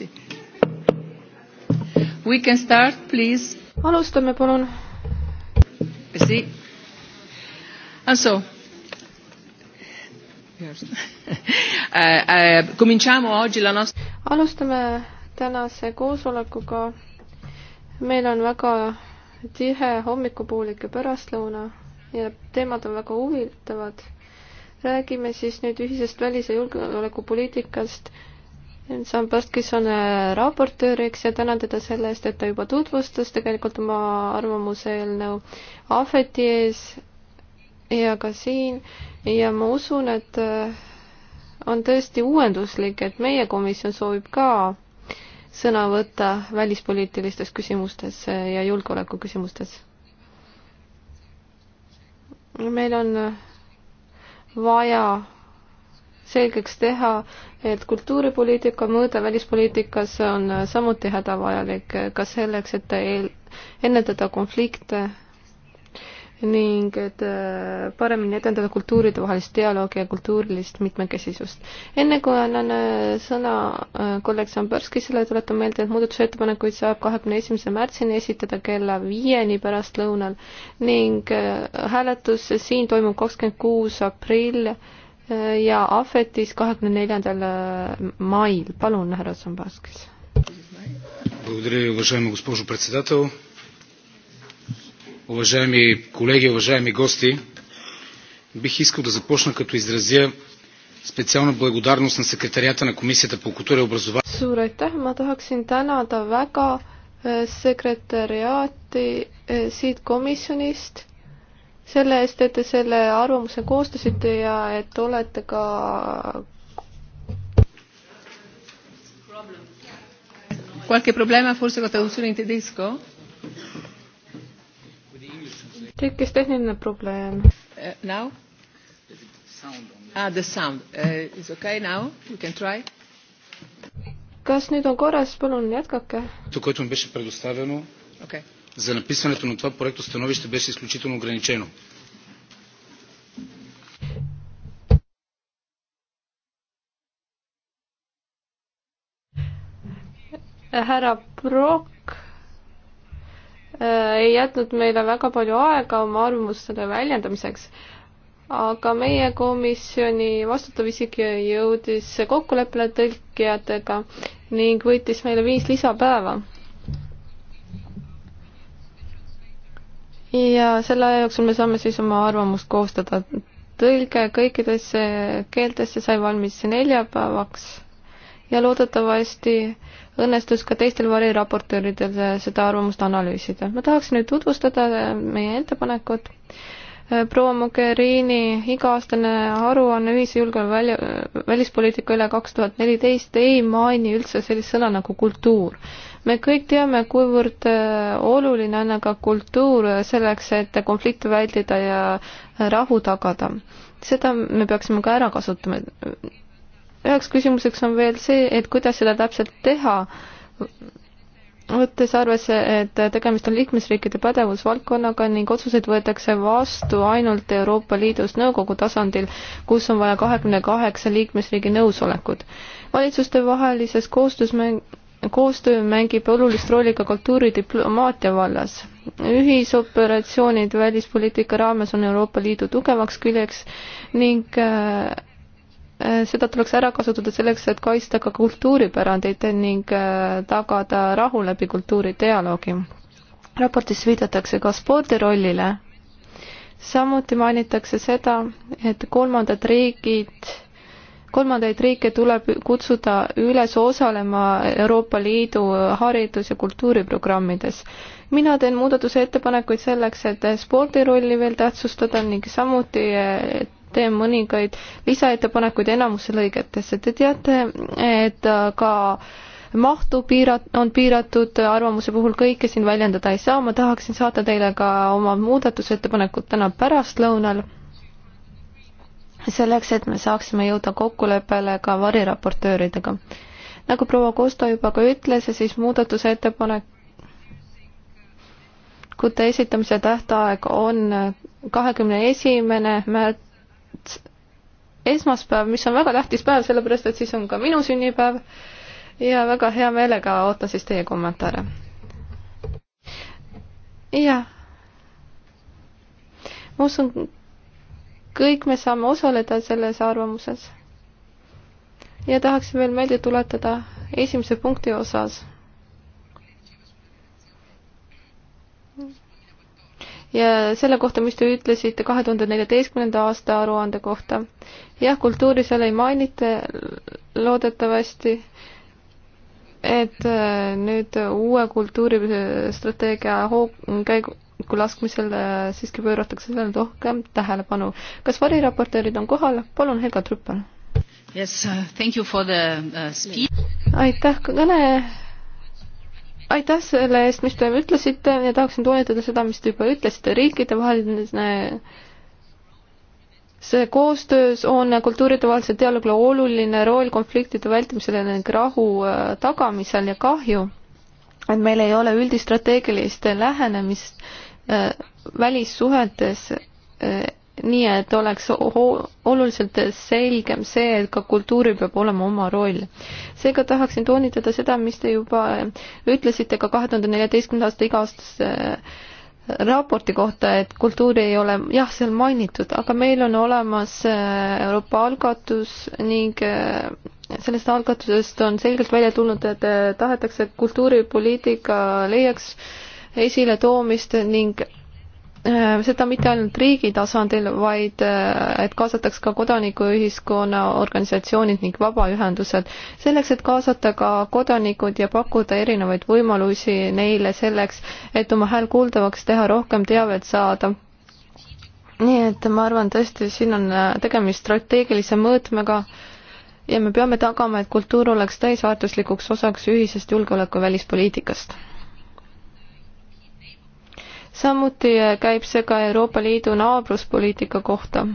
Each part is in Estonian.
minuti. We can start, please. alustame, palun. Si. Also. Eh, eh, cominciamo oggi la nostra. alustame tänase koosolekuga. meil on väga tihe hommikupoolik ja pärastlõuna ja teemad on väga huvitavad räägime siis nüüd ühisest välis- ja julgeolekupoliitikast Sam Pastkis on äh, raportööriks ja tänan teda selle eest, et ta juba tutvustas tegelikult oma arvamuse eelnõu Ahveti ees ja ka siin ja ma usun, et äh, on tõesti uuenduslik, et meie komisjon soovib ka sõna võtta välispoliitilistes küsimustes äh, ja julgeoleku küsimustes. meil on vaja selgeks teha, et kultuuripoliitika mõõde välispoliitikas on samuti hädavajalik ka selleks, et eel, ennetada konflikte ning et äh, paremini edendada kultuuride vahelist dialoogi ja kultuurilist mitmekesisust. enne kui annan äh, sõna äh, kolleeg Sambörskisele, tuletan meelde, et muudatusettepanekuid saab kahekümne esimese märtsini esitada kella viieni pärastlõunal ning hääletus siin toimub kakskümmend kuus aprill ja Ahvetis kahekümne neljandal äh, mail, palun, härra Zambaskis. Уважаеми колеги, уважаеми гости, бих искал да започна като изразя специална благодарност на секретарията на Комисията по култура и образование. Suur aitäh, ma tahaksin tänada väga э, sekretäriaati э, siit komisjonist selle eest, et te selle arvamuse koostasite ja et olete ka Qualche problema forse con la traduzione in tedesco? Tekkis tehniline probleem. Uh, now? Ah, the sound. Uh, eh, it's okay now? You can try? Kas nüüd on korras? Palun jätkake. Okei. Okay за написането на това проекто становище беше изключително ограничено. härra Brock äh, ei jätnud meile väga palju aega oma arvamustele väljendamiseks, aga meie komisjoni vastutav isik jõudis kokkuleppele tõlkijatega ning võttis meile viis lisapäeva ja selle aja jooksul me saame siis oma arvamust koostada. tõlge kõikidesse keeltesse sai valmis neljapäevaks ja loodetavasti õnnestus ka teistel variraportööridel seda arvamust analüüsida. ma tahaksin nüüd tutvustada meie ettepanekut. proua Mogherini iga-aastane aruanne ühise julgeoleku välja, välispoliitika üle kaks tuhat neliteist ei maini üldse sellist sõna nagu kultuur me kõik teame, kuivõrd äh, oluline on aga kultuur selleks, et konflikte vältida ja äh, rahu tagada. seda me peaksime ka ära kasutama. üheks küsimuseks on veel see, et kuidas seda täpselt teha, võttes arvesse, et tegemist on liikmesriikide pädevusvaldkonnaga ning otsuseid võetakse vastu ainult Euroopa Liidus nõukogu tasandil, kus on vaja kahekümne kaheksa liikmesriigi nõusolekut. valitsuste vahelises koostöös me koostöö mängib olulist rolli ka kultuuridiplomaatia vallas. ühisoperatsioonid välispoliitika raames on Euroopa Liidu tugevaks küljeks ning äh, äh, seda tuleks ära kasutada selleks, et kaitsta ka kultuuripärandit ning äh, tagada rahu läbi kultuuridialoogi. raportis viidatakse ka spordi rollile. samuti mainitakse seda, et kolmandad riigid kolmandaid riike tuleb kutsuda üles osalema Euroopa Liidu haridus- ja kultuuriprogrammides. mina teen muudatusettepanekuid selleks, et spordi rolli veel tähtsustada ning samuti eh, teen mõningaid lisaettepanekuid enamuse lõigetesse. Te teate, et äh, ka mahtu piirat-, on piiratud, arvamuse puhul kõike siin väljendada ei saa, ma tahaksin saata teile ka oma muudatusettepanekud täna pärastlõunal selleks, et me saaksime jõuda kokkuleppele ka variraportööridega. nagu proua Kosta juba ka ütles, siis muudatusettepanekute esitamise tähtaeg on kahekümne esimene märts, esmaspäev, mis on väga tähtis päev, sellepärast et siis on ka minu sünnipäev ja väga hea meelega ootan siis teie kommentaare. jah. ma usun kõik me saame osaleda selles arvamuses. ja tahaksin veel meelde tuletada esimese punkti osas. ja selle kohta, mis te ütlesite kahe tuhande neljateistkümnenda aasta aruande kohta. jah, kultuuri seal ei mainita loodetavasti, et äh, nüüd uue kultuuristrateegia hoog-, käigu-, kui laskmisel siiski pööratakse sellele rohkem tähelepanu. kas variraportöörid on kohal? palun, Helga Trüppel. Yes, uh, thank you for the uh, speech. aitäh kõne, aitäh selle eest, mis te ütlesite ja tahaksin toonitada seda, mis te juba ütlesite, riikidevaheline see koostöös on kultuuridevahelisel dialoogil oluline roll konfliktide vältimisel ning rahu uh, tagamisel ja kahju, et meil ei ole üldist strateegilist lähenemist äh, Äh, välissuhetes äh, nii, et oleks oluliselt selgem see, et ka kultuuril peab olema oma roll. seega tahaksin toonitada seda, mis te juba ütlesite ka kahe tuhande neljateistkümnenda aasta iga-aastase äh, raporti kohta, et kultuuri ei ole jah, seal mainitud, aga meil on olemas Euroopa algatus ning sellest algatusest on selgelt välja tulnud, et tahetakse, et kultuuripoliitika leiaks äh, esiletoomist ning äh, seda mitte ainult riigi tasandil, vaid äh, et kaasataks ka kodanikuühiskonna organisatsioonid ning vabaühendused, selleks, et kaasata ka kodanikud ja pakkuda erinevaid võimalusi neile selleks, et oma hääl kuuldavaks teha, rohkem teavet saada nii et ma arvan tõesti, siin on äh, tegemist strateegilise mõõtmega ja me peame tagama, et kultuur oleks täisväärtuslikuks osaks ühisest julgeoleku välispoliitikast samuti äh, käib see ka Euroopa Liidu naabruspoliitika kohta.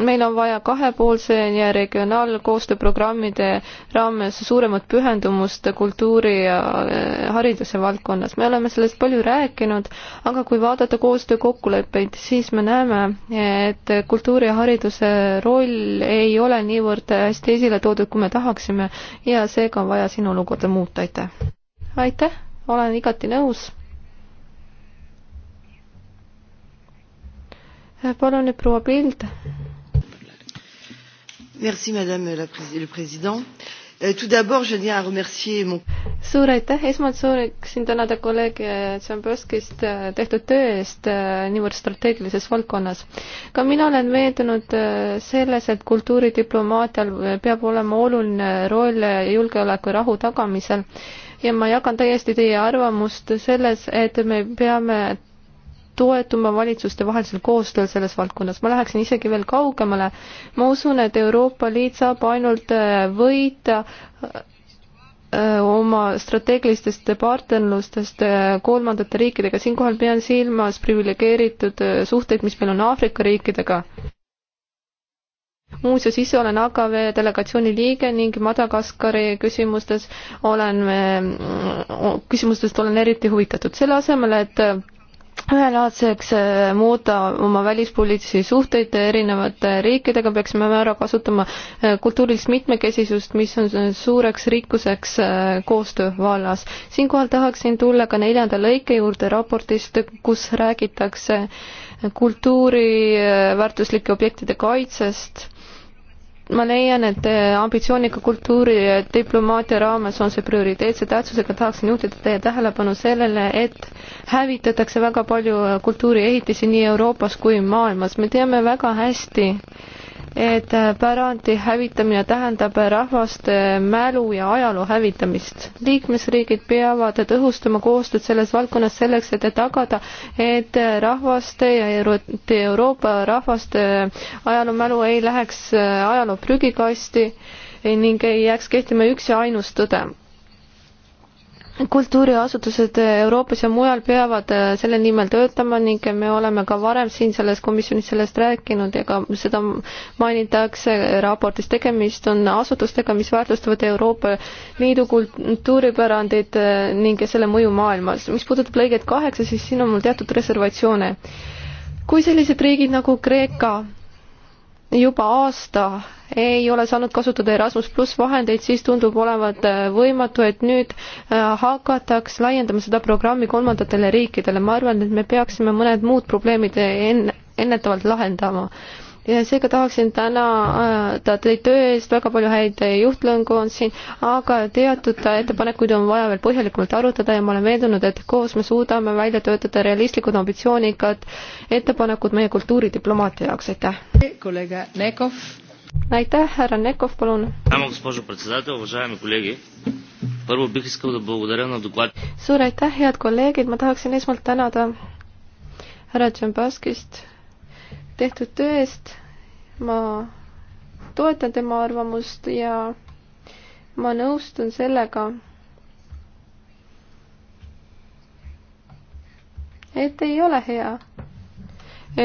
meil on vaja kahepoolse ja regionaalkoostööprogrammide raames suuremat pühendumust kultuuri ja äh, hariduse valdkonnas. me oleme sellest palju rääkinud, aga kui vaadata koostöökokkuleppeid, siis me näeme, et kultuuri ja hariduse roll ei ole niivõrd hästi esile toodud, kui me tahaksime ja seega on vaja siin olukorda muuta, aitäh! aitäh! olen igati nõus. palun nüüd proua Pild. Merci madame la presi-, le president. Euh, tout d'abord, je tiens à remercier mon suur aitäh, esmalt sooviksin tänada kolleeg äh, Tšambovskist äh, tehtud töö eest äh, niivõrd strateegilises valdkonnas. ka mina olen veendunud selles, et kultuuridiplomaatial peab olema oluline roll julgeoleku ja rahu tagamisel ja ma jagan täiesti teie arvamust selles, et me peame toetuma valitsuste vahelisel koostööl selles valdkonnas. ma läheksin isegi veel kaugemale. ma usun, et Euroopa Liit saab ainult äh, võita äh, oma strateegilistest partnerlustest äh, kolmandate riikidega. siinkohal pean silmas priviligeeritud suhteid, mis meil on Aafrika riikidega muuseas, ise olen AKV delegatsiooni liige ning Madagaskari küsimustes olen, mm, küsimustest olen eriti huvitatud. selle asemel, et ühelaadseks äh, muuta oma välispoliitilisi suhteid erinevate riikidega, peaksime me ära kasutama äh, kultuurilist mitmekesisust, mis on suureks rikkuseks äh, koostöö vallas. siinkohal tahaksin tulla ka neljanda lõike juurde raportist, kus räägitakse kultuuriväärtuslike objektide kaitsest ma leian, et äh, ambitsioonika kultuuri ja diplomaatia raames on see prioriteetse tähtsusega, tahaksin juhtida teie tähelepanu sellele, et hävitatakse väga palju äh, kultuuriehitisi nii Euroopas kui maailmas, me teame väga hästi, et pärandi hävitamine tähendab rahvaste mälu ja ajaloo hävitamist. liikmesriigid peavad tõhustama koostööd selles valdkonnas selleks, et tagada, et rahvaste ja Euro Euroopa rahvaste ajaloomälu ei läheks ajaloo prügikasti ning ei jääks kehtima üks ja ainus tõde kultuuriasutused Euroopas ja mujal peavad äh, selle nimel töötama ning me oleme ka varem siin selles komisjonis sellest rääkinud ja ka seda mainitakse raportis. tegemist on asutustega, mis väärtustavad Euroopa Liidu kultuuripärandit äh, ning selle mõju maailmas. mis puudutab lõiget kaheksa, siis siin on mul teatud reservatsioone. kui sellised riigid nagu Kreeka juba aasta ei ole saanud kasutada Erasmus pluss vahendeid, siis tundub olevat äh, võimatu, et nüüd äh, hakataks laiendama seda programmi kolmandatele riikidele. ma arvan, et me peaksime mõned muud probleemid enne, ennetavalt lahendama ja seega tahaksin tänada äh, ta teid töö eest, väga palju häid juhtlõngu on siin, aga teatud ettepanekuid on vaja veel põhjalikumalt arutada ja ma olen veendunud, et koos me suudame välja töötada realistlikud ambitsioonikad ettepanekud meie kultuuridiplomaatia jaoks, aitäh! kolleeg Nekov. aitäh, härra Nekov, palun! suur aitäh, head kolleegid, ma tahaksin esmalt tänada härra Tšambaskist tehtud töö eest. ma toetan tema arvamust ja ma nõustun sellega, et ei ole hea,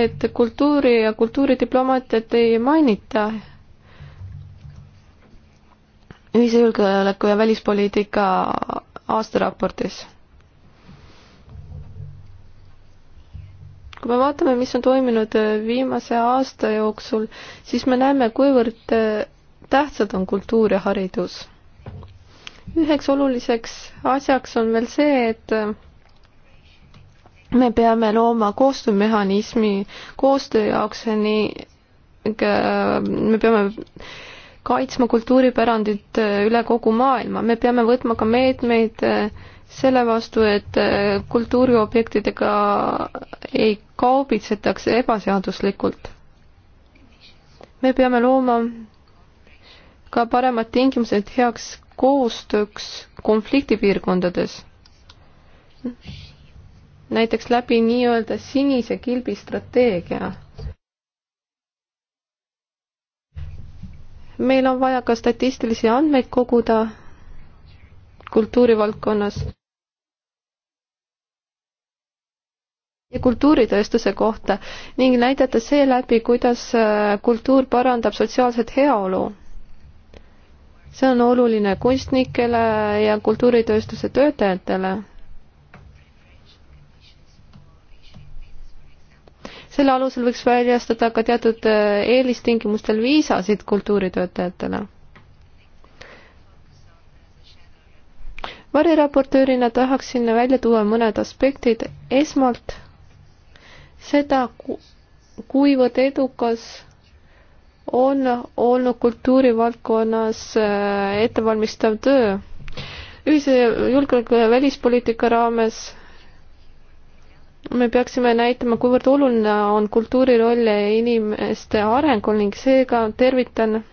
et kultuuri ja kultuuridiplomaatiat ei mainita ühise julgeoleku ja välispoliitika aastaraportis kui me vaatame, mis on toimunud äh, viimase aasta jooksul, siis me näeme, kuivõrd äh, tähtsad on kultuur ja haridus. üheks oluliseks asjaks on veel see, et äh, me peame looma koostöömehhanismi koostöö jaoks, nii me peame kaitsma kultuuripärandit üle kogu maailma, me peame võtma ka meetmeid meet, selle vastu, et äh, kultuuriobjektidega ei kaubitsetaks ebaseaduslikult. me peame looma ka paremad tingimused heaks koostööks konfliktipiirkondades. näiteks läbi nii-öelda sinise kilbi strateegia. meil on vaja ka statistilisi andmeid koguda kultuurivaldkonnas. ja kultuuritööstuse kohta ning näidata seeläbi, kuidas äh, kultuur parandab sotsiaalset heaolu. see on oluline kunstnikele ja kultuuritööstuse töötajatele selle alusel võiks väljastada ka teatud äh, eelistingimustel viisasid kultuuritöötajatele. variraportöörina tahaksin välja tuua mõned aspektid. esmalt seda, kuivõrd edukas on olnud kultuurivaldkonnas äh, ettevalmistav töö. ühise julgeoleku ja välispoliitika raames me peaksime näitama, kuivõrd oluline on kultuuri roll inimeste arengul ning seega tervitan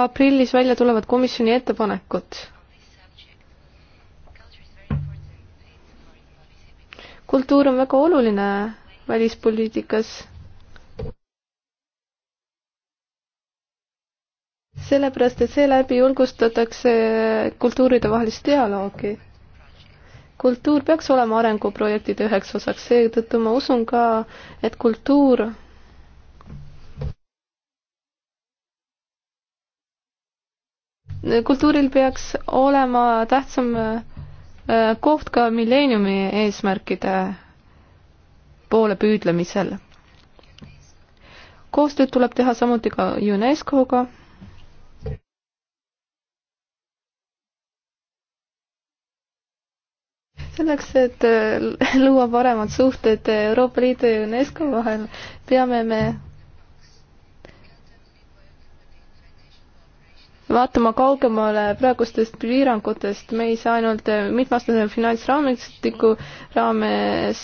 aprillis välja tulevad komisjoni ettepanekud. kultuur on väga oluline välispoliitikas. sellepärast, et seeläbi julgustatakse kultuuridevahelist dialoogi. kultuur peaks olema arenguprojektide üheks osaks, seetõttu ma usun ka, et kultuur kultuuril peaks olema tähtsam äh, koht ka milleeniumi eesmärkide poole püüdlemisel. koostööd tuleb teha samuti ka UNESCO-ga selleks, et äh, luua paremad suhted Euroopa Liidu ja UNESCO vahel, peame me vaatama kaugemale praegustest piirangutest, me ei saa ainult mitmeaastase finantsraamistiku raames,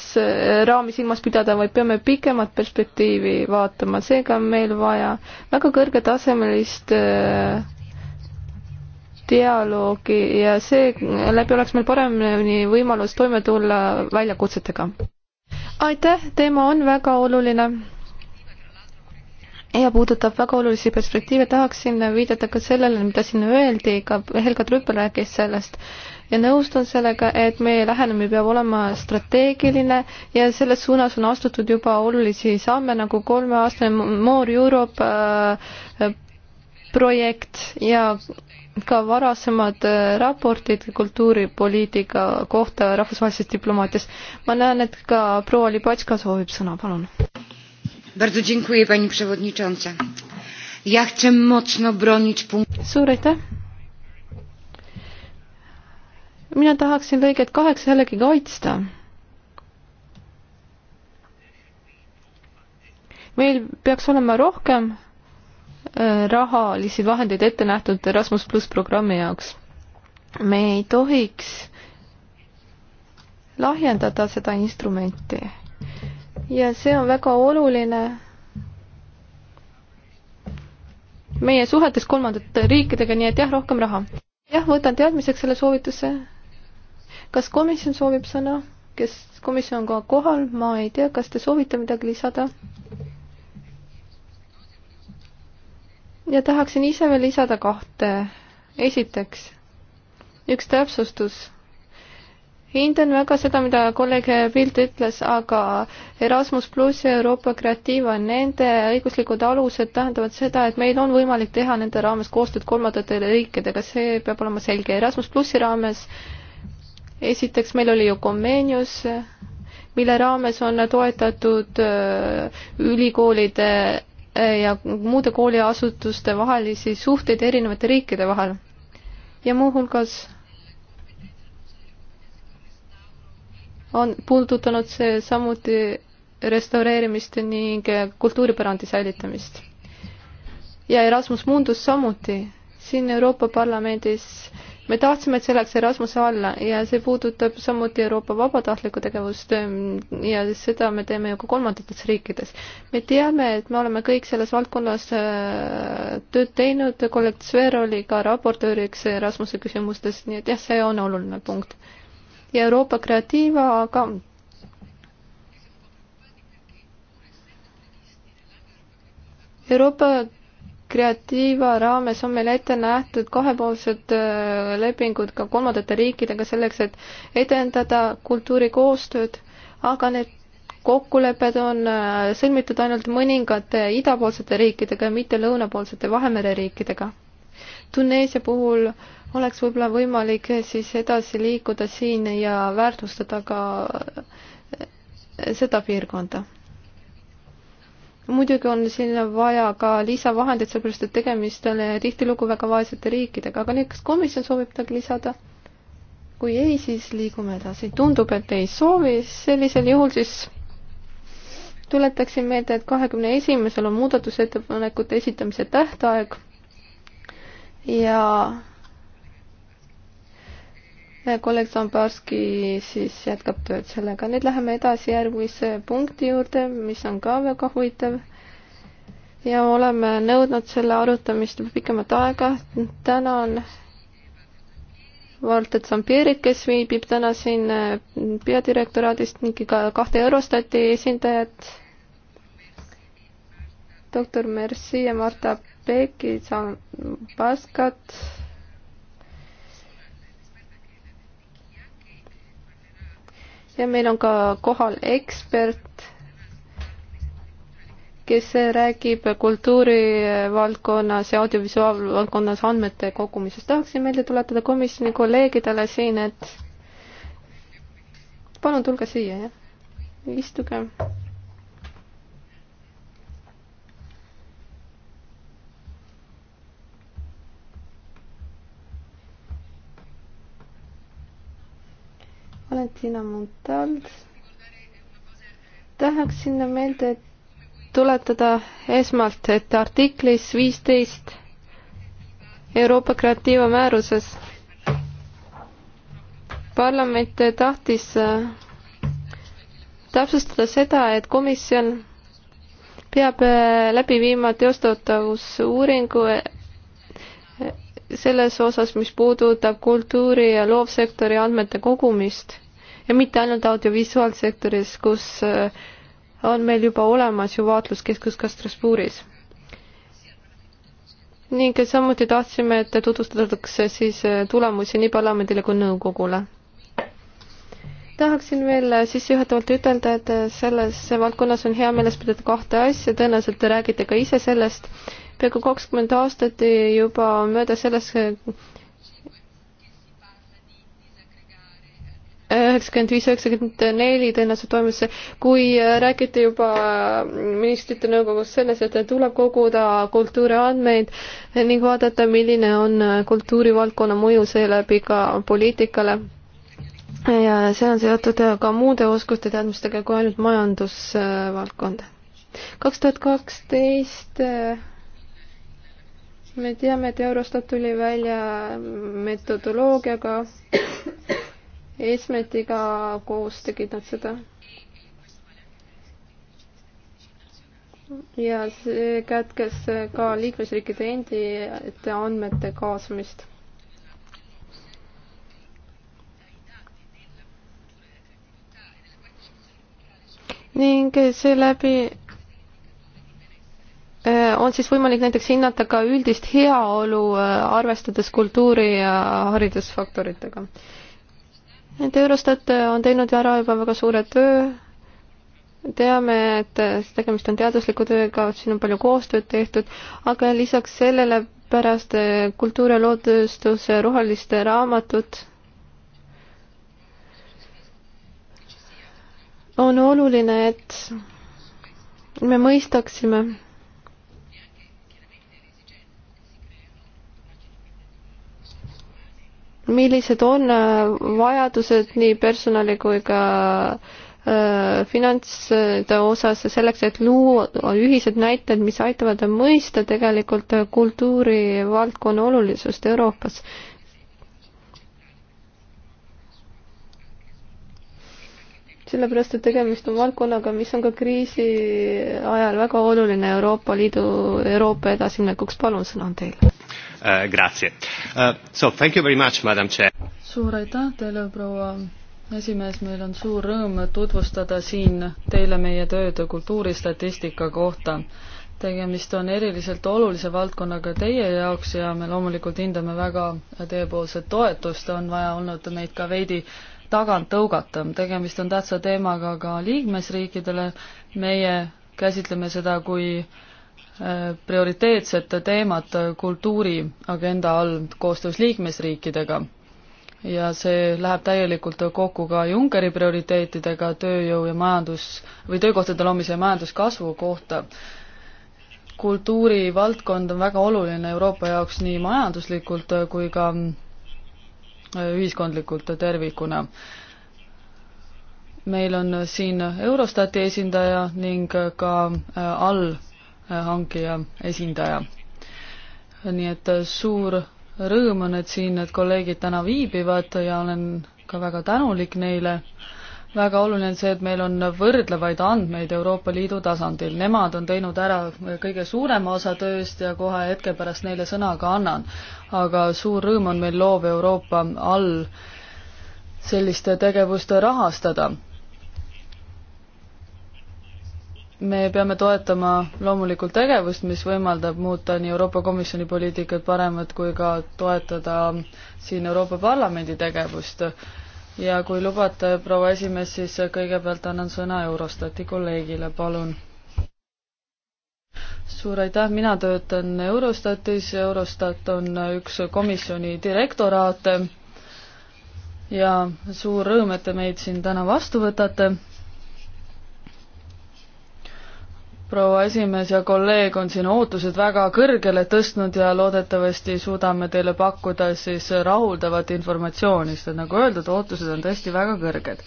raami silmas pidada, vaid peame pikemat perspektiivi vaatama, seega on meil vaja väga kõrgetasemelist äh, dialoogi ja seeläbi oleks meil paremini võimalus toime tulla väljakutsetega. aitäh, teema on väga oluline ja puudutab väga olulisi perspektiive, tahaksin viidata ka sellele, mida siin öeldi, ka Helga Trüppel rääkis sellest ja nõustun sellega, et meie lähenemine peab olema strateegiline ja selles suunas on astutud juba olulisi samme, nagu kolmeaastane More Europe äh, projekt ja ka varasemad äh, raportid kultuuripoliitika kohta rahvusvahelises diplomaatias. ma näen, et ka proua Libatška soovib sõna, palun Bardzo dziękuję, pani przewodnicząca. Ja chcę mocno bronić punktu. Suur aitäh. Mina tahaksin lõiget kaheksa jällegi kaitsta. Meil peaks olema rohkem äh, rahalisi vahendeid ette nähtud Erasmus pluss programmi jaoks. me ei tohiks lahjendada seda instrumenti ja see on väga oluline meie suhetes kolmandate riikidega, nii et jah, rohkem raha. jah, võtan teadmiseks selle soovituse. kas komisjon soovib sõna, kes, komisjon on ka kohal, ma ei tea, kas te soovite midagi lisada? ja tahaksin ise veel lisada kahte. esiteks, üks täpsustus hindan väga seda, mida kolleeg Pilt ütles, aga Erasmus pluss ja Euroopa Kreatiiva, nende õiguslikud alused tähendavad seda, et meil on võimalik teha nende raames koostööd kolmandate riikidega, see peab olema selge. Erasmus plussi raames esiteks meil oli ju Comenius, mille raames on toetatud äh, ülikoolide äh, ja muude kooliasutuste vahelisi suhteid erinevate riikide vahel ja muuhulgas on puudutanud see samuti restaureerimist ning kultuuripärandi säilitamist. ja Erasmus Mundus samuti, siin Euroopa Parlamendis me tahtsime, et see läheks Erasmuse alla ja see puudutab samuti Euroopa vabatahtlikku tegevust ähm, ja seda me teeme ju ka kolmandates riikides. me teame, et me oleme kõik selles valdkonnas äh, tööd teinud, kolleeg Sver oli ka raportööriks Erasmuse küsimustes, nii et jah, see on oluline punkt ja Euroopa Kreatiiva, aga Euroopa Kreatiiva raames on meil ette nähtud kahepoolsed äh, lepingud ka kolmandate riikidega selleks, et edendada kultuurikoostööd, aga need kokkulepped on äh, sõlmitud ainult mõningate idapoolsete riikidega ja mitte lõunapoolsete Vahemere riikidega. Tuneesia puhul oleks võib-olla võimalik siis edasi liikuda siin ja väärtustada ka eh, seda piirkonda. muidugi on siin vaja ka lisavahendeid, sellepärast et tegemist on tihtilugu väga vaesete riikidega, aga näiteks komisjon soovib midagi lisada kui ei, siis liigume edasi. tundub, et ei soovi, sellisel juhul siis tuletaksin meelde, et kahekümne esimesel on muudatusettepanekute esitamise tähtaeg ja kolleeg Zambarski siis jätkab tööd sellega. nüüd läheme edasi järgmise punkti juurde, mis on ka väga huvitav. ja oleme nõudnud selle arutamist juba pikemat aega. täna on Valter Zambirik, kes viibib täna siin äh, peadirektoraadist ning ka kahte Eurostati esindajat, doktor Merci ja Marta Uzbeki, Baskat. ja meil on ka kohal ekspert, kes räägib kultuurivaldkonnas ja audiovisuaalvaldkonnas andmete kogumisest. tahaksin meelde tuletada komisjoni kolleegidele siin, et palun tulge siia, jah. istuge. Valentina Montalt. tahaksin meelde tuletada esmalt, et artiklis viisteist Euroopa Kreatiiva määruses parlament tahtis äh, täpsustada seda, et komisjon peab äh, läbi viima teostatavusuuringu äh, selles osas, mis puudutab kultuuri ja loovsektori andmete kogumist ja mitte ainult audiovisuaalsektoris, kus äh, on meil juba olemas ju vaatluskeskus ka Strasbourgis. ning samuti tahtsime, et tutvustatakse siis äh, tulemusi nii parlamendile kui nõukogule. tahaksin veel äh, sissejuhatavalt ütelda, et selles valdkonnas on hea meeles pidada kahte asja, tõenäoliselt te räägite ka ise sellest, peaaegu kakskümmend aastat juba möödas sellest, üheksakümmend viis, üheksakümmend neli tõenäoliselt toimus see, kui äh, räägiti juba äh, ministrite nõukogus selles, et tuleb koguda kultuuriandmeid ning vaadata, milline on äh, kultuurivaldkonna mõju seeläbi ka poliitikale. ja see on seotud ka muude oskuste teadmistega kui ainult majandusvaldkond. kaks tuhat kaksteist me teame, et Eurostat tuli välja metodoloogiaga Eesmetiga koos tegid nad seda. ja see kätkes ka liikmesriikide endi andmete kaasamist. ning seeläbi äh, on siis võimalik näiteks hinnata ka üldist heaolu, äh, arvestades kultuuri ja haridusfaktoritega et Eurostat äh, on teinud ju ära juba väga suure töö, teame, et äh, tegemist on teadusliku tööga, siin on palju koostööd tehtud, aga lisaks sellele pärast äh, kultuuri- ja loodustuse roheliste raamatut on oluline, et me mõistaksime millised on äh, vajadused nii personali kui ka äh, finantside osas selleks, et luua ühised näited, mis aitavad mõista tegelikult äh, kultuurivaldkonna olulisust Euroopas. sellepärast, et tegemist on valdkonnaga, mis on ka kriisi ajal väga oluline Euroopa Liidu, Euroopa edasiminekuks. palun, sõna on teil Uh, grazie uh,. So thank you very much, madam chair. suur aitäh teile, proua esimees, meil on suur rõõm tutvustada siin teile meie tööd kultuuristatistika kohta. tegemist on eriliselt olulise valdkonnaga teie jaoks ja me loomulikult hindame väga teiepoolset toetust, on vaja olnud meid ka veidi tagant tõugata, tegemist on tähtsa teemaga ka liikmesriikidele, meie käsitleme seda kui äh, prioriteetsed teemad kultuuriagenda all koostöös liikmesriikidega. ja see läheb täielikult kokku ka Junckeri prioriteetidega tööjõu ja majandus või töökohtade loomise ja majanduskasvu kohta. kultuurivaldkond on väga oluline Euroopa jaoks nii majanduslikult kui ka äh, ühiskondlikult tervikuna meil on siin Eurostati esindaja ning ka äh, all hankija esindaja. nii et äh, suur rõõm on, et siin need kolleegid täna viibivad ja olen ka väga tänulik neile. väga oluline on see, et meil on võrdlevaid andmeid Euroopa Liidu tasandil. Nemad on teinud ära kõige suurema osa tööst ja kohe hetke pärast neile sõna ka annan. aga suur rõõm on meil loov Euroopa all selliste tegevuste rahastada me peame toetama loomulikult tegevust, mis võimaldab muuta nii Euroopa Komisjoni poliitikat paremat kui ka toetada siin Euroopa Parlamendi tegevust. ja kui lubate, proua esimees, siis kõigepealt annan sõna Eurostati kolleegile, palun. suur aitäh, mina töötan Eurostatis, Eurostat on üks komisjoni direktoraate ja suur rõõm, et te meid siin täna vastu võtate proua esimees ja kolleeg on siin ootused väga kõrgele tõstnud ja loodetavasti suudame teile pakkuda siis rahuldavat informatsiooni, sest nagu öeldud, ootused on tõesti väga kõrged.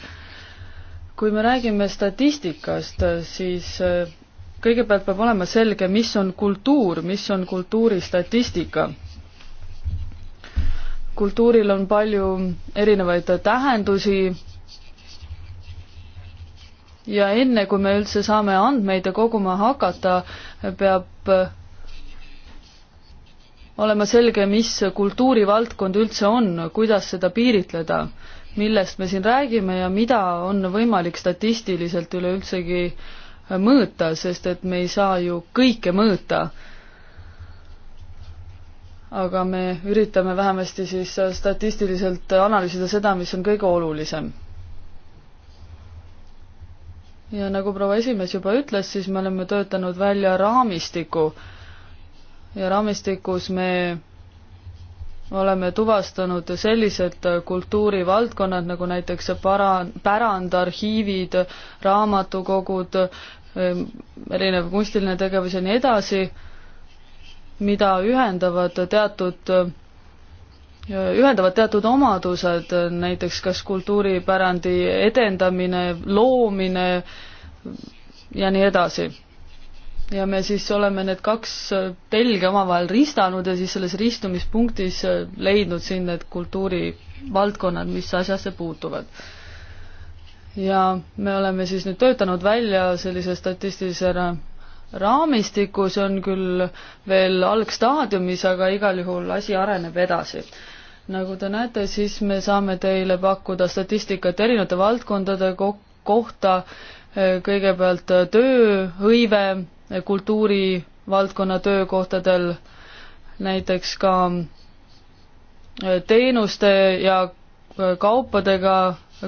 kui me räägime statistikast, siis eh, kõigepealt peab olema selge, mis on kultuur, mis on kultuuristatistika. kultuuril on palju erinevaid tähendusi ja enne, kui me üldse saame andmeid koguma hakata, peab eh, olema selge, mis kultuurivaldkond üldse on, kuidas seda piiritleda, millest me siin räägime ja mida on võimalik statistiliselt üleüldsegi eh, mõõta, sest et me ei saa ju kõike mõõta. aga me üritame vähemasti siis eh, statistiliselt analüüsida seda, mis on kõige olulisem ja nagu proua esimees juba ütles, siis me oleme töötanud välja raamistiku ja raamistikus me oleme tuvastanud sellised kultuurivaldkonnad nagu näiteks para-, pärand, arhiivid, raamatukogud, ehm, erinev kunstiline tegevus ja nii edasi, mida ühendavad teatud ühendavad teatud omadused, näiteks kas kultuuripärandi edendamine, loomine ja nii edasi. ja me siis oleme need kaks telge omavahel ristanud ja siis selles ristumispunktis leidnud siin need kultuurivaldkonnad, mis asjasse puutuvad. ja me oleme siis nüüd töötanud välja sellise statistilise raamistiku, see on küll veel algstaadiumis, aga igal juhul asi areneb edasi nagu te näete, siis me saame teile pakkuda statistikat erinevate valdkondade ko kohta, eh, kõigepealt eh, tööhõive, eh, kultuurivaldkonna töökohtadel, näiteks ka teenuste ja kaupadega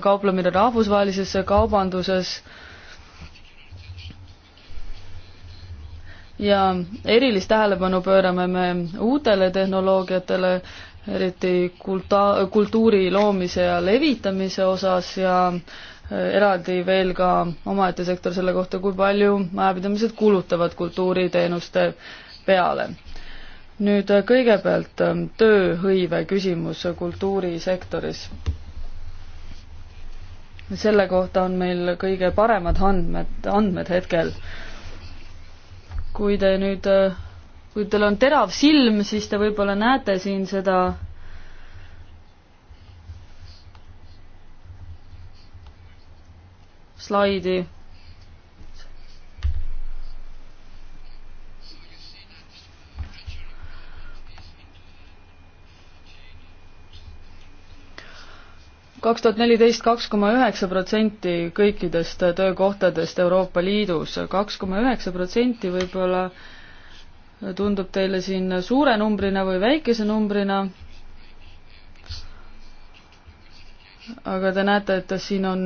kauplemine rahvusvahelises kaubanduses ja erilist tähelepanu pöörame me uutele tehnoloogiatele, eriti kulta-, kultuuri loomise ja levitamise osas ja äh, eraldi veel ka omaette sektor selle kohta, kui palju majapidamised kulutavad kultuuriteenuste peale. nüüd äh, kõigepealt äh, tööhõive küsimus kultuurisektoris. selle kohta on meil kõige paremad andmed, andmed hetkel. kui te nüüd kui teil on terav silm, siis te võib-olla näete siin seda slaidi. kaks tuhat neliteist kaks koma üheksa protsenti kõikidest töökohtadest Euroopa Liidus, kaks koma üheksa protsenti võib-olla äh, tundub teile siin suure numbrina või väikese numbrina. aga te näete, et siin on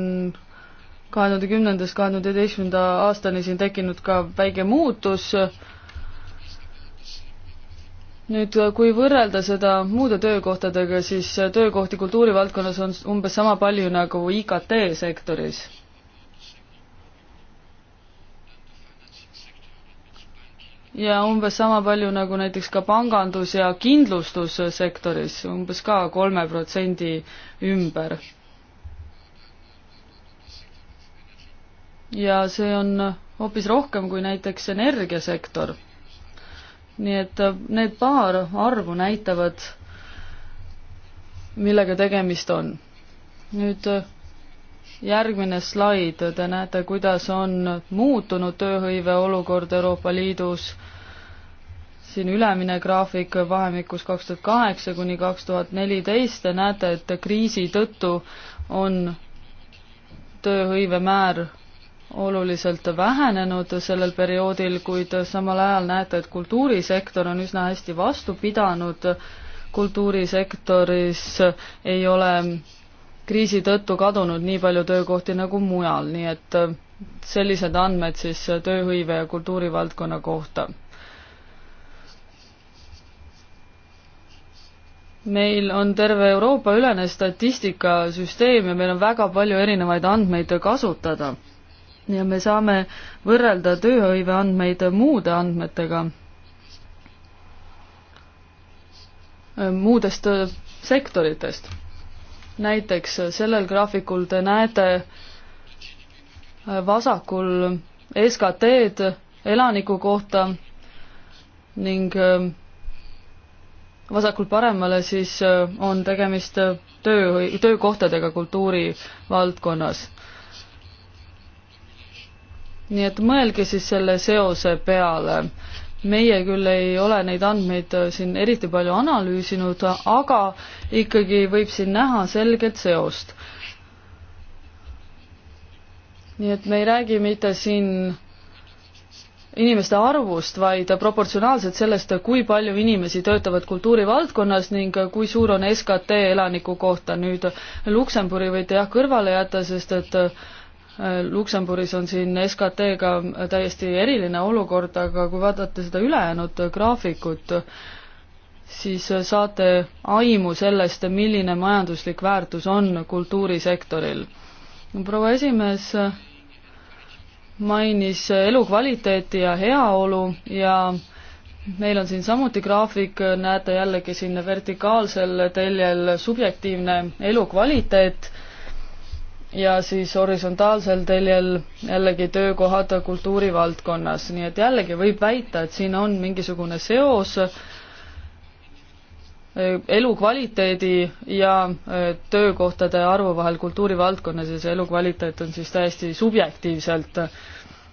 kahe tuhande kümnendast kahe tuhande üheteistkümnenda aastani siin tekkinud ka väike muutus. nüüd, kui võrrelda seda muude töökohtadega, siis töökohti kultuurivaldkonnas on umbes sama palju nagu IKT sektoris ja umbes sama palju nagu näiteks ka pangandus- ja kindlustussektoris, umbes ka kolme protsendi ümber. ja see on hoopis rohkem kui näiteks energiasektor. nii et need paar arvu näitavad, millega tegemist on. nüüd järgmine slaid, te näete, kuidas on muutunud tööhõive olukord Euroopa Liidus. siin ülemine graafik vahemikus kaks tuhat kaheksa kuni kaks tuhat neliteist, te näete, et kriisi tõttu on tööhõive määr oluliselt vähenenud sellel perioodil, kuid samal ajal näete, et kultuurisektor on üsna hästi vastu pidanud. kultuurisektoris ei ole kriisi tõttu kadunud nii palju töökohti nagu mujal, nii et äh, sellised andmed siis äh, tööhõive ja kultuurivaldkonna kohta. meil on terve Euroopa ülene statistikasüsteem ja meil on väga palju erinevaid andmeid kasutada. ja me saame võrrelda tööhõive andmeid muude andmetega, äh, muudest sektoritest näiteks äh, sellel graafikul te näete äh, vasakul SKT-d elaniku kohta ning äh, vasakul paremale siis on tegemist töö, töökohtadega kultuurivaldkonnas. nii et mõelge siis selle seose peale meie küll ei ole neid andmeid äh, siin eriti palju analüüsinud, aga ikkagi võib siin näha selget seost. nii et me ei räägi mitte siin inimeste arvust, vaid proportsionaalselt sellest, kui palju inimesi töötavad kultuurivaldkonnas ning kui suur on SKT elaniku kohta. nüüd Luksemburi võite jah kõrvale jätta, sest et äh, Luksemburis on siin SKT-ga täiesti eriline olukord, aga kui vaadata seda ülejäänud graafikut, siis saate aimu sellest, milline majanduslik väärtus on kultuurisektoril. proua esimees mainis elukvaliteeti ja heaolu ja meil on siin samuti graafik, näete jällegi siin vertikaalsel teljel subjektiivne elukvaliteet ja siis horisontaalsel teljel jällegi töökohad kultuurivaldkonnas, nii et jällegi võib väita, et siin on mingisugune seos äh, elukvaliteedi ja äh, töökohtade arvu vahel kultuurivaldkonnas ja see elukvaliteet on siis täiesti subjektiivselt äh,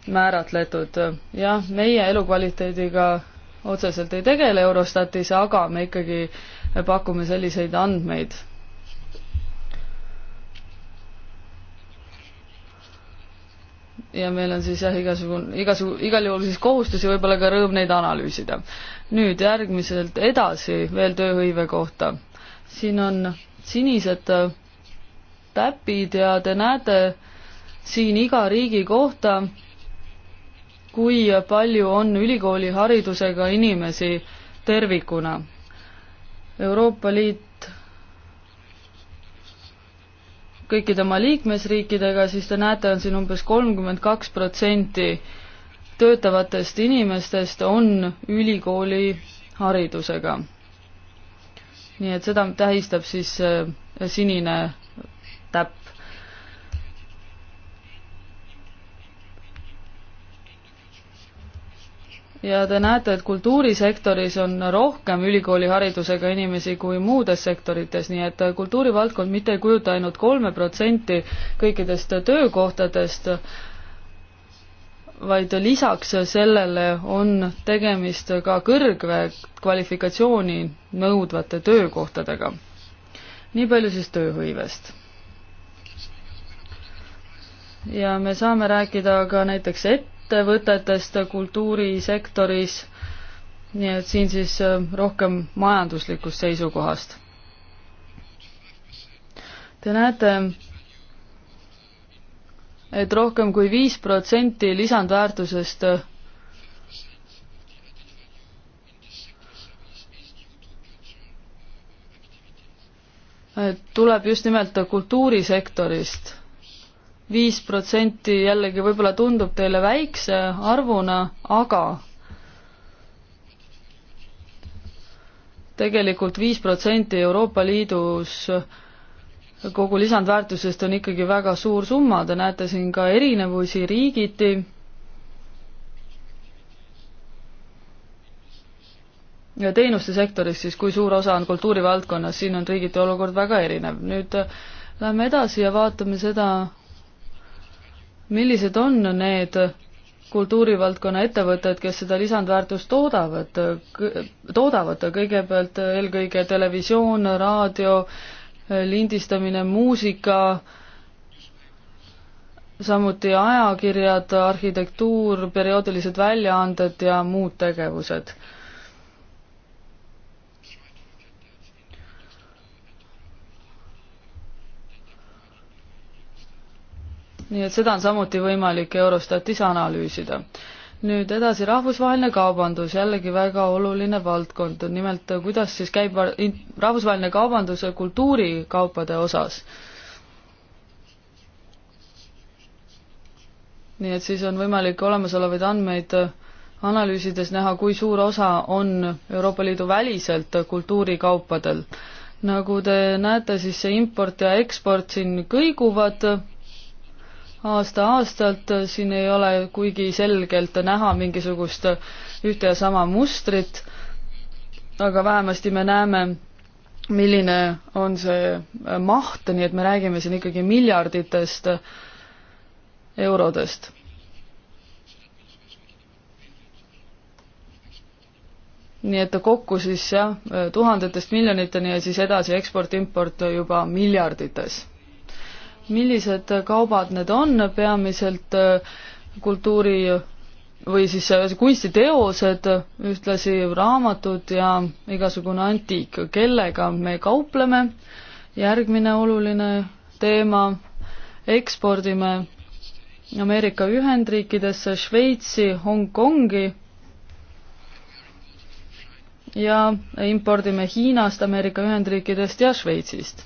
määratletud. jah, meie elukvaliteediga otseselt ei tegele Eurostatis, aga me ikkagi pakume selliseid andmeid ja meil on siis jah, igasugune, igasugu, igal juhul siis kohustus ja võib-olla ka rõõm neid analüüsida. nüüd järgmiselt edasi veel tööhõive kohta. siin on sinised täpid ja te näete siin iga riigi kohta, kui palju on ülikooliharidusega inimesi tervikuna. Euroopa Liit kõikide oma liikmesriikidega, siis te näete, on siin umbes kolmkümmend kaks protsenti töötavatest inimestest on ülikooli haridusega. nii et seda tähistab siis äh, sinine täpp. ja te näete, et kultuurisektoris on rohkem ülikooliharidusega inimesi kui muudes sektorites, nii et kultuurivaldkond mitte ei kujuta ainult kolme protsenti kõikidest töökohtadest, vaid lisaks sellele on tegemist ka kõrgkvalifikatsiooni nõudvate töökohtadega. nii palju siis tööhõivest ja me saame rääkida ka näiteks et-, ettevõtetest kultuurisektoris, nii et siin siis äh, rohkem majanduslikust seisukohast. Te näete, et rohkem kui viis protsenti lisandväärtusest äh, tuleb just nimelt kultuurisektorist viis protsenti jällegi võib-olla tundub teile väikse arvuna, aga tegelikult viis protsenti Euroopa Liidus kogu lisandväärtusest on ikkagi väga suur summa, te näete siin ka erinevusi riigiti ja teenuste sektoris siis, kui suur osa on kultuurivaldkonnas, siin on riigiti olukord väga erinev. nüüd lähme edasi ja vaatame seda, millised on need kultuurivaldkonna ettevõtted, kes seda lisandväärtust toodavad, toodavad kõigepealt eelkõige televisioon, raadio, lindistamine, muusika, samuti ajakirjad, arhitektuur, perioodilised väljaanded ja muud tegevused. nii et seda on samuti võimalik Eurostatis analüüsida. nüüd edasi, rahvusvaheline kaubandus, jällegi väga oluline valdkond, nimelt kuidas siis käib rahvusvaheline kaubandus kultuurikaupade osas. nii et siis on võimalik olemasolevaid andmeid analüüsides näha, kui suur osa on Euroopa Liidu väliselt kultuurikaupadel. nagu te näete, siis see import ja eksport siin kõiguvad aasta-aastalt, siin ei ole kuigi selgelt näha mingisugust ühte ja sama mustrit, aga vähemasti me näeme, milline on see maht, nii et me räägime siin ikkagi miljarditest eurodest. nii et kokku siis jah, tuhandetest miljoniteni ja siis edasi eksport-import juba miljardites millised kaubad need on, peamiselt äh, kultuuri või siis äh, kunstiteosed, ühtlasi raamatud ja igasugune antiik, kellega me kaupleme. järgmine oluline teema, ekspordime Ameerika Ühendriikidesse, Šveitsi, Hongkongi ja impordime Hiinast, Ameerika Ühendriikidest ja Šveitsist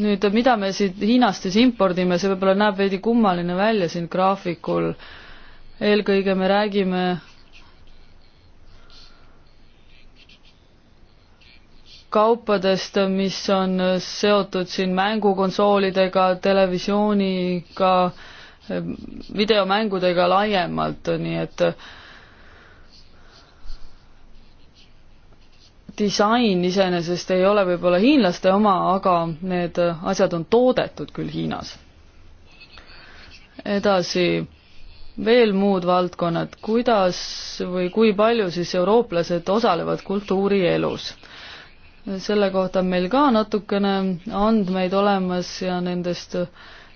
nüüd mida me siit Hiinast siis impordime, see võib-olla näeb veidi kummaline välja siin graafikul. eelkõige me räägime kaupadest, mis on seotud siin mängukonsoolidega, televisiooniga, videomängudega laiemalt, nii et äh, disain iseenesest ei ole võib-olla hiinlaste oma, aga need asjad on toodetud küll Hiinas. edasi, veel muud valdkonnad, kuidas või kui palju siis eurooplased osalevad kultuurielus? selle kohta on meil ka natukene andmeid olemas ja nendest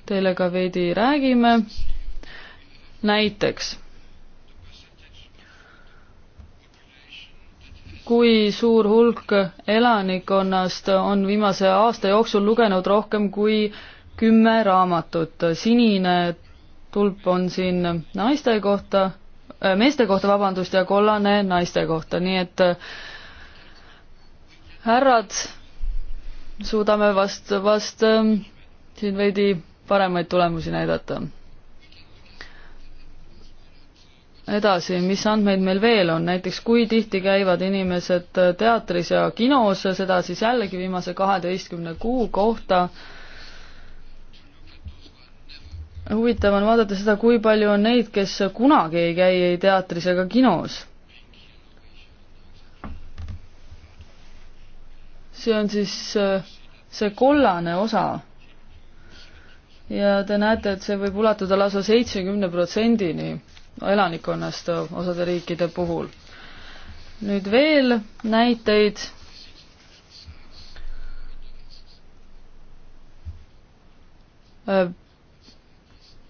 teile ka veidi räägime. näiteks kui suur hulk elanikkonnast on viimase aasta jooksul lugenud rohkem kui kümme raamatut. sinine tulp on siin naiste kohta, äh, meeste kohta, vabandust, ja kollane naiste kohta, nii et härrad, suudame vast, vast ähm, siin veidi paremaid tulemusi näidata edasi, mis andmeid meil veel on, näiteks kui tihti käivad inimesed äh, teatris ja kinos, seda siis jällegi viimase kaheteistkümne kuu kohta. huvitav on vaadata seda, kui palju on neid, kes kunagi ei käi ei teatris ega kinos. see on siis äh, see kollane osa. ja te näete, et see võib ulatuda lausa seitsmekümne protsendini elanikkonnast osade riikide puhul. nüüd veel näiteid.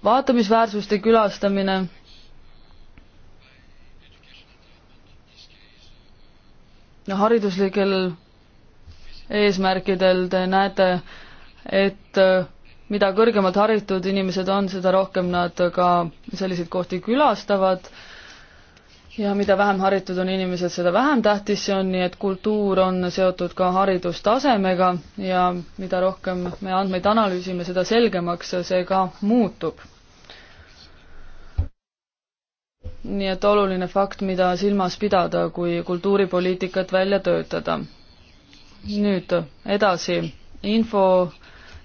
vaatamisväärsuste külastamine ja hariduslikel eesmärkidel te näete, et mida kõrgemalt haritud inimesed on, seda rohkem nad ka selliseid kohti külastavad ja mida vähem haritud on inimesed, seda vähem tähtis see on, nii et kultuur on seotud ka haridustasemega ja mida rohkem me andmeid analüüsime, seda selgemaks see ka muutub. nii et oluline fakt, mida silmas pidada, kui kultuuripoliitikat välja töötada. nüüd edasi, info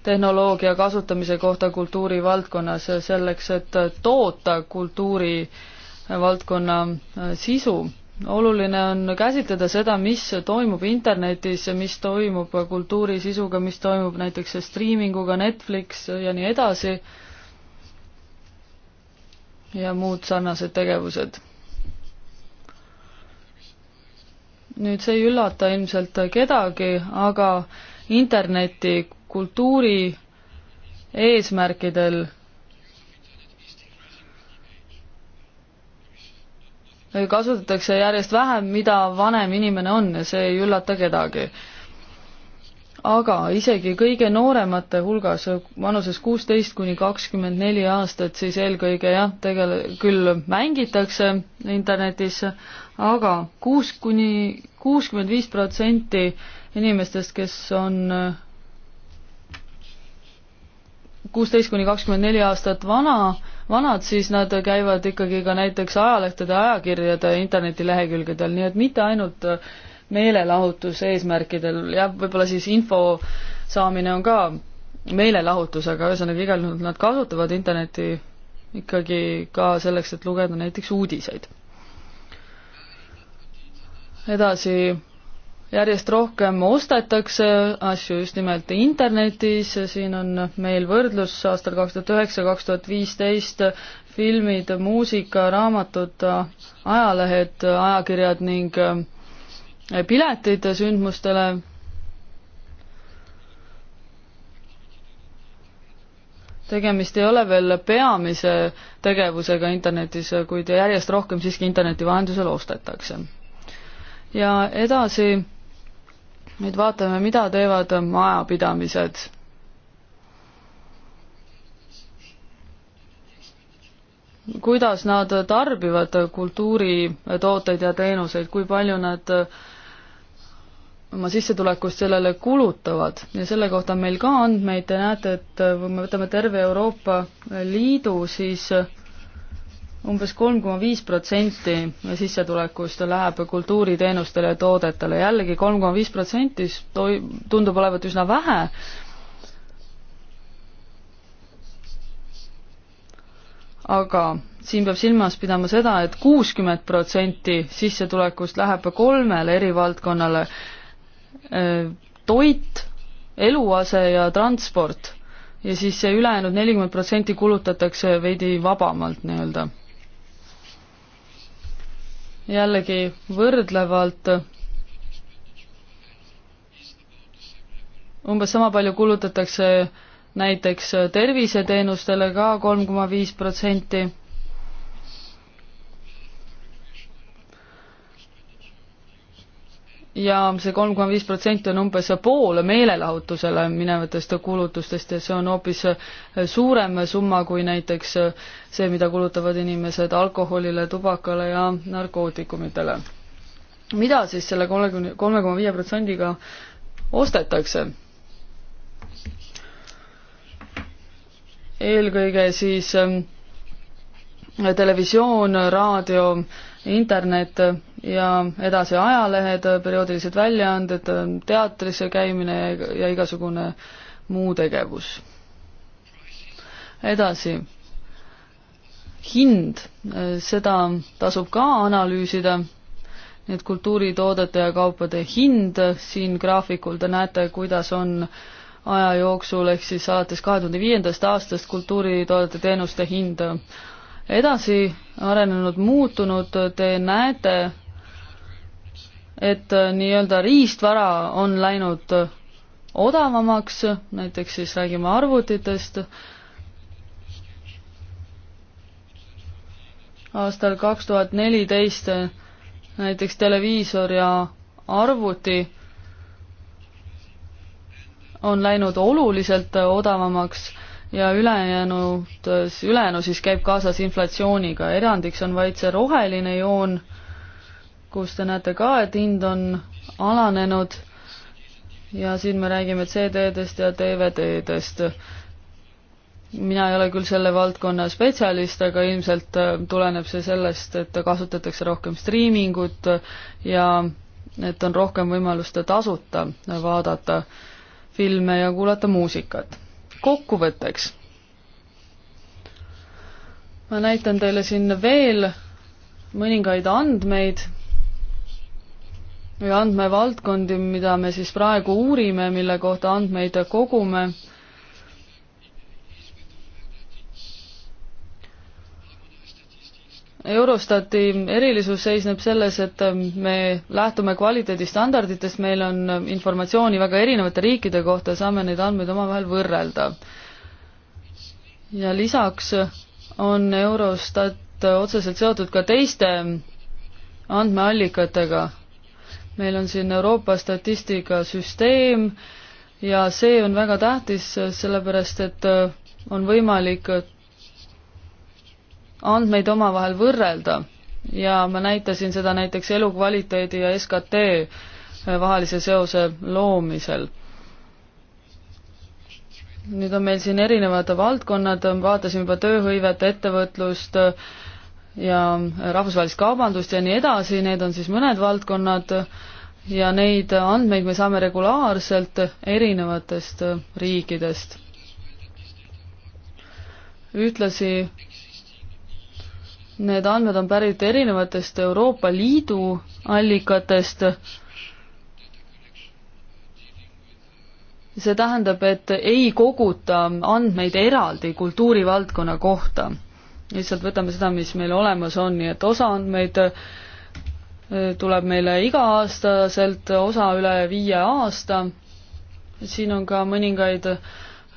tehnoloogia kasutamise kohta kultuurivaldkonnas, selleks et toota kultuurivaldkonna sisu. oluline on käsitleda seda, mis toimub internetis, mis toimub kultuuri sisuga, mis toimub näiteks striiminguga, Netflix ja nii edasi, ja muud sarnased tegevused nüüd see ei üllata ilmselt kedagi, aga interneti kultuuri eesmärkidel kasutatakse järjest vähem, mida vanem inimene on ja see ei üllata kedagi. aga isegi kõige nooremate hulgas, vanuses kuusteist kuni kakskümmend neli aastat, siis eelkõige jah, tegele-, küll mängitakse internetis, aga kuus kuni kuuskümmend viis protsenti inimestest, kes on kuusteist kuni kakskümmend neli aastat vana, vanad, siis nad käivad ikkagi ka näiteks ajalehtede, ajakirjade internetilehekülgedel, nii et mitte ainult äh, meelelahutuse eesmärkidel, jah, võib-olla siis info saamine on ka meelelahutus, aga ühesõnaga igal juhul nad kasutavad internetti ikkagi ka selleks, et lugeda näiteks uudiseid. edasi järjest rohkem ostetakse asju just nimelt internetis, siin on meil võrdlus aastal kaks tuhat üheksa, kaks tuhat viisteist filmid, muusika, raamatud, ajalehed, ajakirjad ning eh, piletid sündmustele. tegemist ei ole veel peamise tegevusega internetis, kuid järjest rohkem siiski interneti vahendusel ostetakse. ja edasi nüüd vaatame, mida teevad majapidamised. kuidas nad tarbivad kultuuritooteid ja teenuseid, kui palju nad oma sissetulekust sellele kulutavad ja selle kohta on meil ka andmeid, te näete, et kui me võtame terve Euroopa Liidu, siis umbes kolm koma viis protsenti sissetulekust läheb kultuuriteenustele ja toodetele, jällegi kolm koma viis protsenti tundub olevat üsna vähe. aga siin peab silmas pidama seda et, et kuuskümmend protsenti sissetulekust läheb kolmele erivaldkonnale, toit, eluase ja transport ja siis see ülejäänud nelikümmend protsenti kulutatakse veidi vabamalt nii-öelda jällegi võrdlevalt umbes sama palju kulutatakse näiteks terviseteenustele ka kolm koma viis protsenti ja see kolm koma viis protsenti on umbes pool meelelahutusele minevatest kulutustest ja see on hoopis suurem summa kui näiteks see, mida kulutavad inimesed alkoholile, tubakale ja narkootikumitele. mida siis selle kolmekümne, kolme koma viie protsendiga ostetakse? eelkõige siis ähm, televisioon, raadio äh,, internet ja edasi ajalehed, perioodilised väljaanded, teatrisse käimine ja igasugune muu tegevus. edasi, hind, seda tasub ka analüüsida, nii et kultuuritoodete ja kaupade hind, siin graafikul te näete, kuidas on aja jooksul, ehk siis alates kahe tuhande viiendast aastast kultuuritoodete teenuste hind edasi arenenud, muutunud, te näete, et nii-öelda riistvara on läinud odavamaks, näiteks siis räägime arvutitest, aastal kaks tuhat neliteist näiteks televiisor ja arvuti on läinud oluliselt odavamaks ja ülejäänud, ülejäänu siis käib kaasas inflatsiooniga, erandiks on vaid see roheline joon, kus te näete ka, et hind on alanenud ja siin me räägime CD-dest ja DVD-dest. mina ei ole küll selle valdkonna spetsialist, aga ilmselt äh, tuleneb see sellest, et kasutatakse rohkem striimingut ja et on rohkem võimalust tasuta vaadata filme ja kuulata muusikat kokkuvõtteks ma näitan teile siin veel mõningaid andmeid ja andmevaldkondi, mida me siis praegu uurime, mille kohta andmeid kogume Eurostati erilisus seisneb selles, et ähm, me lähtume kvaliteedistandarditest, meil on ähm, informatsiooni väga erinevate riikide kohta, saame neid andmeid omavahel võrrelda. ja lisaks äh, on Eurostat äh, otseselt seotud ka teiste ähm, andmeallikatega. meil on siin Euroopa statistikasüsteem ja see on väga tähtis, äh, sellepärast et on võimalik andmeid omavahel võrrelda ja ma näitasin seda näiteks elukvaliteedi ja SKT äh, vahelise seose loomisel. nüüd on meil siin erinevad valdkonnad, vaatasime juba tööhõivet, ettevõtlust äh, ja äh, rahvusvahelist kaubandust ja nii edasi, need on siis mõned valdkonnad ja neid andmeid me saame regulaarselt erinevatest riikidest. ühtlasi Need andmed on pärit erinevatest Euroopa Liidu allikatest. see tähendab, et ei koguta andmeid eraldi kultuurivaldkonna kohta. lihtsalt võtame seda, mis meil olemas on, nii et osa andmeid äh, tuleb meile iga-aastaselt, osa üle viie aasta. siin on ka mõningaid äh,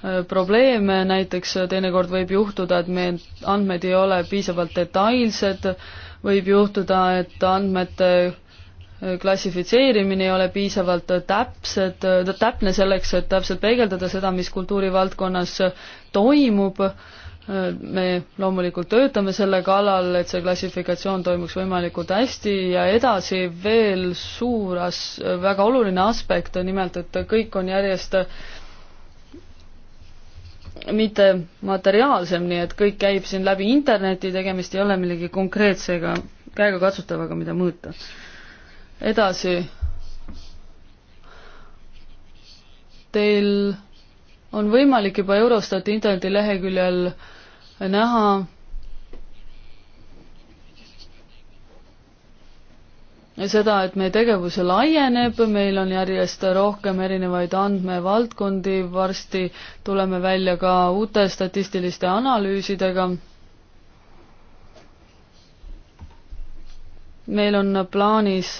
Äh, probleeme, äh, näiteks äh, teinekord võib juhtuda, et meie andmed ei ole piisavalt detailsed, võib juhtuda, et andmete klassifitseerimine ei ole piisavalt täpsed, täpne selleks, et täpselt peegeldada seda, mis kultuurivaldkonnas toimub, me loomulikult töötame selle kallal, et see klassifikatsioon toimuks võimalikult hästi ja edasi veel suur as-, väga oluline aspekt on nimelt, et kõik on järjest mitte materiaalsem, nii et kõik käib siin läbi interneti, tegemist ei ole millegi konkreetsega, käegakatsutavaga, mida mõõta. edasi. Teil on võimalik juba Eurostati internetileheküljel näha seda, et meie tegevus laieneb, meil on järjest rohkem erinevaid andmevaldkondi, varsti tuleme välja ka uute statistiliste analüüsidega. meil on plaanis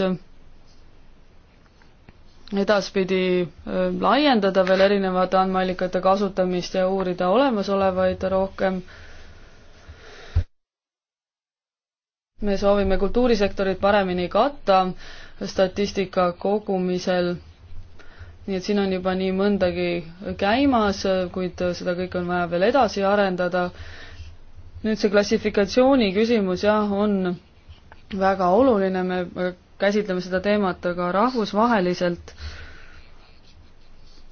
edaspidi äh, laiendada veel erinevate andmeallikate kasutamist ja uurida olemasolevaid rohkem me soovime kultuurisektorit paremini katta statistika kogumisel. nii et siin on juba nii mõndagi käimas, kuid seda kõike on vaja veel edasi arendada. nüüd see klassifikatsiooni küsimus jah, on väga oluline, me käsitleme seda teemat ka rahvusvaheliselt.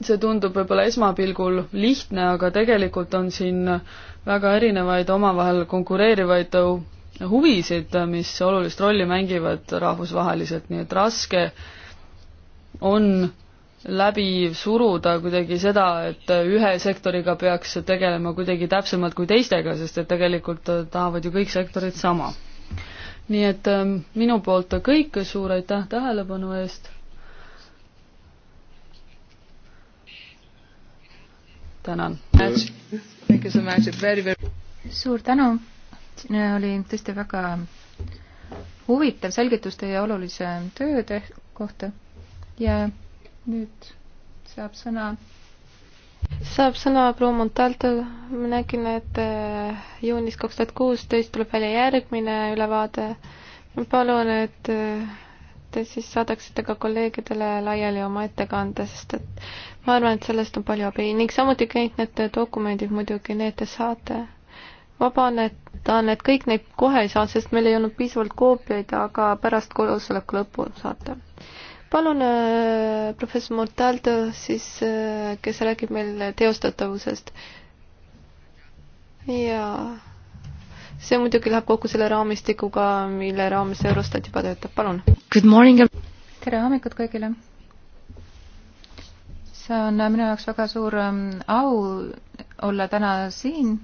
see tundub võib-olla esmapilgul lihtne, aga tegelikult on siin väga erinevaid omavahel konkureerivaid huvisid, mis olulist rolli mängivad rahvusvaheliselt, nii et raske on läbi suruda kuidagi seda, et ühe sektoriga peaks tegelema kuidagi täpsemalt kui teistega, sest et tegelikult tahavad ju kõik sektorid sama. nii et ähm, minu poolt kõik, suur aitäh tähelepanu eest. tänan. suur tänu siin äh, oli tõesti väga huvitav selgitus teie olulise töö kohta ja nüüd saab sõna saab sõna proua Montalto, ma nägin, et äh, juunis kaks tuhat kuusteist tuleb välja järgmine ülevaade. ma palun, et äh, te siis saadaksite ka kolleegidele laiali oma ettekande, sest et ma arvan, et sellest on palju abi ning samuti kõik need dokumendid muidugi, need te saate vabandan, et kõik neid kohe ei saa, sest meil ei olnud piisavalt koopiaid, aga pärast koosoleku lõppu saate. palun äh, professor Mortaldo siis, äh, kes räägib meil teostatavusest. jaa see muidugi läheb kokku selle raamistikuga, mille raames Eurostat juba töötab, palun. tere hommikut kõigile! see on minu jaoks väga suur ähm, au olla täna siin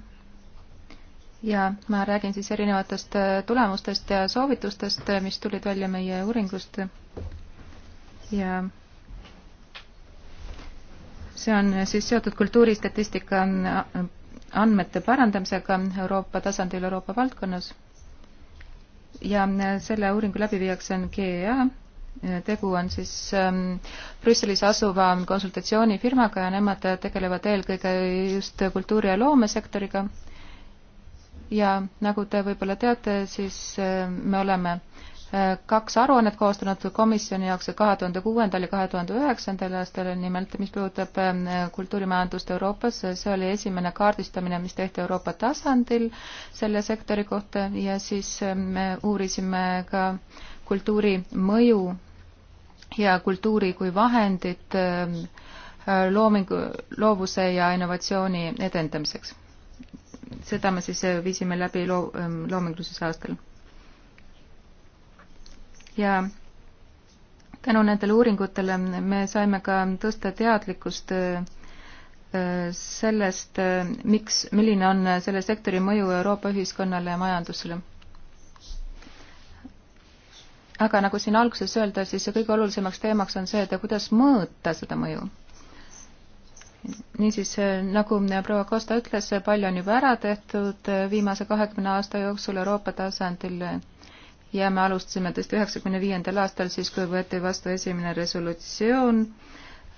ja ma räägin siis erinevatest äh, tulemustest ja soovitustest, äh, mis tulid välja meie uuringust. ja see on äh, siis seotud kultuuristatistika andmete parandamisega Euroopa tasandil Euroopa valdkonnas. ja selle uuringu läbiviijaks on GEA, tegu on siis ähm, Brüsselis asuva konsultatsioonifirmaga ja nemad tegelevad eelkõige just kultuuri- ja loomesektoriga ja nagu te võib-olla teate, siis äh, me oleme äh, kaks aruannet koostanud komisjoni jaoks kahe tuhande kuuendal ja kahe tuhande üheksandal aastal, nimelt mis puudutab äh, kultuurimajandust Euroopas, see oli esimene kaardistamine, mis tehti Euroopa tasandil selle sektori kohta ja siis me uurisime ka kultuuri mõju ja kultuuri kui vahendit loomingu, loovuse ja innovatsiooni edendamiseks seda me siis äh, viisime läbi loo-, ähm, loomingulisuse aastal. ja tänu nendele uuringutele me saime ka tõsta teadlikkust äh, sellest, äh, miks, milline on selle sektori mõju Euroopa ühiskonnale ja majandusele. aga nagu siin alguses öelda, siis kõige olulisemaks teemaks on see, et kuidas mõõta seda mõju niisiis, äh, nagu proua Costa ütles, palju on juba ära tehtud äh, viimase kahekümne aasta jooksul Euroopa tasandil ja me alustasime tõesti üheksakümne viiendal aastal, siis kui võeti vastu esimene resolutsioon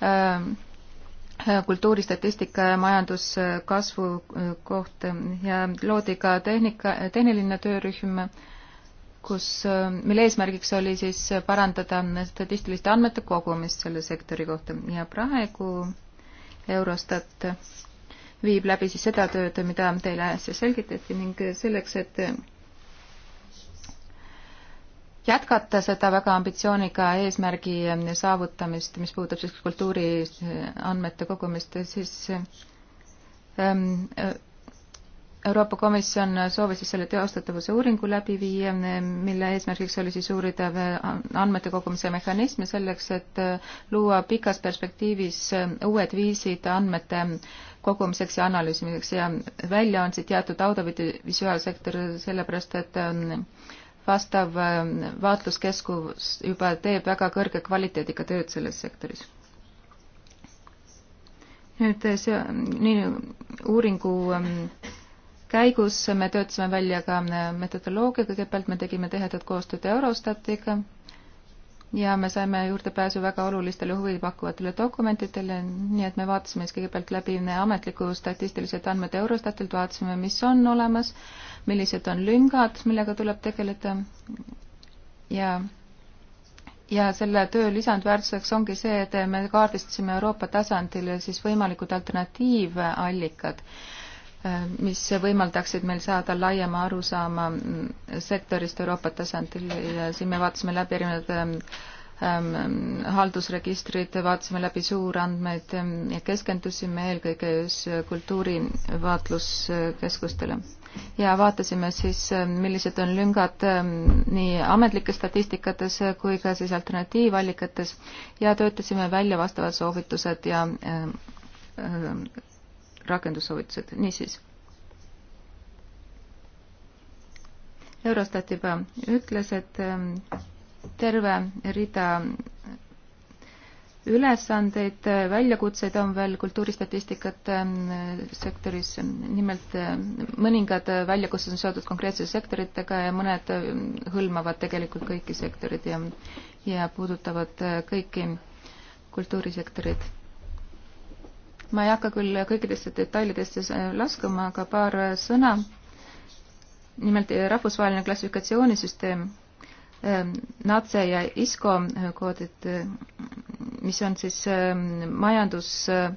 ähm, äh, kultuuristatistika ja majanduskasvu kohta ja loodi ka tehnika, tehniline töörühm, kus, mille eesmärgiks oli siis parandada statistiliste andmete kogumist selle sektori kohta ja praegu Eurostat viib läbi siis seda tööd, mida teile äsja selgitati ning selleks, et jätkata seda väga ambitsioonika eesmärgi saavutamist, mis puudutab siis kultuuriandmete kogumist, siis ähm, Euroopa Komisjon soovis siis selle teostatavuse uuringu läbi viia, mille eesmärgiks oli siis uurida andmete kogumise mehhanisme selleks, et luua pikas perspektiivis uued viisid andmete kogumiseks ja analüüsimiseks ja välja on siit teatud audiovisuaalsektor, sellepärast et ähm, vastav ähm, vaatluskeskus juba teeb väga kõrge kvaliteediga tööd selles sektoris nüüd see, nii uuringu ähm, käigus me töötasime välja ka äh, metodoloogia, kõigepealt me tegime tihedat koostööd Eurostatiga ja me saime juurdepääsu väga olulistele huvipakkuvatele dokumentidele, nii et me vaatasime siis kõigepealt läbi ametliku statistilised andmed Eurostatilt, vaatasime, mis on olemas, millised on lüngad, millega tuleb tegeleda ja ja selle töö lisandväärtuseks ongi see, et me kaardistasime Euroopa tasandil siis võimalikud alternatiivallikad Äh, mis võimaldaksid meil saada laiema arusaama mm, sektorist Euroopa tasandil ja siin me vaatasime läbi erinevad ähm, ähm, haldusregistrid, vaatasime läbi suurandmeid ähm, ja keskendusime eelkõige just äh, kultuurivaatluskeskustele. ja vaatasime siis, äh, millised on lüngad nii ametlikes statistikates kui ka siis alternatiivallikates ja töötasime välja vastavad soovitused ja rakendussoovitused, niisiis. Eurostat juba ütles, et ähm, terve rida ülesandeid, äh, väljakutseid on veel kultuuristatistikate ähm, sektoris, nimelt äh, mõningad äh, väljakutsed on seotud konkreetse sektoritega ja mõned hõlmavad tegelikult kõiki sektorid ja, ja puudutavad kõiki kultuurisektorid ma ei hakka küll kõikidesse detailidesse laskuma, aga paar sõna. nimelt rahvusvaheline klassifikatsioonisüsteem, ähm, NATSE ja ISCO äh, koodid, äh, mis on siis ähm, majandus, äh,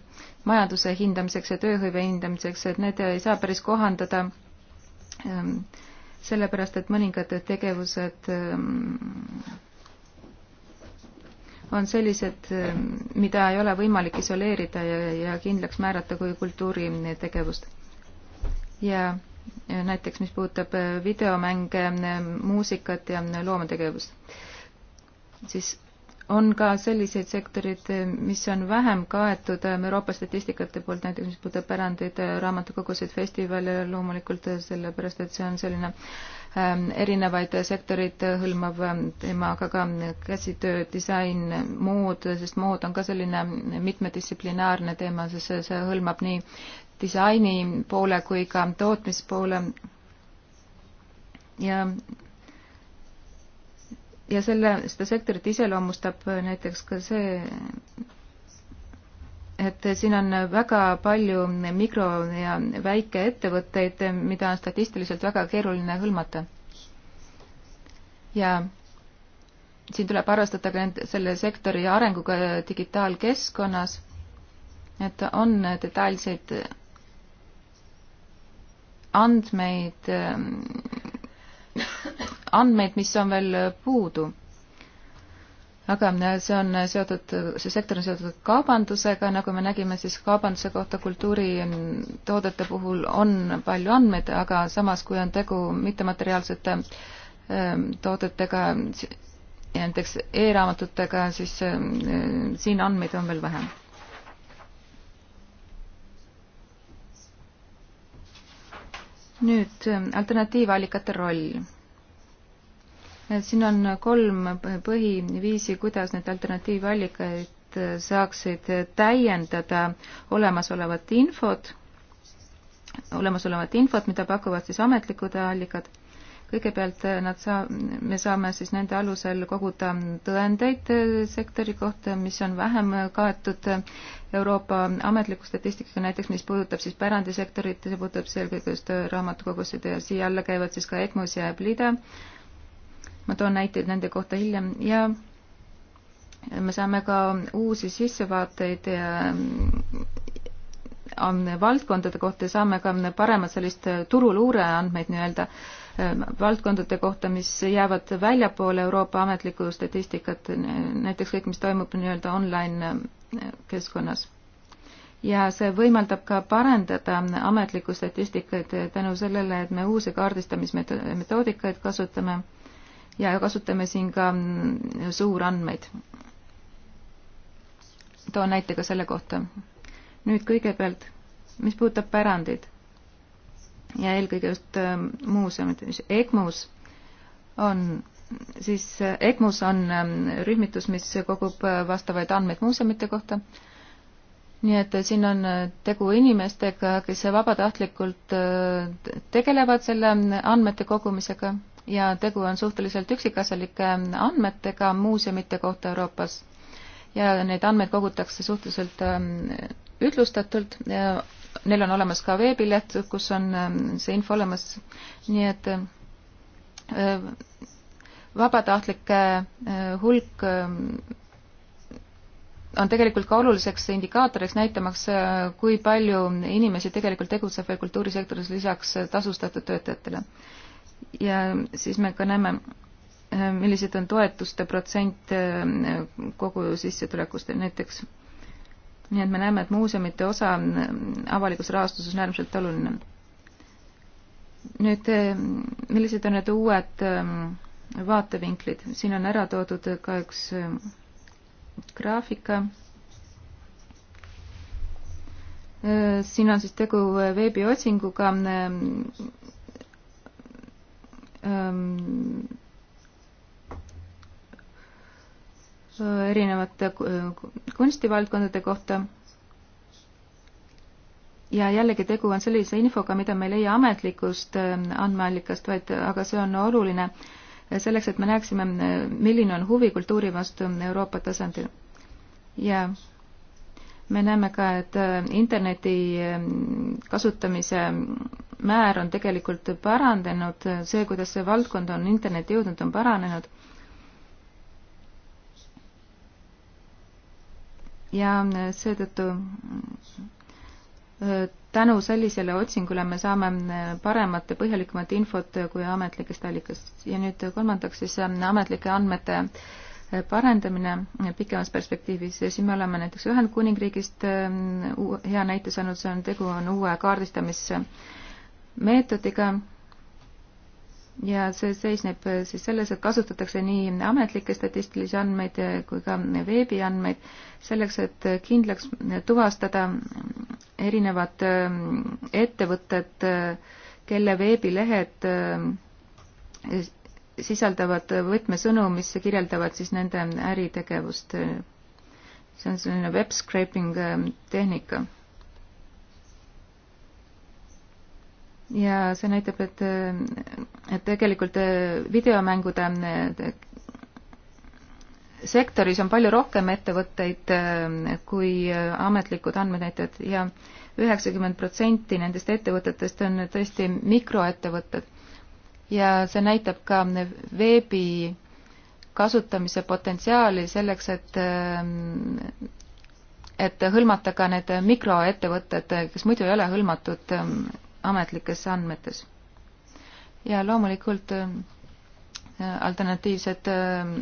majanduse hindamiseks ja tööhõive hindamiseks, et need ei saa päris kohandada ähm, sellepärast, et mõningad tegevused on sellised, mida ei ole võimalik isoleerida ja, ja kindlaks määrata kui kultuuritegevust. ja näiteks, mis puudutab videomänge, muusikat ja loometegevust, siis on ka selliseid sektoreid, mis on vähem kaetud Euroopa statistikate poolt, näiteks mis puudutab pärandeid, raamatukogusid, festivale loomulikult, sellepärast et see on selline äh, Ähm, erinevaid sektoreid hõlmav ähm, teema, aga ka käsitöö, disain, mood, sest mood on ka selline mitmedistsiplinaarne teema, sest see, see hõlmab nii disaini poole kui ka tootmispoole. ja ja selle, seda sektorit iseloomustab näiteks ka see, et siin on väga palju mikro- ja väikeettevõtteid, mida on statistiliselt väga keeruline hõlmata. ja siin tuleb arvestada ka nende, selle sektori arenguga digitaalkeskkonnas, et on detailseid andmeid, andmeid, mis on veel puudu aga äh, see on äh, seotud, see sektor on seotud kaubandusega, nagu me nägime, siis kaubanduse kohta kultuuritoodete mm, puhul on palju andmeid, aga samas, kui on tegu mittemateriaalsete ähm, toodetega, näiteks e-raamatutega, siis ähm, äh, siin andmeid on veel vähem. nüüd alternatiivallikate roll et siin on kolm põhiviisi, kuidas neid alternatiivallikaid saaksid täiendada olemasolevat infot, olemasolevat infot, mida pakuvad siis ametlikud allikad. kõigepealt nad saa-, me saame siis nende alusel koguda tõendeid sektori kohta, mis on vähem kaetud Euroopa ametliku statistikaga, näiteks mis puudutab siis pärandisektorit, see puudutab siis eelkõige just raamatukogusid ja siia alla käivad siis ka EGMOS ja PLIDA ma toon näiteid nende kohta hiljem ja me saame ka uusi sissevaateid ja on ähm, valdkondade kohta ja saame ka paremat sellist turuluure andmeid nii-öelda ähm, valdkondade kohta, mis jäävad väljapoole Euroopa ametlikku statistikat, näiteks kõik, mis toimub nii-öelda online äh, keskkonnas. ja see võimaldab ka parendada ametlikku statistikat äh, tänu sellele, et me uusi kaardistamismetoodikaid kasutame ja kasutame siin ka mm, suurandmeid. toon näite ka selle kohta. nüüd kõigepealt, mis puudutab pärandeid ja eelkõige just äh, muuseumid, EGMUS on siis äh, EGMUS on ähm, rühmitus, mis kogub äh, vastavaid andmeid muuseumite kohta. nii et siin on tegu inimestega, kes vabatahtlikult tegelevad selle mm, andmete kogumisega ja tegu on suhteliselt üksikasjalike andmetega muuseumite kohta Euroopas ja neid andmeid kogutakse suhteliselt ähm, ühtlustatult. Neil on olemas ka veebileht, kus on ähm, see info olemas, nii et äh, vabatahtlike äh, hulk ähm, on tegelikult ka oluliseks indikaatoriks, näitamaks, äh, kui palju inimesi tegelikult tegutseb veel kultuurisektoris lisaks tasustatud töötajatele ja siis me ka näeme, äh, millised on toetuste protsent äh, kogu sissetulekust näiteks. nii et me näeme, et muuseumite osa äh, avalikus rahastuses on äärmiselt oluline. nüüd, millised on need uued vaatevinklid, siin on ära toodud ka üks graafika. siin on siis tegu veebiotsinguga ähm, erinevate kunstivaldkondade kohta. ja jällegi tegu on sellise infoga, mida me ei leia ametlikust ähm, andmeallikast, vaid, aga see on oluline selleks, et me näeksime, milline on huvi kultuuri vastu Euroopa tasandil. ja me näeme ka, et äh, interneti ähm, kasutamise määr on tegelikult paranenud, see, kuidas see valdkond on internetti jõudnud, on paranenud. ja äh, seetõttu äh, tänu sellisele otsingule me saame paremat ja põhjalikumat infot kui ametlikest allikast. ja nüüd kolmandaks siis ametlike andmete äh, parendamine pikemas perspektiivis ja siin me oleme näiteks Ühendkuningriigist ähm, hea näite saanud, see on, tegu on uue kaardistamismeetodiga ja see seisneb siis selles, et kasutatakse nii ametlikke statistilisi andmeid kui ka veebiandmeid selleks, et kindlaks tuvastada erinevad ähm, ettevõtted, kelle veebilehed ähm, sisaldavad võtmesõnu, mis kirjeldavad siis nende äritegevust. see on selline web scraping ähm, tehnika. ja see näitab, et, äh, et tegelikult äh, videomängude äh, sektoris on palju rohkem ettevõtteid kui ametlikud andmenäitajad ja üheksakümmend protsenti nendest ettevõtetest on tõesti mikroettevõtted ja see näitab ka veebi kasutamise potentsiaali selleks, et et hõlmata ka need mikroettevõtted, kes muidu ei ole hõlmatud ähm, ametlikes andmetes. ja loomulikult äh, alternatiivsed ähm,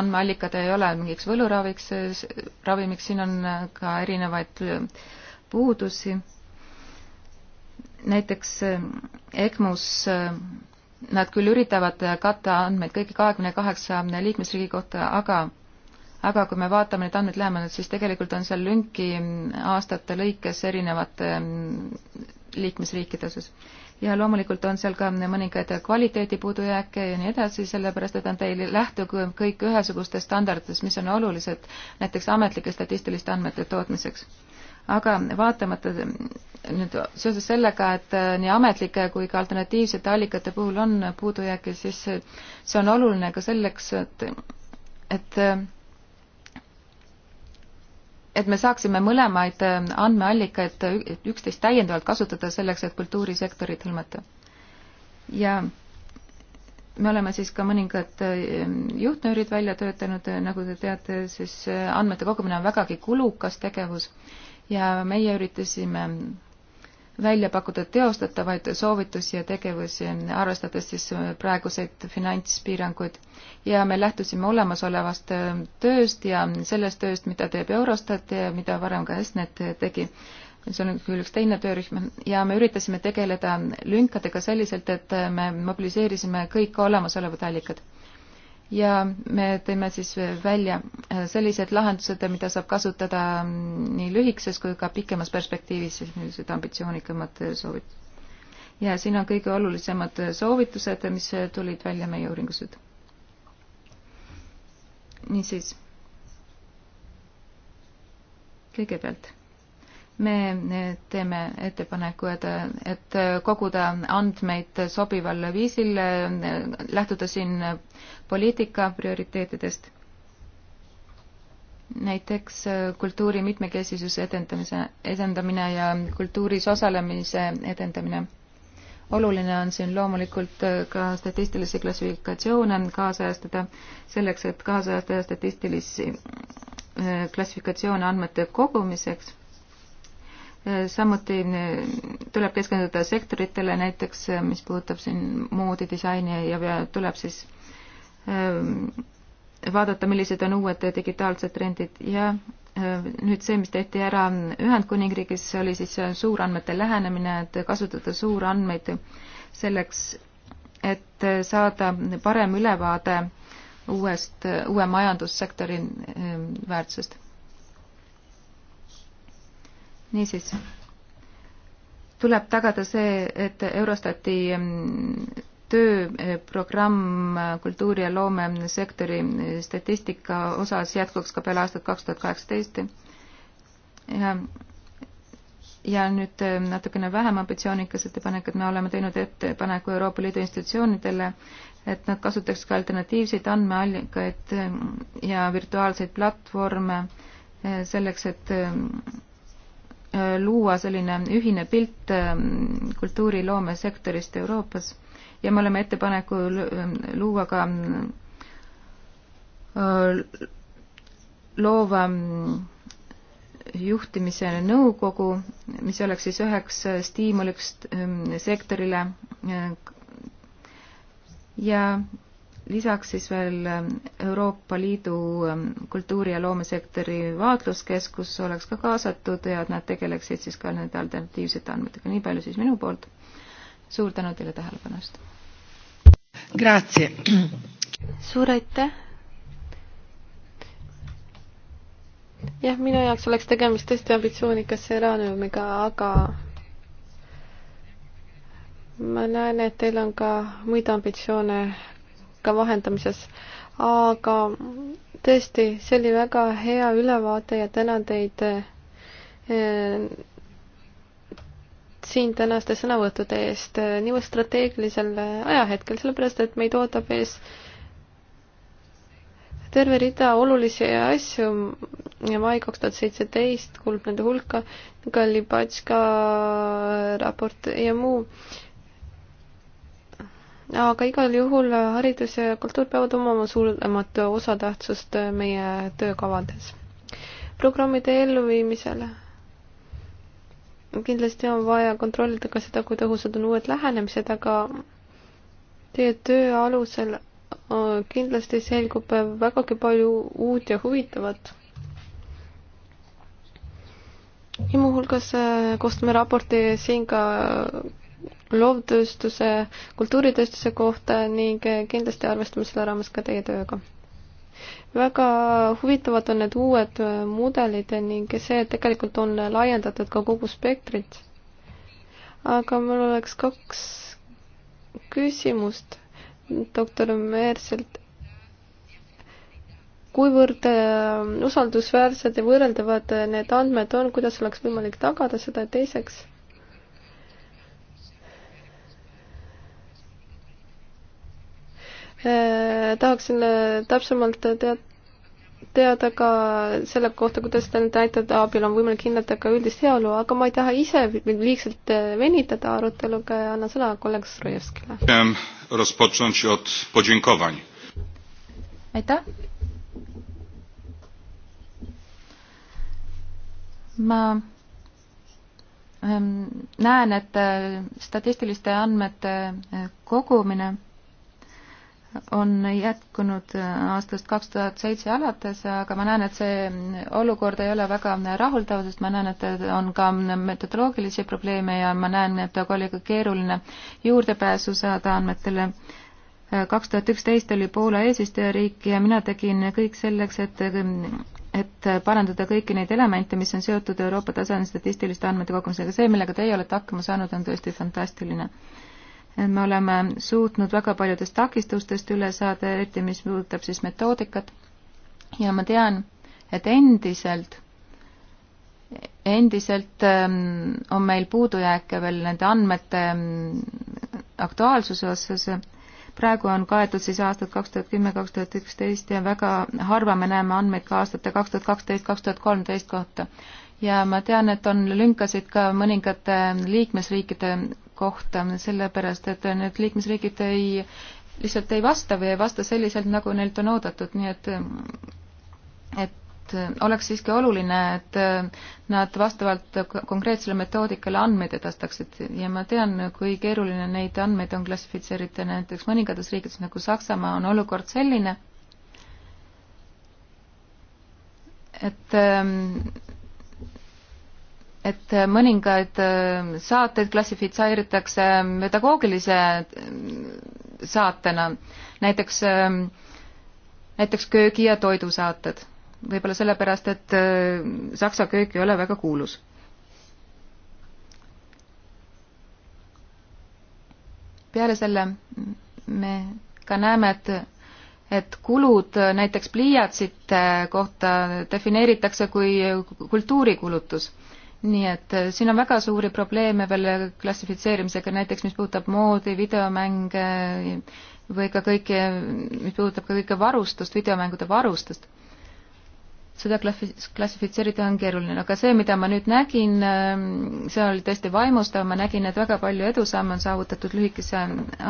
andmeallikad ei ole mingiks võluraviks, äh, ravimiks, siin on ka erinevaid äh, puudusi. näiteks EGMUS nad küll üritavad katta andmeid kõigi kahekümne kaheksa liikmesriigi kohta, aga aga kui me vaatame neid andmeid lähemalt, siis tegelikult on seal lünki aastate lõikes erinevate liikmesriikide osas. ja loomulikult on seal ka mõningaid kvaliteedi puudujääke ja nii edasi, sellepärast et nad ei lähtu kõik ühesugustest standarditest, mis on olulised näiteks ametlike statistiliste andmete tootmiseks aga vaatamata äh, nüüd seoses sellega, et äh, nii ametlike kui ka alternatiivsete allikate puhul on puudujääke, siis äh, see on oluline ka selleks, et, et et me saaksime mõlemaid andmeallikaid üksteist täiendavalt kasutada selleks, et kultuurisektorit hõlmata. ja me oleme siis ka mõningad juhtnöörid välja töötanud, nagu te teate, siis andmete kogumine on vägagi kulukas tegevus ja meie üritasime välja pakkuda teostatavaid soovitusi ja tegevusi, arvestades siis praeguseid finantspiiranguid. ja me lähtusime olemasolevast tööst ja sellest tööst, mida teeb Eurostat ja mida varem ka Esnet tegi. see on küll üks teine töörühm ja me üritasime tegeleda lünkadega selliselt, et me mobiliseerisime kõik olemasolevad allikad ja me tõime siis välja äh, sellised lahendused, mida saab kasutada mm, nii lühikeses kui ka pikemas perspektiiviks, siis niisugused ambitsioonikamad äh, soovitused. ja siin on kõige olulisemad äh, soovitused, mis tulid välja meie uuringused. niisiis. kõigepealt me teeme ettepaneku, et, et koguda andmeid sobival viisil, lähtuda siin poliitika prioriteetidest. näiteks kultuuri mitmekesisuse edendamise, edendamine ja kultuuris osalemise edendamine. oluline on siin loomulikult ka statistilisi klassifikatsioone kaasajastada, selleks et kaasajastada statistilisi eh, klassifikatsioone andmete kogumiseks Äh, samuti äh, tuleb keskenduda sektoritele, näiteks äh, mis puudutab siin moodi, disaini ja tuleb siis vaadata, millised on uued digitaalsed trendid ja nüüd see, mis tehti ära Ühendkuningriigis, oli siis suurandmete lähenemine, et kasutada suurandmeid selleks, et saada parem ülevaade uuest, uue majandussektori väärtusest niisiis, tuleb tagada see, et Eurostati mm, tööprogramm kultuuri- ja loomesektori statistika osas jätkuks ka peale aastat kaks tuhat kaheksateist. ja, ja nüüd mm, natukene vähem ambitsioonikas ettepanek, et me oleme teinud ettepaneku Euroopa Liidu institutsioonidele, et nad kasutaks ka alternatiivseid andmeallikaid mm, ja virtuaalseid platvorme eh, selleks, et luua selline ühine pilt ähm, kultuuriloomesektorist Euroopas ja me oleme ettepaneku ähm, luua ka äh, loova mm, juhtimise nõukogu, mis oleks siis üheks äh, stiimuliks ähm, sektorile äh, ja lisaks siis veel ähm, Euroopa Liidu ähm, kultuuri- ja loomesektori vaatluskeskus oleks ka kaasatud ja et nad tegeleksid siis ka nende alternatiivsete andmetega. nii palju siis minu poolt. suur tänu teile tähelepanu eest! Grazie! suur aitäh! jah, minu jaoks oleks tegemist tõesti ambitsioonika stsenaariumiga, aga ma näen, et teil on ka muid ambitsioone poliitika vahendamises. aga tõesti, see oli väga hea ülevaade ja tänan teid eh, siin tänaste sõnavõttude eest eh, niivõrd strateegilisel eh, ajahetkel, sellepärast et meid ootab ees terve rida olulisi asju ja mai kaks tuhat seitseteist kuulub nende hulka, Galibatška raport ja muu aga igal juhul äh, haridus ja kultuur peavad omama suuremat osatähtsust äh, meie töökavades. programmide elluviimisel kindlasti on vaja kontrollida ka seda, kui tõhusad on uued lähenemised, aga teie töö alusel äh, kindlasti selgub vägagi palju uut ja huvitavat. ja muuhulgas koostame raporti siin ka loovtööstuse, kultuuritööstuse kohta ning kindlasti arvestame selle raames ka teie tööga. väga huvitavad on need uued mudelid ning see tegelikult on laiendatud ka kogu spektrit. aga mul oleks kaks küsimust doktor Meerselt. kuivõrd äh, usaldusväärsed ja võrreldavad need andmed on, kuidas oleks võimalik tagada seda, teiseks Äh, tahaksin äh, täpsemalt teada teada ka selle kohta, kuidas nende näitajate abil on võimalik hinnata ka üldist heaolu, aga ma ei taha ise liigselt äh, venitada aruteluga ja annan sõna kolleeg Strojevskile. aitäh. ma näen, et statistiliste andmete kogumine on jätkunud äh, aastast kaks tuhat seitse alates, aga ma näen, et see olukord ei ole väga rahuldav, sest ma näen, et on ka metodoloogilisi probleeme ja ma näen, et aga oli ka keeruline juurdepääsu saada andmetele. Äh, kaks tuhat üksteist oli Poola eesistujariik ja mina tegin kõik selleks, et et parandada kõiki neid elemente, mis on seotud Euroopa tasandil statistiliste andmete kogumisega. see, millega teie olete hakkama saanud, on tõesti fantastiline me oleme suutnud väga paljudest takistustest üle saada, eriti mis puudutab siis metoodikat. ja ma tean, et endiselt, endiselt ähm, on meil puudujääke veel nende andmete ähm, aktuaalsuse osas. praegu on kaetud siis aastad kaks tuhat kümme, kaks tuhat üksteist ja väga harva me näeme andmeid ka aastate kaks tuhat kaksteist, kaks tuhat kolmteist kohta ja ma tean, et on lünkasid ka mõningate liikmesriikide kohta, sellepärast et need liikmesriigid ei, lihtsalt ei vasta või ei vasta selliselt, nagu neilt on oodatud, nii et, et oleks siiski oluline, et nad vastavalt konkreetsele metoodikale andmeid edastaksid ja ma tean, kui keeruline neid andmeid on klassifitseerida, näiteks mõningates riikides nagu Saksamaa on olukord selline, et et mõningaid äh, saateid klassifitseeritakse pedagoogilise äh, saatena, näiteks, ähm, näiteks köögi- ja toidusaated. võib-olla sellepärast, et äh, saksa köök ei ole väga kuulus. peale selle me ka näeme, et et kulud näiteks pliiatsite kohta defineeritakse kui kultuurikulutus nii et äh, siin on väga suuri probleeme veel klassifitseerimisega, näiteks mis puudutab moodi, videomänge või ka kõike, mis puudutab ka kõike varustust, videomängude varustust. seda klassifitseerida on keeruline, aga see, mida ma nüüd nägin, ähm, see oli tõesti vaimustav, ma nägin, et väga palju edusamme on saavutatud lühikese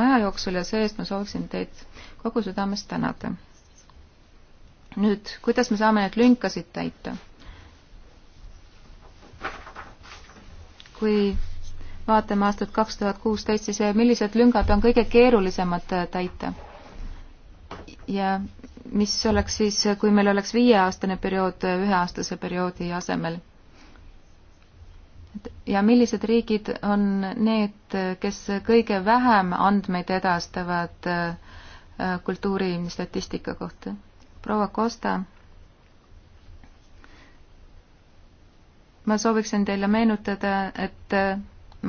aja jooksul ja see-eest ma sooviksin teid kogu südamest tänada. nüüd, kuidas me saame need lünkasid täita? kui vaatame aastat kaks tuhat kuusteist, siis eh, millised lüngad on kõige keerulisemad eh, täita? ja mis oleks siis, eh, kui meil oleks viieaastane periood üheaastase perioodi asemel? ja millised riigid on need, kes kõige vähem andmeid edastavad kultuuristatistika kohta? proua Kosta ma sooviksin teile meenutada, et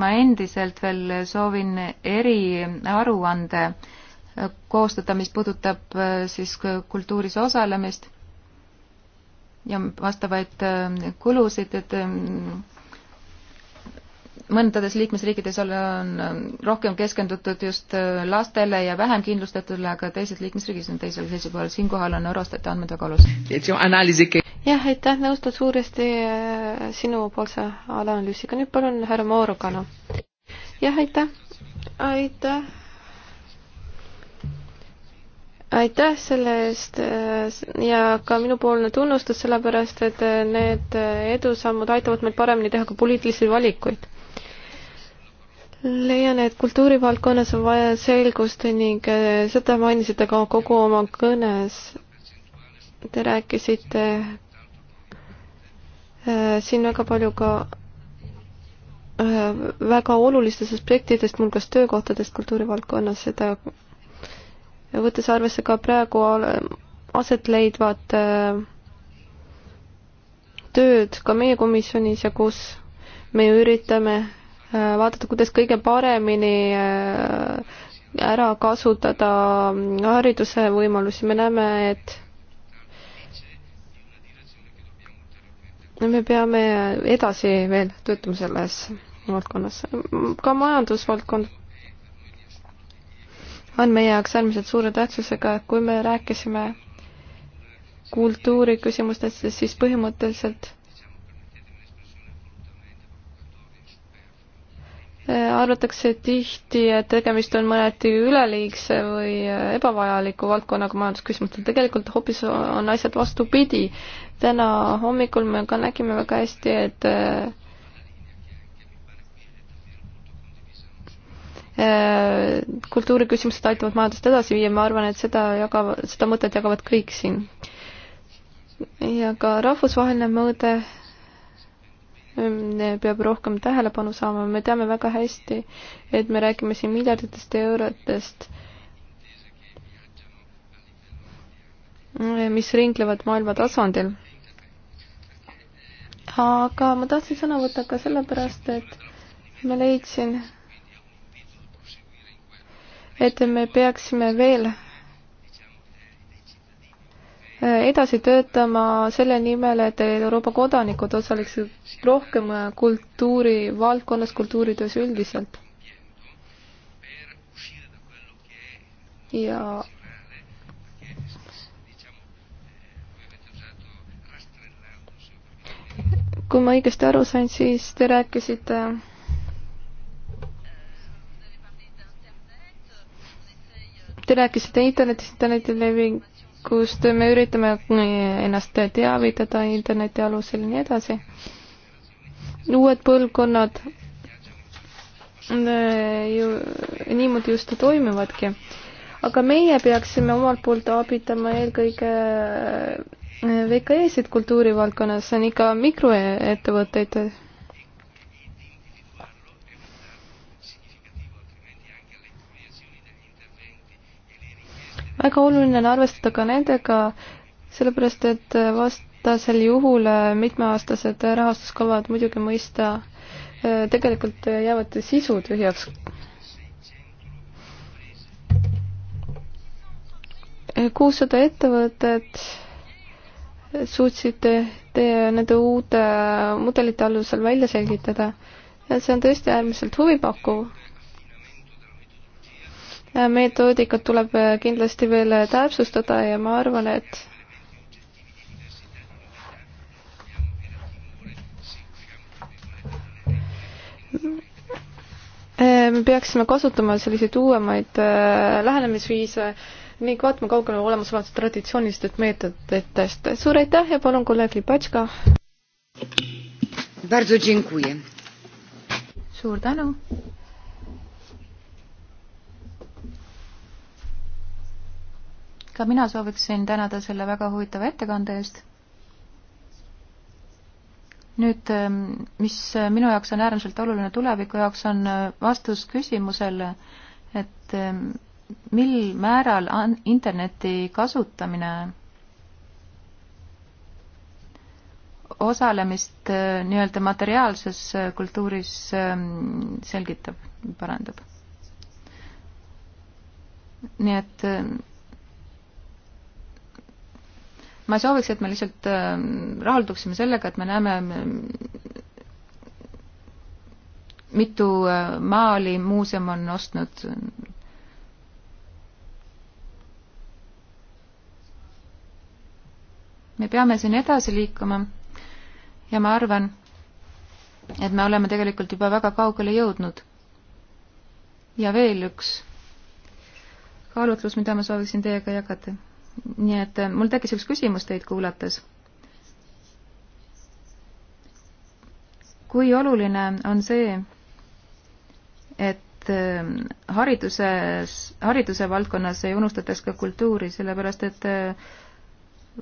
ma endiselt veel soovin eriaruande koostada, mis puudutab äh, siis kultuuris osalemist ja vastavaid äh, kulusid, et äh, mõndades liikmesriikides on ähm, rohkem keskendutud just äh, lastele ja vähem kindlustatule, aga teised liikmesriigid on teisel seisukohal. siinkohal on Eurostati andmed väga olulised. jah, aitäh, nõustun suuresti äh, sinupoolse analüüsiga. nüüd palun härra Moorukana. jah, aitäh. aitäh. aitäh selle eest äh, ja ka minupoolne tunnustus, sellepärast et need edusammud aitavad meil paremini teha ka poliitilisi valikuid leian, et kultuurivaldkonnas on vaja selgust ning äh, seda mainisite ka kogu oma kõnes. Te rääkisite äh, siin väga palju ka äh, väga olulistest aspektidest, muuhulgas töökohtadest kultuurivaldkonnas, seda võttes arvesse ka praegu aset leidvat tööd ka meie komisjonis ja kus me üritame Äh, vaadata, kuidas kõige paremini äh, ära kasutada mm, hariduse võimalusi, me näeme, et me peame edasi veel töötama selles valdkonnas. ka majandusvaldkond on meie jaoks äärmiselt suure tähtsusega, kui me rääkisime kultuuriküsimustest, siis põhimõtteliselt arvatakse tihti, et tegemist on mõneti üleliigse või ebavajaliku valdkonnaga majandusküsimustel, tegelikult hoopis on asjad vastupidi. täna hommikul me ka nägime väga hästi, et äh, kultuuriküsimused aitavad majandust edasi viia, ma arvan, et seda jagavad, seda mõtet jagavad kõik siin. ja ka rahvusvaheline mõõde Ehm, peab rohkem tähelepanu saama, me teame väga hästi, et me räägime siin miljarditest eurotest, eh, mis ringlevad maailma tasandil. aga ma tahtsin sõna võtta ka sellepärast, et ma leidsin, et me peaksime veel edasi töötama selle nimel, et Euroopa kodanikud osaleksid rohkem kultuurivaldkonnas, kultuuritöös üldiselt. ja kui ma õigesti aru sain, siis te rääkisite Te rääkisite internetist, interneti leving kust me üritame ennast teavitada interneti alusel ja nii edasi. uued põlvkonnad äh, ju niimoodi just toimivadki. aga meie peaksime omalt poolt abitama eelkõige äh, VKE-sid kultuurivaldkonnas, see on ikka mikroettevõtteid väga oluline on arvestada ka nendega, sellepärast et vastasel juhul äh, mitmeaastased rahastuskavad muidugi mõista äh, tegelikult jäävad sisu tühjaks. kuussada ettevõtet suutsite te nende uute mudelite alusel välja selgitada ja see on tõesti äärmiselt huvipakkuv Äh, metoodikat tuleb äh, kindlasti veel äh, täpsustada ja ma arvan, et me peaksime kasutama selliseid uuemaid lähenemisviise ning vaatama kaugele olemasolevatest traditsioonilistest meetoditest. suur aitäh ja palun kolleeg Lipatška. suur tänu. ka mina sooviksin tänada selle väga huvitava ettekande eest. nüüd, ähm, mis minu jaoks on äärmiselt oluline tuleviku jaoks, on äh, vastus küsimusele, et ähm, mil määral interneti kasutamine osalemist äh, nii-öelda materiaalses äh, kultuuris ähm, selgitab, parandab. nii et ma sooviks, et me lihtsalt ähm, rahulduksime sellega, et me näeme mm, mitu äh, maali muuseum on ostnud. me peame siin edasi liikuma ja ma arvan, et me oleme tegelikult juba väga kaugele jõudnud. ja veel üks kaalutlus, mida ma sooviksin teiega jagada nii et eh, mul tekkis üks küsimus teid kuulates. kui oluline on see, et eh, hariduses, hariduse valdkonnas ei unustataks ka kultuuri, sellepärast et eh,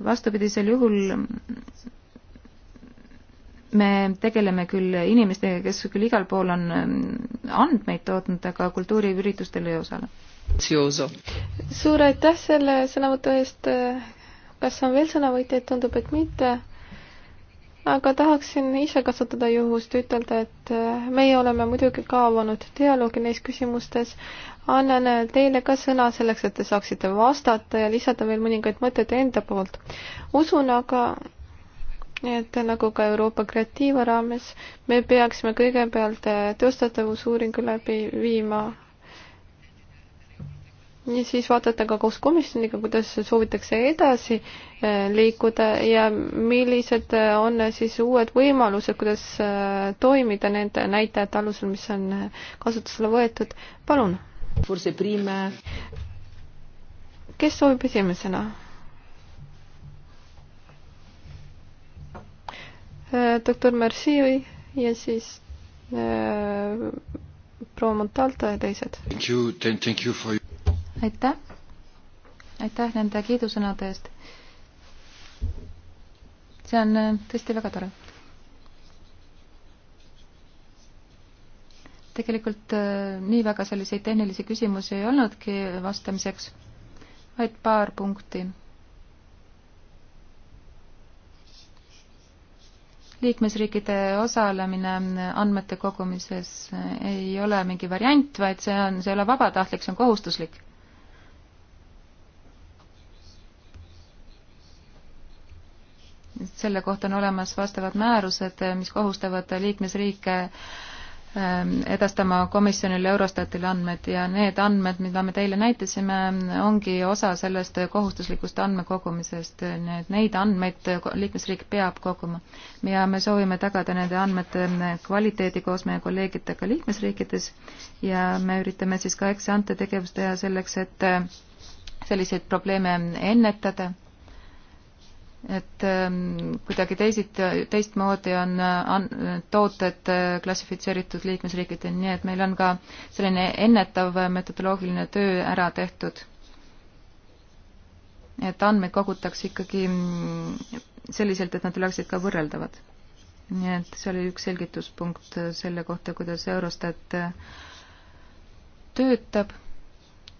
vastupidisel juhul me tegeleme küll inimestega, kes küll igal pool on andmeid tootnud, aga kultuuriüritustel ei osale suur aitäh selle sõnavõtu eest. kas on veel sõnavõtjaid, tundub, et mitte. aga tahaksin ise kasutada juhust, ütelda, et meie oleme muidugi ka avanud dialoogi neis küsimustes. annan teile ka sõna selleks, et te saaksite vastata ja lisada veel mõningaid mõtteid enda poolt. usun aga, et nagu ka Euroopa Kreatiiva raames, me peaksime kõigepealt teostatavusuuringu läbi viima ja siis vaatate ka koos komisjoniga, kuidas soovitakse edasi eh, liikuda ja millised eh, on siis uued võimalused, kuidas eh, toimida nende näitajate alusel, mis on kasutusele võetud. palun. kes soovib esimesena? doktor Merci ja siis proua Montalto ja teised. Thank you, thank you for aitäh, aitäh nende kiidusõnade eest. see on äh, tõesti väga tore. tegelikult äh, nii väga selliseid tehnilisi küsimusi ei olnudki vastamiseks, vaid paar punkti. liikmesriikide osalemine äh, andmete kogumises ei ole mingi variant, vaid see on, see ei ole vabatahtlik, see on kohustuslik selle kohta on olemas vastavad määrused, mis kohustavad liikmesriike ähm, edastama komisjonile Eurostatile andmed ja need andmed, mida me teile näitasime, ongi osa sellest kohustuslikust andmekogumisest, nii et neid andmeid liikmesriik peab koguma. ja me soovime tagada nende andmete kvaliteedi koos meie kolleegidega liikmesriikides ja me üritame siis ka eksante tegevust teha selleks, et äh, selliseid probleeme ennetada et ähm, kuidagi teisit, teistmoodi on äh, tooted äh, klassifitseeritud liikmesriigiti, nii et meil on ka selline ennetav äh, metodoloogiline töö ära tehtud. et andmeid kogutakse ikkagi mm, selliselt, et nad oleksid ka võrreldavad. nii et see oli üks selgituspunkt selle kohta, kuidas Eurostat töötab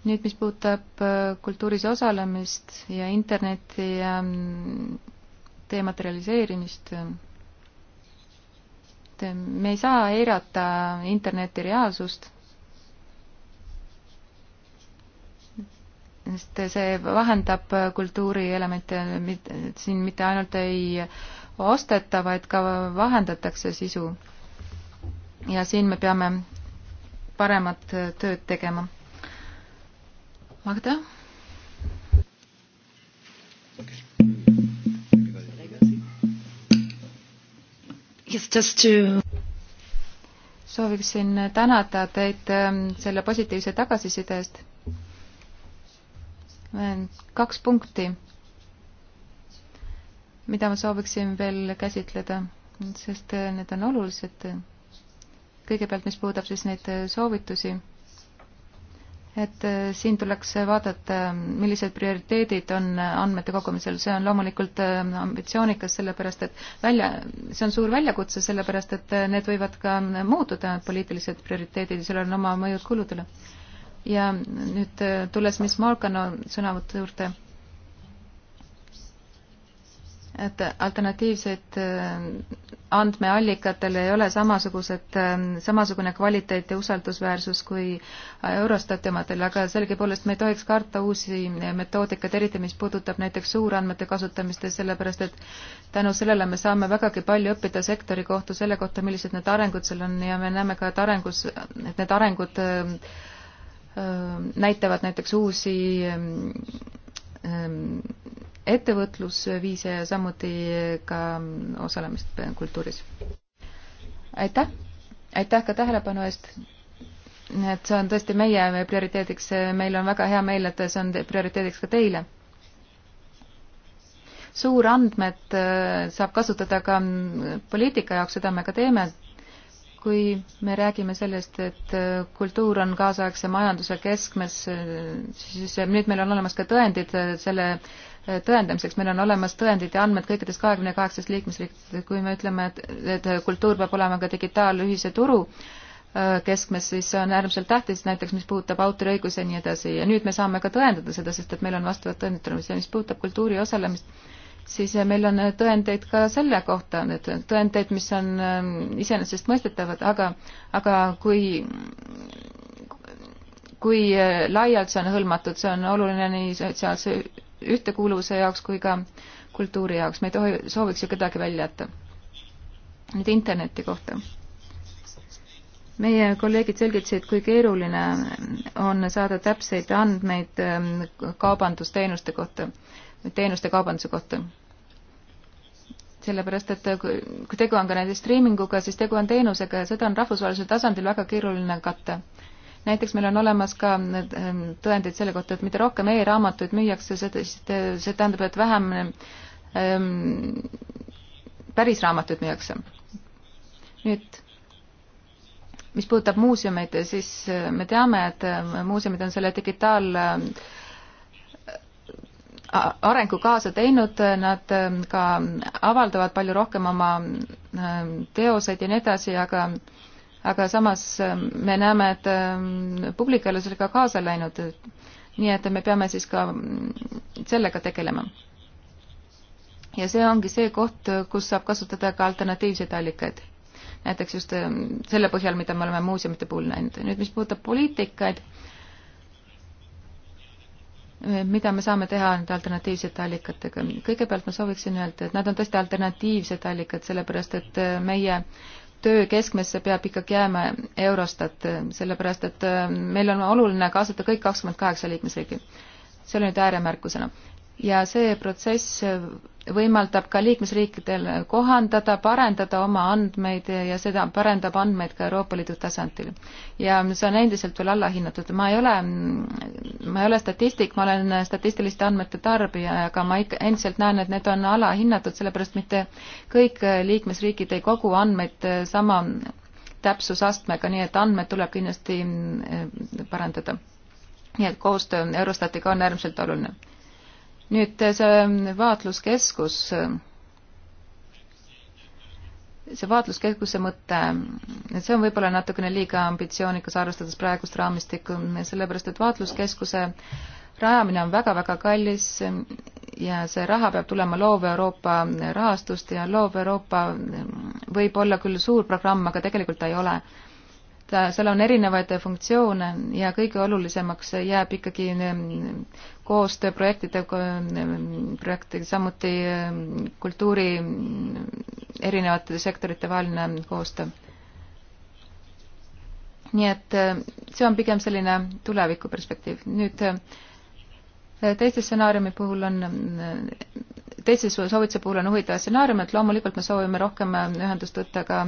nüüd, mis puudutab äh, kultuuris osalemist ja interneti ähm, dematerialiseerimist, et me ei saa eirata interneti reaalsust, sest see vahendab kultuurielemente, siin mitte ainult ei osteta, vaid ka vahendatakse sisu. ja siin me peame paremat tööd tegema Magda? Yes, just to sooviksin tänada teid ähm, selle positiivse tagasiside eest. Äh, kaks punkti, mida ma sooviksin veel käsitleda, sest äh, need on olulised. kõigepealt, mis puudutab siis neid äh, soovitusi et äh, siin tuleks vaadata, millised prioriteedid on andmete kogumisel, see on loomulikult äh, ambitsioonikas, sellepärast et välja, see on suur väljakutse, sellepärast et äh, need võivad ka muutuda, poliitilised prioriteedid, sellel on oma mõjud kuludele. ja nüüd tulles Miss Morgano sõnavõtu juurde et alternatiivsed äh, andmeallikatel ei ole samasugused, äh, samasugune kvaliteet ja usaldusväärsus kui Eurostati omadel, aga sellegipoolest me ei tohiks karta uusi metoodikaid, eriti mis puudutab näiteks suurandmete kasutamist ja sellepärast, et tänu sellele me saame vägagi palju õppida sektori kohta, selle kohta, millised need arengud seal on ja me näeme ka, et arengus, et need arengud äh, näitavad näiteks uusi ettevõtlusviise ja samuti ka osalemist kultuuris. aitäh, aitäh ka tähelepanu eest. et see on tõesti meie prioriteediks, meil on väga hea meel, et see on prioriteediks ka teile. suurandmed äh, saab kasutada ka mm, poliitika jaoks, seda me ka teeme kui me räägime sellest, et äh, kultuur on kaasaegse majanduse keskmes, äh, siis nüüd meil on olemas ka tõendid selle Eh, tõendamiseks, meil on olemas tõendid ja andmed kõikides kahekümne kaheksas liikmesriigis, kui me ütleme, et, et kultuur peab olema ka digitaalühise turu eh, keskmes, siis see on äärmiselt tähtis, näiteks mis puudutab autoriõigusi ja nii edasi ja nüüd me saame ka tõendada seda, sest et meil on vastavad tõendid olemas ja mis puudutab kultuuri osalemist, siis eh, meil on tõendeid ka selle kohta, need tõendeid, mis on iseenesestmõistetavad, aga, aga kui kui laialt see on hõlmatud, see on oluline nii sotsiaalse ühtekuuluvuse jaoks kui ka kultuuri jaoks, me ei tohi, sooviks ju kedagi välja jätta. nüüd interneti kohta. meie kolleegid selgitasid, kui keeruline on saada täpseid andmeid ähm, kaubandusteenuste kohta, teenuste kaubanduse kohta sellepärast, et kui tegu on ka näiteks striiminguga, siis tegu on teenusega ja seda on rahvusvahelisel tasandil väga keeruline katta näiteks meil on olemas ka ähm, tõendeid selle kohta, et mida rohkem e-raamatuid müüakse, seda, äh, see tähendab, et vähem ähm, päris raamatuid müüakse. nüüd, mis puudutab muuseumeid, siis äh, me teame, et äh, muuseumid on selle digitaal arengu kaasa teinud, nad ähm, ka avaldavad palju rohkem oma ähm, teoseid ja nii edasi, aga aga samas ähm, me näeme, et ähm, publik ei ole sellega kaasa läinud. nii et me peame siis ka mm, sellega tegelema. ja see ongi see koht, kus saab kasutada ka alternatiivseid allikaid. näiteks just ähm, selle põhjal, mida me oleme muuseumite puhul näinud. nüüd, mis puudutab poliitikaid, äh, mida me saame teha nende alternatiivsete allikatega? kõigepealt ma sooviksin öelda, et nad on tõesti alternatiivsed allikad, sellepärast et äh, meie äh, töö keskmesse peab ikkagi jääma Eurostat, sellepärast et äh, meil on oluline kaasata kõik kakskümmend kaheksa liikmesriiki. see oli nüüd ääremärkusena. ja see protsess võimaldab ka liikmesriikidel kohandada, parendada oma andmeid ja seda parendab andmeid ka Euroopa Liidu tasandil. ja see on endiselt veel allahinnatud, ma ei ole, ma ei ole statistik, ma olen statistiliste andmete tarbija, aga ma ikka endiselt näen, et need on alahinnatud, sellepärast mitte kõik liikmesriigid ei kogu andmeid sama täpsusastmega, nii et andmed tuleb kindlasti eh, parandada. nii et koostöö Eurostatiga on äärmiselt oluline nüüd eh, see mm, vaatluskeskus, eh, see vaatluskeskuse mõte, mm, et see on võib-olla natukene liiga ambitsioonikas, arvestades praegust raamistikku, mm, sellepärast et vaatluskeskuse rajamine on väga-väga kallis ja see raha peab tulema Loov Euroopa rahastust ja Loov Euroopa võib olla küll suur programm, aga tegelikult ta ei ole ta, äh, seal on erinevaid funktsioone ja kõige olulisemaks jääb ikkagi äh, koostöö projektide, äh, projektid, samuti kultuuri erinevate sektorite vaheline koostöö. nii et see on pigem selline tulevikuperspektiiv. nüüd teiste stsenaariumi puhul on, teise soovituse puhul on huvitav stsenaarium, et loomulikult me soovime rohkem ühendust võtta ka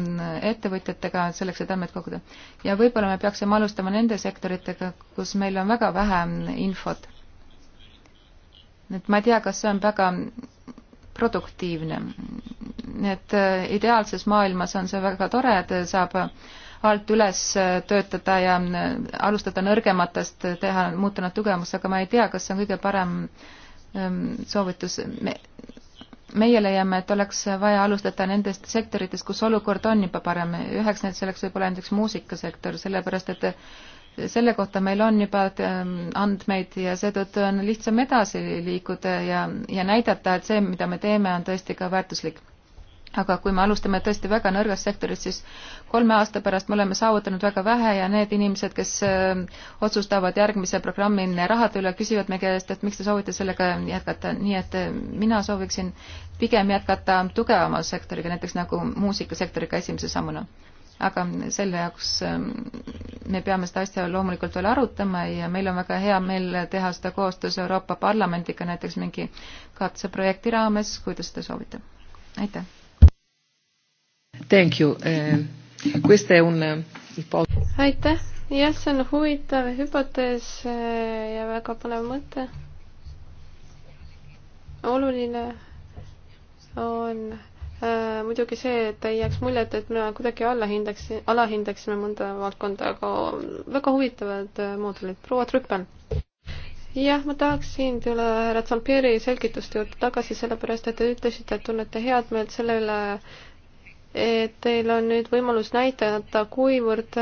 ettevõtjatega selleks, et andmeid koguda. ja võib-olla me peaksime alustama nende sektoritega, kus meil on väga vähe infot. et ma ei tea, kas see on väga produktiivne. nii et ideaalses maailmas on see väga tore, et saab alt üles äh, töötada ja äh, alustada nõrgematest, teha, muuta nad tugevamaks, aga ma ei tea, kas see on kõige parem ähm, soovitus me,. meie leiame, et oleks vaja alustada nendest sektoritest, kus olukord on juba parem. üheks selleks võib olla näiteks muusikasektor, sellepärast et äh, selle kohta meil on juba andmeid ja seetõttu on lihtsam edasi liikuda ja, ja näidata, et see, mida me teeme, on tõesti ka väärtuslik aga kui me alustame tõesti väga nõrgast sektorist, siis kolme aasta pärast me oleme saavutanud väga vähe ja need inimesed, kes äh, otsustavad järgmise programmi rahade üle, küsivad meie käest, et miks te soovite sellega jätkata, nii et äh, mina sooviksin pigem jätkata tugevama sektoriga, näiteks nagu muusikasektoriga esimese sammuna. aga selle jaoks äh, me peame seda asja loomulikult veel arutama ja meil on väga hea meel teha seda koostöös Euroopa Parlamendiga näiteks mingi katseprojekti raames, kui te seda soovite. aitäh! Thank you eh,. questa è un hipotesi. aitäh, jah, see on huvitav hüpotees eh, ja väga põnev mõte. oluline on äh, muidugi see, et ei jääks muljet, et me kuidagi allahindaksin, alahindaksime mõnda valdkonda, aga väga huvitavad äh, moodulid. proua Trüppel. jah, ma tahaksin tulla härra Zampieri selgituste juurde tagasi, sellepärast et te ütlesite, et tunnete head meelt selle üle, et teil on nüüd võimalus näidata, kuivõrd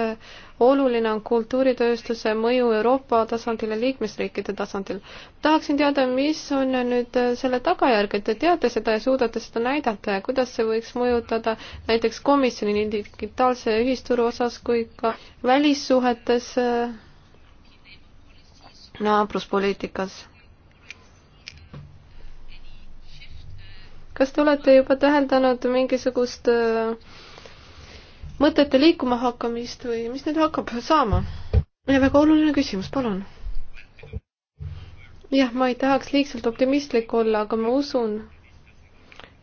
oluline on kultuuritööstuse mõju Euroopa tasandil ja liikmesriikide tasandil. tahaksin teada, mis on nüüd selle tagajärg, et te teate seda ja suudate seda näidata ja kuidas see võiks mõjutada näiteks komisjoni nii digitaalse ühisturu osas kui ka välissuhetes äh, naabruspoliitikas kas te olete juba täheldanud mingisugust äh, mõtete liikuma hakkamist või mis nüüd hakkab saama? väga oluline küsimus, palun. jah, ma ei tahaks liigselt optimistlik olla, aga ma usun,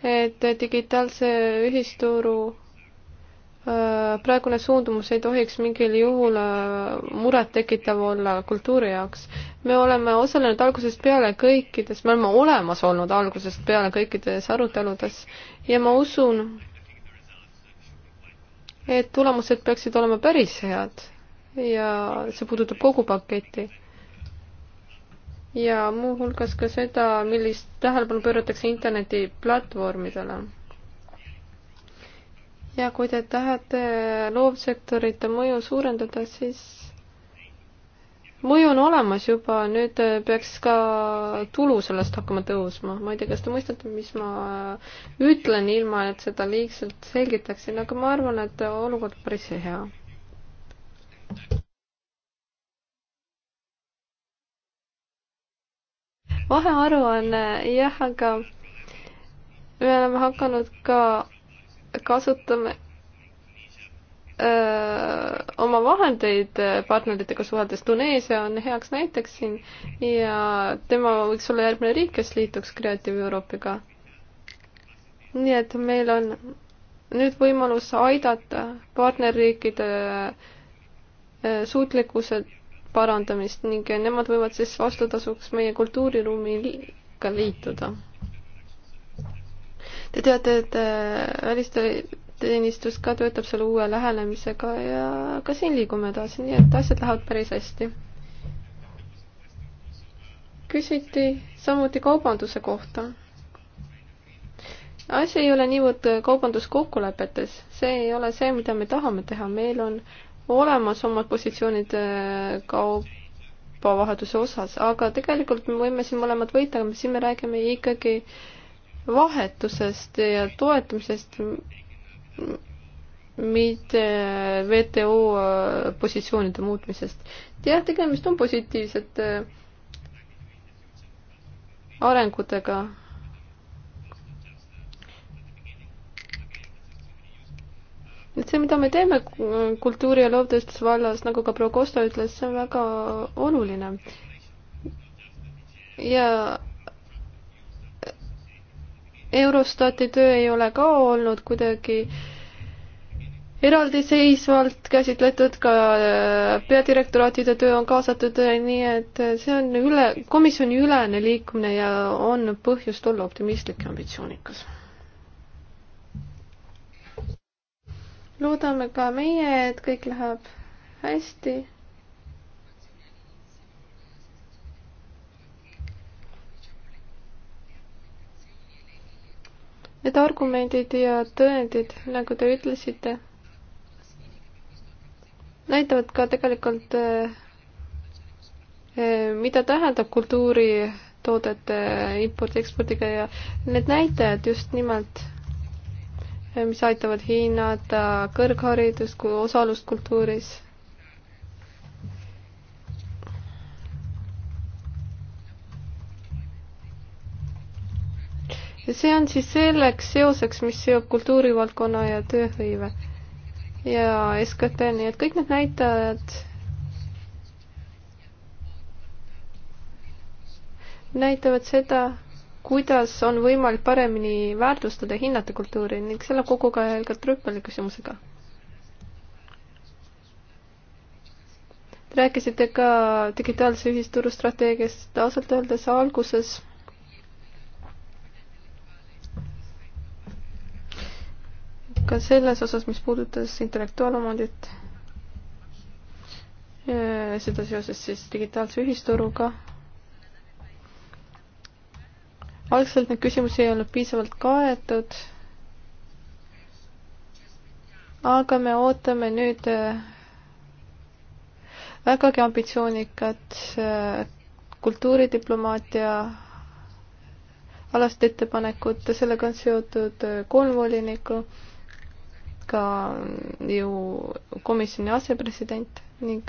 et digitaalse ühisturu äh, praegune suundumus ei tohiks mingil juhul äh, murettekitav olla kultuuri jaoks me oleme osalenud algusest peale kõikides, me oleme olemas olnud algusest peale kõikides aruteludes ja ma usun, et tulemused peaksid olema päris head ja see puudutab kogu paketti. ja muuhulgas ka seda, millist tähelepanu pööratakse internetiplatvormidele. ja kui te tahate loovsektorite mõju suurendada, siis mõju on olemas juba, nüüd äh, peaks ka tulu sellest hakkama tõusma. ma ei tea, kas te mõistate, mis ma äh, ütlen, ilma et seda liigselt selgitaksin, aga ma arvan, et olukord päris hea. vahearuanne, jah, aga me oleme hakanud ka kasutame öö, äh, oma vahendeid äh, partneritega suheldes, Tuneesia on heaks näiteks siin ja tema võiks olla järgmine riik, kes liituks Creative Europe'iga. nii et meil on nüüd võimalus aidata partnerriikide äh, suutlikkuse parandamist ning nemad võivad siis vastutasuks meie kultuuriruumiga liituda. Te teate, et väliste teenistus ka töötab selle uue lähenemisega ja ka siin liigume edasi, nii et asjad lähevad päris hästi. küsiti samuti kaubanduse kohta. asi ei ole niivõrd kaubanduskokkulepetes, see ei ole see, mida me tahame teha, meil on olemas omad positsioonid äh, kaubavahetuse osas, aga tegelikult me võime siin mõlemad võita, siin me räägime ikkagi vahetusest ja toetamisest, mitte WTO äh, positsioonide muutmisest. jah, tegemist on positiivsete äh, arengutega. et see, mida me teeme kultuuri- ja loovtööstuse vallas, nagu ka proua Kosta ütles, see on väga oluline. ja Eurostati töö ei ole ka olnud kuidagi eraldiseisvalt käsitletud, ka äh, peadirektoraatide töö on kaasatud, äh, nii et äh, see on üle, komisjoni ülene liikumine ja on põhjust olla optimistlik ja ambitsioonikas. loodame ka meie, et kõik läheb hästi Need argumendid ja tõendid, nagu te ütlesite, näitavad ka tegelikult, eh, eh, mida tähendab kultuuritoodete impordi-ekspordiga ja need näitajad just nimelt, eh, mis aitavad hinnata kõrgharidust kui osalust kultuuris see on siis selleks seoseks, mis seob kultuurivaldkonna ja tööhõive ja SKT, nii et kõik need näitajad näitavad seda, kuidas on võimalik paremini väärtustada ja hinnata kultuuri ning selle koguga ka Trüppeli küsimusega. Te rääkisite ka digitaalse ühisturu strateegiast, ausalt öeldes alguses ka selles osas, mis puudutas intellektuaalomandit, äh, seda seoses siis digitaalse ühisturuga. algselt neid küsimusi ei olnud piisavalt kaetud, aga me ootame nüüd äh, vägagi ambitsioonikat äh, kultuuridiplomaatia alast ettepanekut, sellega on seotud kolm volinikku ka ju komisjoni asepresident ning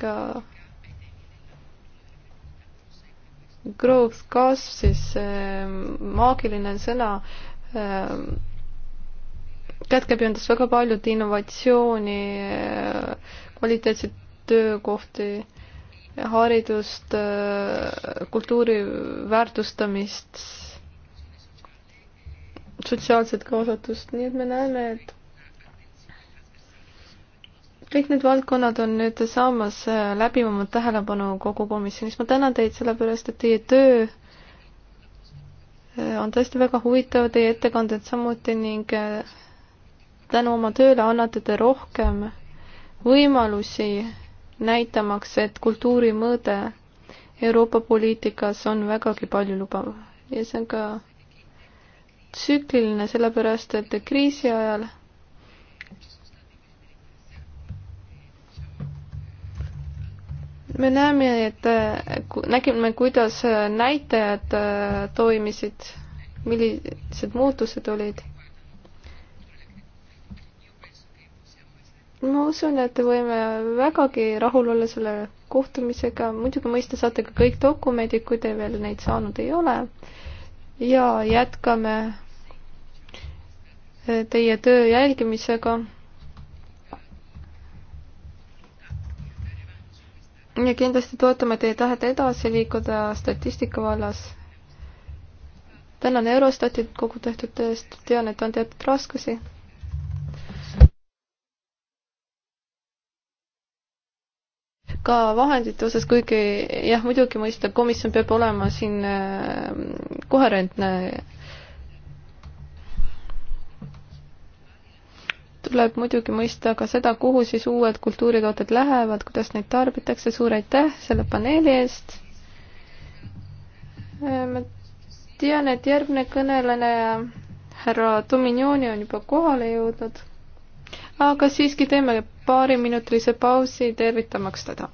growth kasv, siis ähm, maagiline sõna ähm, kätkeb endas väga paljud innovatsiooni, äh, kvaliteetseid töökohti, haridust, äh, kultuuri väärtustamist, sotsiaalset kaasatust, nii et me näeme, et kõik need valdkonnad on nüüd saamas äh, läbivamat tähelepanu kogu komisjonis. ma tänan teid sellepärast, et teie töö äh, on tõesti väga huvitav, teie ettekanded samuti ning äh, tänu oma tööle annate te rohkem võimalusi näitamaks, et kultuurimõõde Euroopa poliitikas on vägagi paljulubav ja see on ka tsükliline, sellepärast et kriisi ajal me näeme, et eh, nägime, kuidas eh, näitajad eh, toimisid, millised muutused olid ma usun, et võime vägagi rahul olla selle kohtumisega, muidugi mõista saate ka kõik dokumendid, kui te veel neid saanud ei ole. ja jätkame teie töö jälgimisega ja kindlasti toetame teie tahet edasi liikuda statistika vallas. tänan Eurostatit kogu tehtud töö eest, tean, et on teatud raskusi. ka vahendite osas, kuigi jah, muidugi mõistab, komisjon peab olema siin äh, koherentne tuleb muidugi mõista ka seda, kuhu siis uued kultuuritooted lähevad, kuidas neid tarbitakse, suur aitäh selle paneeli eest. Äh, ma tean, et järgmine kõneleja, härra Dominioni on juba kohale jõudnud. aga siiski teeme paariminutilise pausi, tervitamaks teda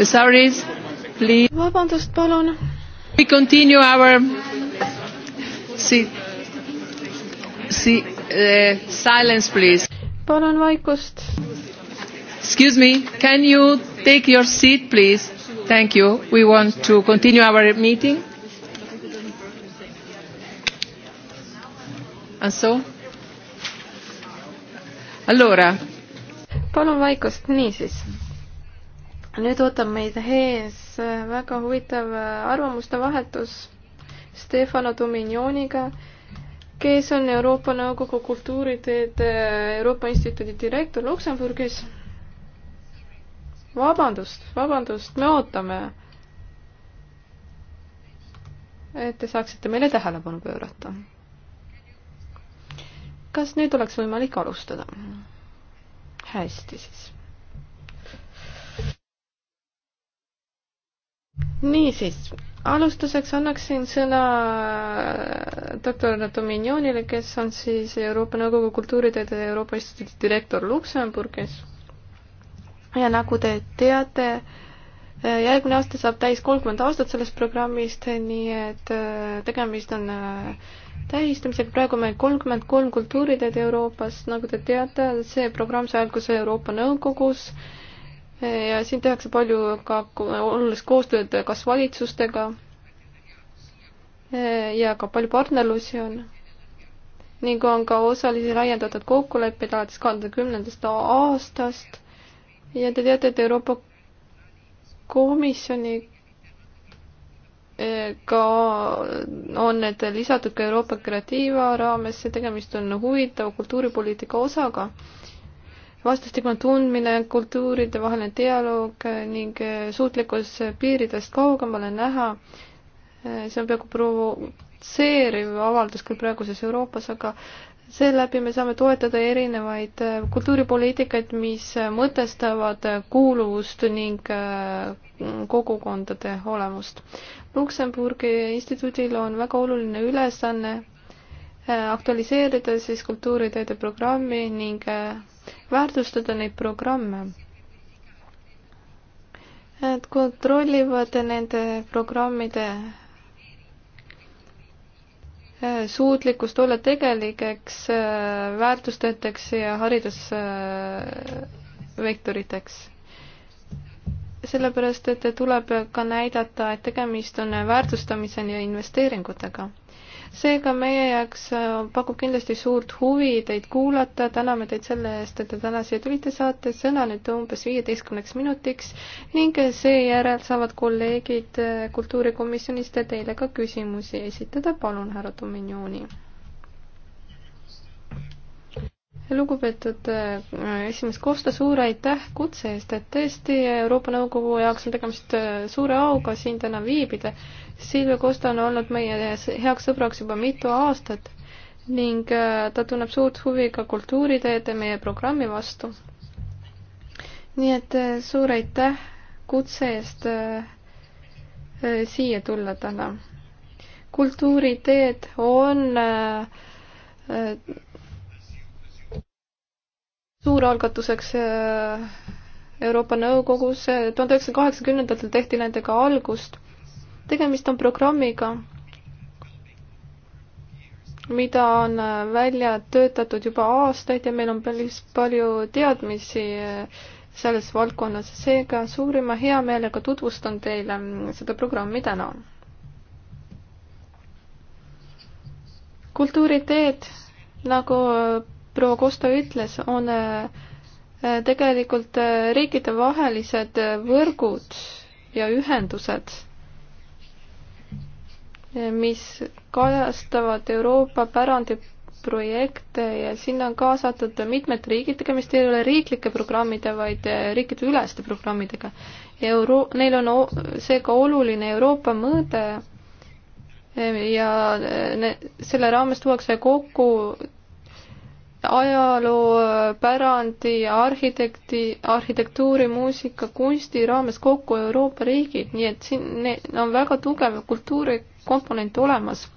Sorry, please. vabandust, palun. We continue our si-, si-, uh, silence, please. palun vaikust. Excuse me, can you take your seat, please? Thank you. We want to continue our meeting. And so? Allora. palun vaikust, niisiis nüüd ootab meid ees väga huvitav arvamuste vahetus Stefano Dominioniga, kes on Euroopa Nõukogu kultuuriteede Euroopa Instituudi direktor Luksemburgis. vabandust, vabandust, me ootame, et te saaksite meile tähelepanu pöörata. kas nüüd oleks võimalik alustada? hästi siis niisiis, alustuseks annaksin sõna doktor Dominionile, kes on siis Euroopa Nõukogu kultuuritööde Euroopa Instituudi direktor Luksemburgis. ja nagu te teate, järgmine aasta saab täis kolmkümmend aastat sellest programmist, nii et äh, tegemist on äh, tähistamisega, praegu meil kolmkümmend kolm kultuuriteed Euroopas, nagu te teate, see programm sai alguse Euroopa Nõukogus äh, ja siin tehakse palju ka olulist koostööd kas valitsustega eh, ja ka palju partnerlusi on ning on ka osalisi laiendatud kokkuleppeid alates kahe tuhande kümnendast aastast ja te teate, et Euroopa Komisjoni eh, ka on need lisatud ka Euroopa Kreatiiva raames, see tegemist on huvitava kultuuripoliitika osaga vastastikune tundmine, kultuuride vaheline dialoog ning suutlikkus piiridest kaugemale näha, see on peaaegu provotseeriv avaldus küll praeguses Euroopas, aga seeläbi me saame toetada erinevaid kultuuripoliitikaid, mis mõtestavad kuuluvust ning äh, kogukondade olemust. Luksemburgi instituudil on väga oluline ülesanne Äh, aktualiseerida siis kultuuriteede programmi ning äh, väärtustada neid programme. Nad kontrollivad nende programmide äh, suutlikkust olla tegelikeks väärtustajateks ja haridusvektoriteks. sellepärast, et tuleb ka näidata, et tegemist on väärtustamiseni ja investeeringutega seega meie jaoks äh, pakub kindlasti suurt huvi teid kuulata, täname teid selle eest, et te täna siia tulite, saate sõna nüüd umbes viieteistkümneks minutiks ning seejärel saavad kolleegid äh, kultuurikomisjonist teile ka küsimusi esitada, palun, härra Dominioni. lugupeetud äh, esimees Kosta, suur aitäh kutse eest, et tõesti Euroopa Nõukogu jaoks on tegemist suure auga siin täna viibida Silvia Kosta on olnud meie heaks sõbraks juba mitu aastat ning äh, ta tunneb suurt huvi ka kultuuriteede meie programmi vastu. nii et äh, suur aitäh kutse eest äh, siia tulla täna. kultuuriteed on suuralgatuseks Euroopa Nõukogus, tuhande üheksasaja kaheksakümnendatel tehti nendega algust tegemist on programmiga, mida on välja töötatud juba aastaid ja meil on päris palju teadmisi selles valdkonnas, seega suurima heameelega tutvustan teile seda programmi täna. kultuuriteed, nagu proua Kosta ütles, on äh, tegelikult äh, riikidevahelised võrgud ja ühendused mis kajastavad Euroopa pärandiprojekte ja sinna on kaasatud mitmed riigid, tegemist ei ole riiklike programmide, vaid riikideüleste programmidega. Euro-, neil on seega oluline Euroopa mõõde ja ne, selle raames tuuakse kokku ajaloopärandi, arhitekti, arhitektuuri, muusika, kunsti raames kokku Euroopa riigid, nii et siin on väga tugev kultuurikomponent olemas.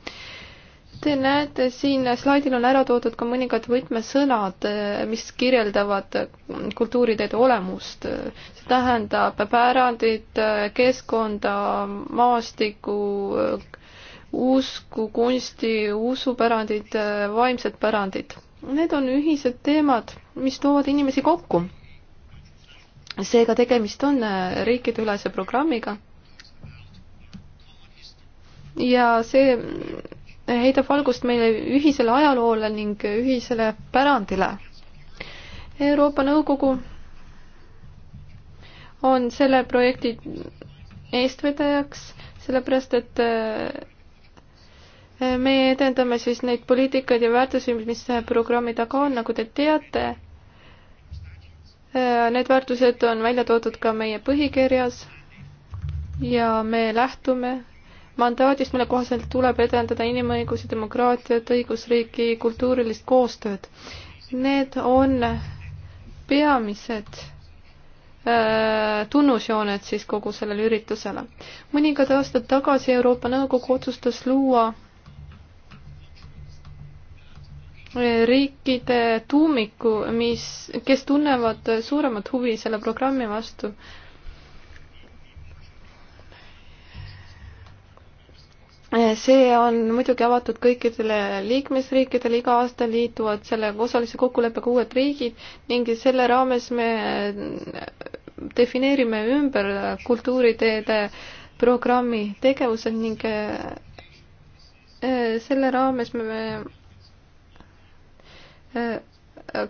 Te näete, siin slaidil on ära toodud ka mõningad võtmesõnad, mis kirjeldavad kultuuriteede olemust. see tähendab pärandit, keskkonda, maastikku, usku, kunsti, usupärandit, vaimset pärandit Need on ühised teemad, mis toovad inimesi kokku. seega tegemist on äh, riikideülese programmiga. ja see äh, heidab valgust meile ühisele ajaloole ning ühisele pärandile. Euroopa Nõukogu on selle projekti eestvedajaks, sellepärast et äh, meie edendame siis neid poliitikaid ja väärtusi, mis programmi taga on, nagu te teate. Äh, need väärtused on välja toodud ka meie põhikirjas ja me lähtume mandaadist, mille kohaselt tuleb edendada inimõigusi, demokraatiat, õigusriiki, kultuurilist koostööd. Need on peamised äh, tunnusjooned siis kogu sellele üritusele. mõningad aastad tagasi Euroopa Nõukogu otsustas luua riikide tuumiku, mis, kes tunnevad suuremat huvi selle programmi vastu see on muidugi avatud kõikidele liikmesriikidele, iga aasta liituvad selle osalise kokkuleppega uued riigid ning selle raames me defineerime ümber kultuuriteede programmi tegevused ning eh, selle raames me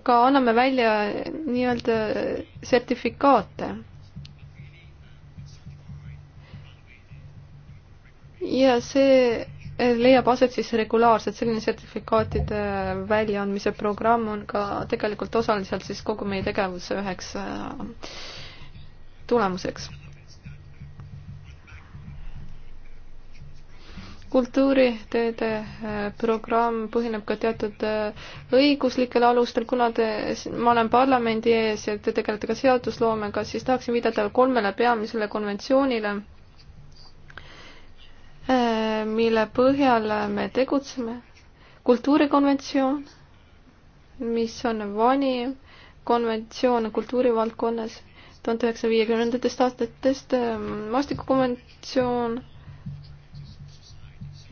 ka anname välja nii-öelda sertifikaate. ja see leiab aset siis regulaarselt, selline sertifikaatide väljaandmise programm on ka tegelikult osaliselt siis kogu meie tegevuse üheks äh, tulemuseks kultuuritööde äh, programm põhineb ka teatud äh, õiguslikel alustel, kuna te, ma olen parlamendi ees ja te tegelete ka seadusloomega, siis tahaksin viidata kolmele peamisele konventsioonile, äh, mille põhjal me tegutseme. kultuurikonventsioon, mis on vanim konventsioon kultuurivaldkonnas tuhande üheksasaja viiekümnendatest aastatest, maastikukonventsioon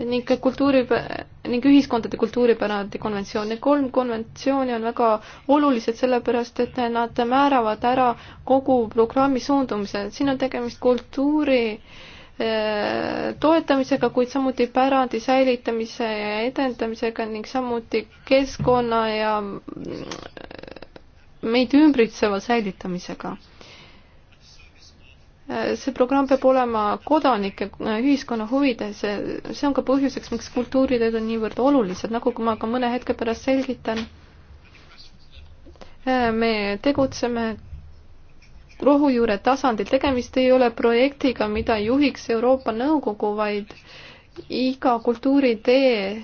ning kultuuri ning ühiskondade kultuuripärandi konventsioon. Need kolm konventsiooni on väga olulised sellepärast, et nad määravad ära kogu programmi suundumise. siin on tegemist kultuuri eh, toetamisega, kuid samuti pärandi säilitamise ja edendamisega ning samuti keskkonna ja mm, meid ümbritseva säilitamisega see programm peab olema kodanike, ühiskonna huvides, see on ka põhjuseks, miks kultuuritööd on niivõrd olulised, nagu ma ka mõne hetke pärast selgitan. me tegutseme rohujuure tasandil, tegemist ei ole projektiga, mida juhiks Euroopa Nõukogu, vaid iga kultuuritee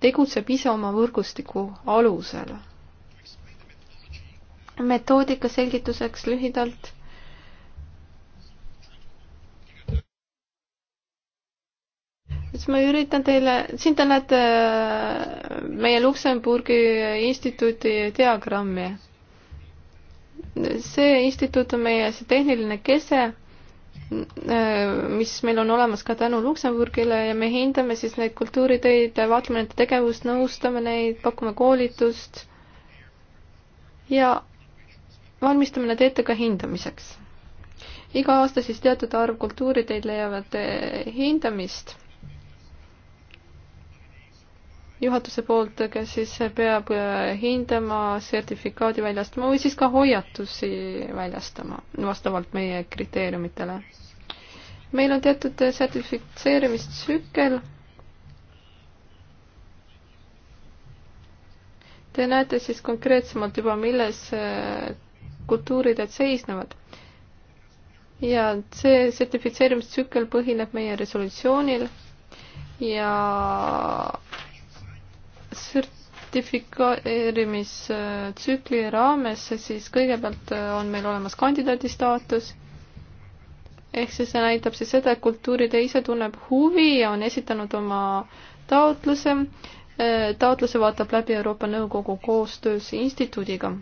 tegutseb ise oma võrgustiku alusel. metoodika selgituseks lühidalt siis ma üritan teile, siin te näete äh, meie Luksemburgi instituudi diagrammi. see instituut on meie see tehniline kese, äh, mis meil on olemas ka tänu Luksemburgile ja me hindame siis neid kultuuriteid, vaatame nende tegevust, nõustame neid, pakume koolitust ja valmistame need ette ka hindamiseks iga aasta siis teatud arv kultuuriteid leiavad äh, hindamist juhatuse poolt, kes siis peab äh, hindama sertifikaadi väljastama või siis ka hoiatusi väljastama vastavalt meie kriteeriumitele. meil on teatud sertifitseerimistsükkel. Te näete siis konkreetsemalt juba, milles äh, kultuurid seisnevad ja see sertifitseerimistsükkel põhineb meie resolutsioonil ja sertifikeerimistsükli raames, siis kõigepealt äh, on meil olemas kandidaadi staatus ehk siis see näitab siis seda, et kultuuritöö ise tunneb huvi ja on esitanud oma taotluse. Äh, taotluse vaatab läbi Euroopa Nõukogu koostöös instituudiga.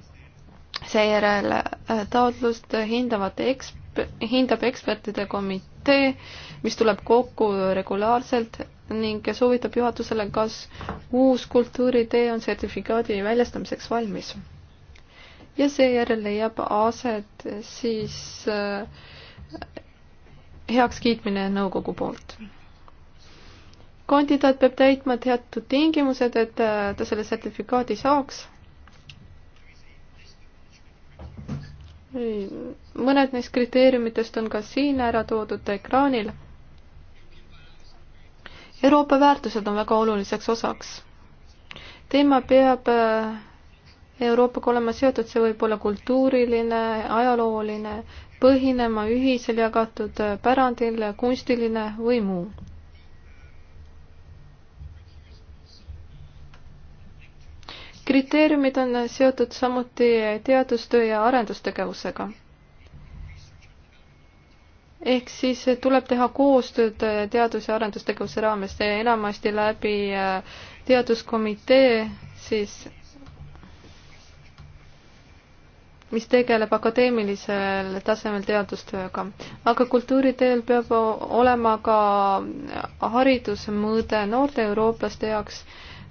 seejärel äh, taotlust hindavad eksp-, hindab ekspertide komitee, mis tuleb kokku regulaarselt ning soovitab juhatusele, kas uus kultuuritee on sertifikaadi väljastamiseks valmis. ja seejärel leiab aset siis äh, heakskiitmine nõukogu poolt. kandidaat peab täitma teatud tingimused, et äh, ta selle sertifikaadi saaks mõned neist kriteeriumitest on ka siin ära toodud ekraanil Euroopa väärtused on väga oluliseks osaks. teema peab äh, Euroopaga olema seotud, see võib olla kultuuriline, ajalooline, põhinema ühisel jagatud äh, pärandil, kunstiline või muu. kriteeriumid on seotud samuti teadustöö ja arendustegevusega ehk siis tuleb teha koostööd teadus- ja arendustegevuse raames, enamasti läbi äh, teaduskomitee siis, mis tegeleb akadeemilisel tasemel teadustööga. aga kultuuriteel peab olema ka haridusmõõde noorte eurooplaste jaoks,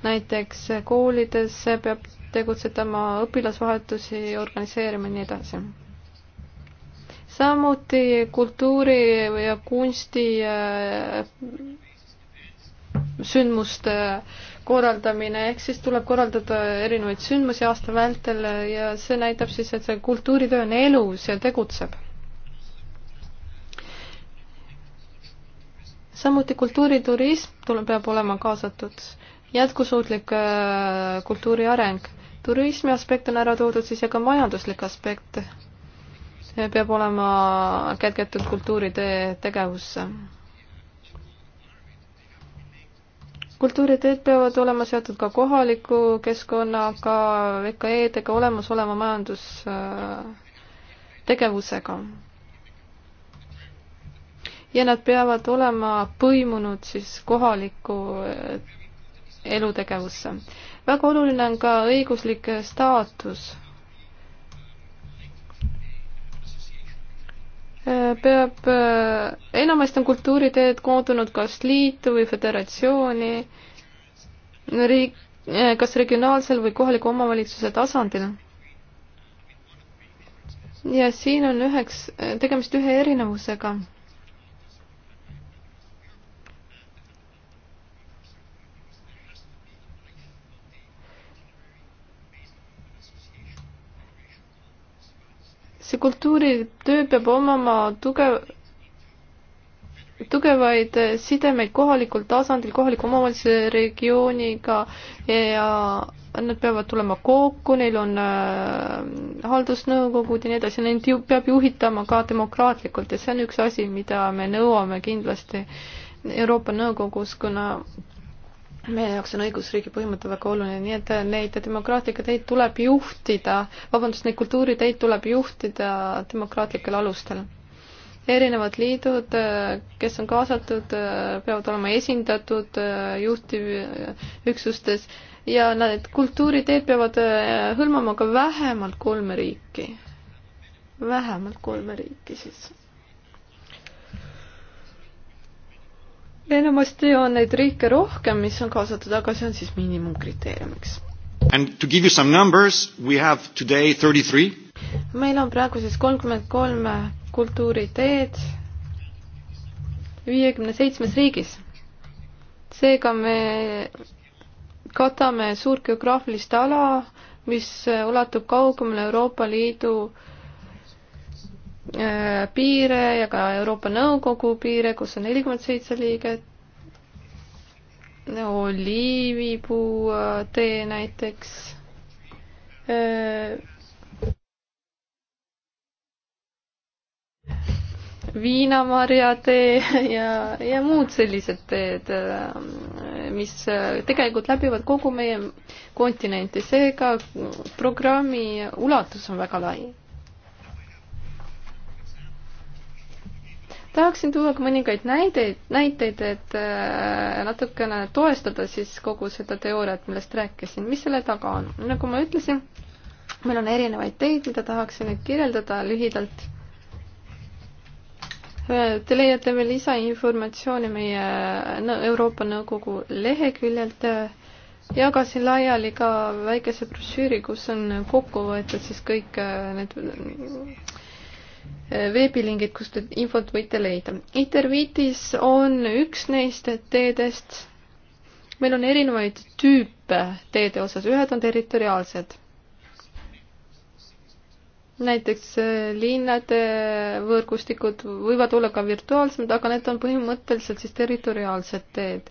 näiteks koolides peab tegutsetama õpilasvahetusi organiseerima ja nii edasi samuti kultuuri ja kunsti äh, sündmuste korraldamine, ehk siis tuleb korraldada erinevaid sündmusi aasta vältel ja see näitab siis, et see kultuuritöö on elus ja tegutseb. samuti kultuuriturism tuleb, peab olema kaasatud, jätkusuutlik äh, kultuuri areng. turismi aspekt on ära toodud siis ja ka majanduslik aspekt peab olema kätketud kultuuritee tegevusse. kultuuriteed peavad olema seotud ka kohaliku keskkonnaga, VKE-dega, olemasoleva majandustegevusega. ja nad peavad olema põimunud siis kohalikku elutegevusse. väga oluline on ka õiguslik staatus peab, äh, enamasti on kultuuriteed koondunud kas liitu või föderatsiooni, riik, äh, kas regionaalsel või kohaliku omavalitsuse tasandil. ja siin on üheks, tegemist ühe erinevusega see kultuuritöö peab omama tugev, tugevaid sidemeid kohalikul tasandil, kohaliku omavalitsuse regiooniga ja nad peavad tulema kokku, neil on äh, haldusnõukogud ja nii edasi, neid ju, peab juhitama ka demokraatlikult ja see on üks asi, mida me nõuame kindlasti Euroopa Nõukogus, kuna meie jaoks on õigusriigi põhimõte väga oluline, nii et neid demokraatlikke teid tuleb juhtida, vabandust, neid kultuuriteid tuleb juhtida demokraatlikel alustel. erinevad liidud, kes on kaasatud, peavad olema esindatud juhtivüksustes ja need kultuuriteed peavad hõlmama ka vähemalt kolme riiki. vähemalt kolme riiki siis enamasti on neid riike rohkem, mis on kaasatud, aga see on siis miinimumkriteeriumiks. And to give you some numbers, we have today thirty three. meil on praegu siis kolmkümmend kolm kultuuriteed viiekümne seitsmes riigis. seega me katame suurt geograafilist ala, mis ulatub kaugemale Euroopa Liidu äh, Äh, piire ja ka Euroopa Nõukogu piire, kus on nelikümmend seitse liiget. oliivipuu äh, tee näiteks. Äh, viinamarja tee ja, ja muud sellised teed, mis tegelikult läbivad kogu meie kontinenti, seega programmi ulatus on väga lai tahaksin tuua ka mõningaid näideid, näiteid, et äh, natukene toestada siis kogu seda teooriat, millest rääkisin, mis selle taga on. nagu ma ütlesin, meil on erinevaid teid, mida tahaksin nüüd kirjeldada lühidalt. Äh, te leiate veel lisainformatsiooni meie Euroopa Nõukogu leheküljelt. Äh, jagasin laiali ka väikese brošüüri, kus on kokku võetud siis kõik need veebilingid, kust te infot võite leida. Intervitis on üks neist teedest. meil on erinevaid tüüpe teede osas, ühed on territoriaalsed. näiteks eh, linnade võrgustikud võivad olla ka virtuaalsemad, aga need on põhimõtteliselt siis territoriaalsed teed,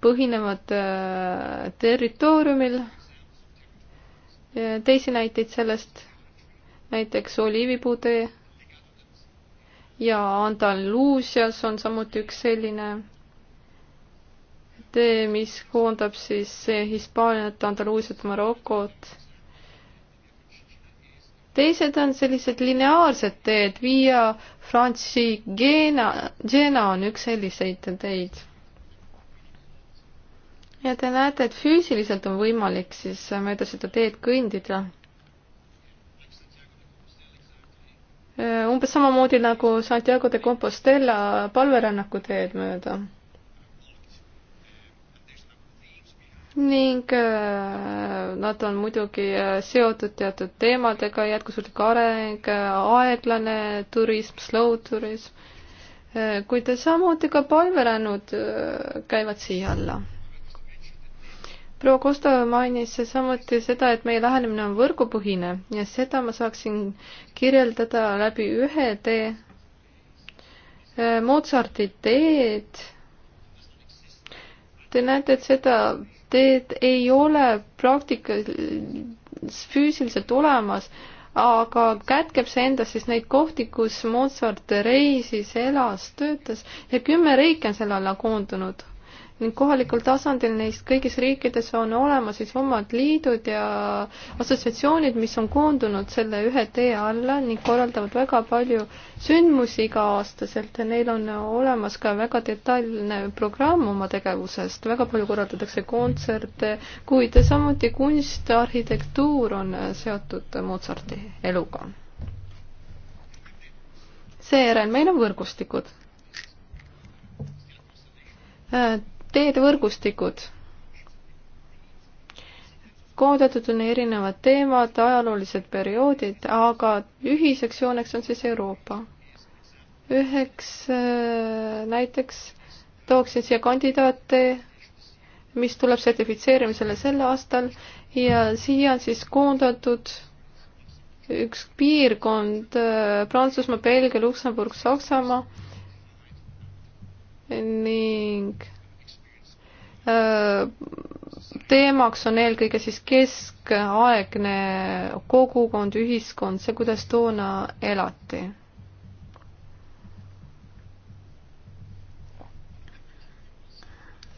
põhinevad eh, territooriumil. teisi näiteid sellest, näiteks oliivipuutee ja Andaluusias on samuti üks selline tee, mis koondab siis Hispaaniat, Andaluusiat, Marokot. teised on sellised lineaarsed teed, Via Francigena, Gena on üks selliseid teid. ja te näete, et füüsiliselt on võimalik siis mööda seda teed kõndida Äh, umbes samamoodi nagu Santiago de Compostela palverännaku teed mööda. ning äh, nad on muidugi äh, seotud teatud teemadega, jätkusuutlik areng, aeglane turism, slow turism, kuid samuti ka palverännud käivad siia alla proua Kosta mainis samuti seda, et meie lähenemine on võrgupõhine ja seda ma saaksin kirjeldada läbi ühe tee, äh, Mozarti teed. Te näete, et seda teed ei ole praktikas füüsiliselt olemas, aga kätkeb see endas siis neid kohti, kus Mozart reisis, elas, töötas ja kümme riiki on selle alla koondunud ning kohalikul tasandil neis kõigis riikides on olemas siis omad liidud ja assotsiatsioonid, mis on koondunud selle ühe tee alla ning korraldavad väga palju sündmusi iga-aastaselt ja neil on olemas ka väga detailne programm oma tegevusest, väga palju korraldatakse kontserte, kuid samuti kunst, arhitektuur on seotud Mozarti eluga. seejärel meil on võrgustikud teedevõrgustikud. koondatud on erinevad teemad, ajaloolised perioodid, aga ühiseks jooneks on siis Euroopa. üheks äh, näiteks tooksin siia kandidaate, mis tuleb sertifitseerimisele sel aastal ja siia on siis koondatud üks piirkond äh, Prantsusmaa, Belgia, Luksemburg, Saksamaa ning teemaks on eelkõige siis keskaegne kogukond, ühiskond, see, kuidas toona elati.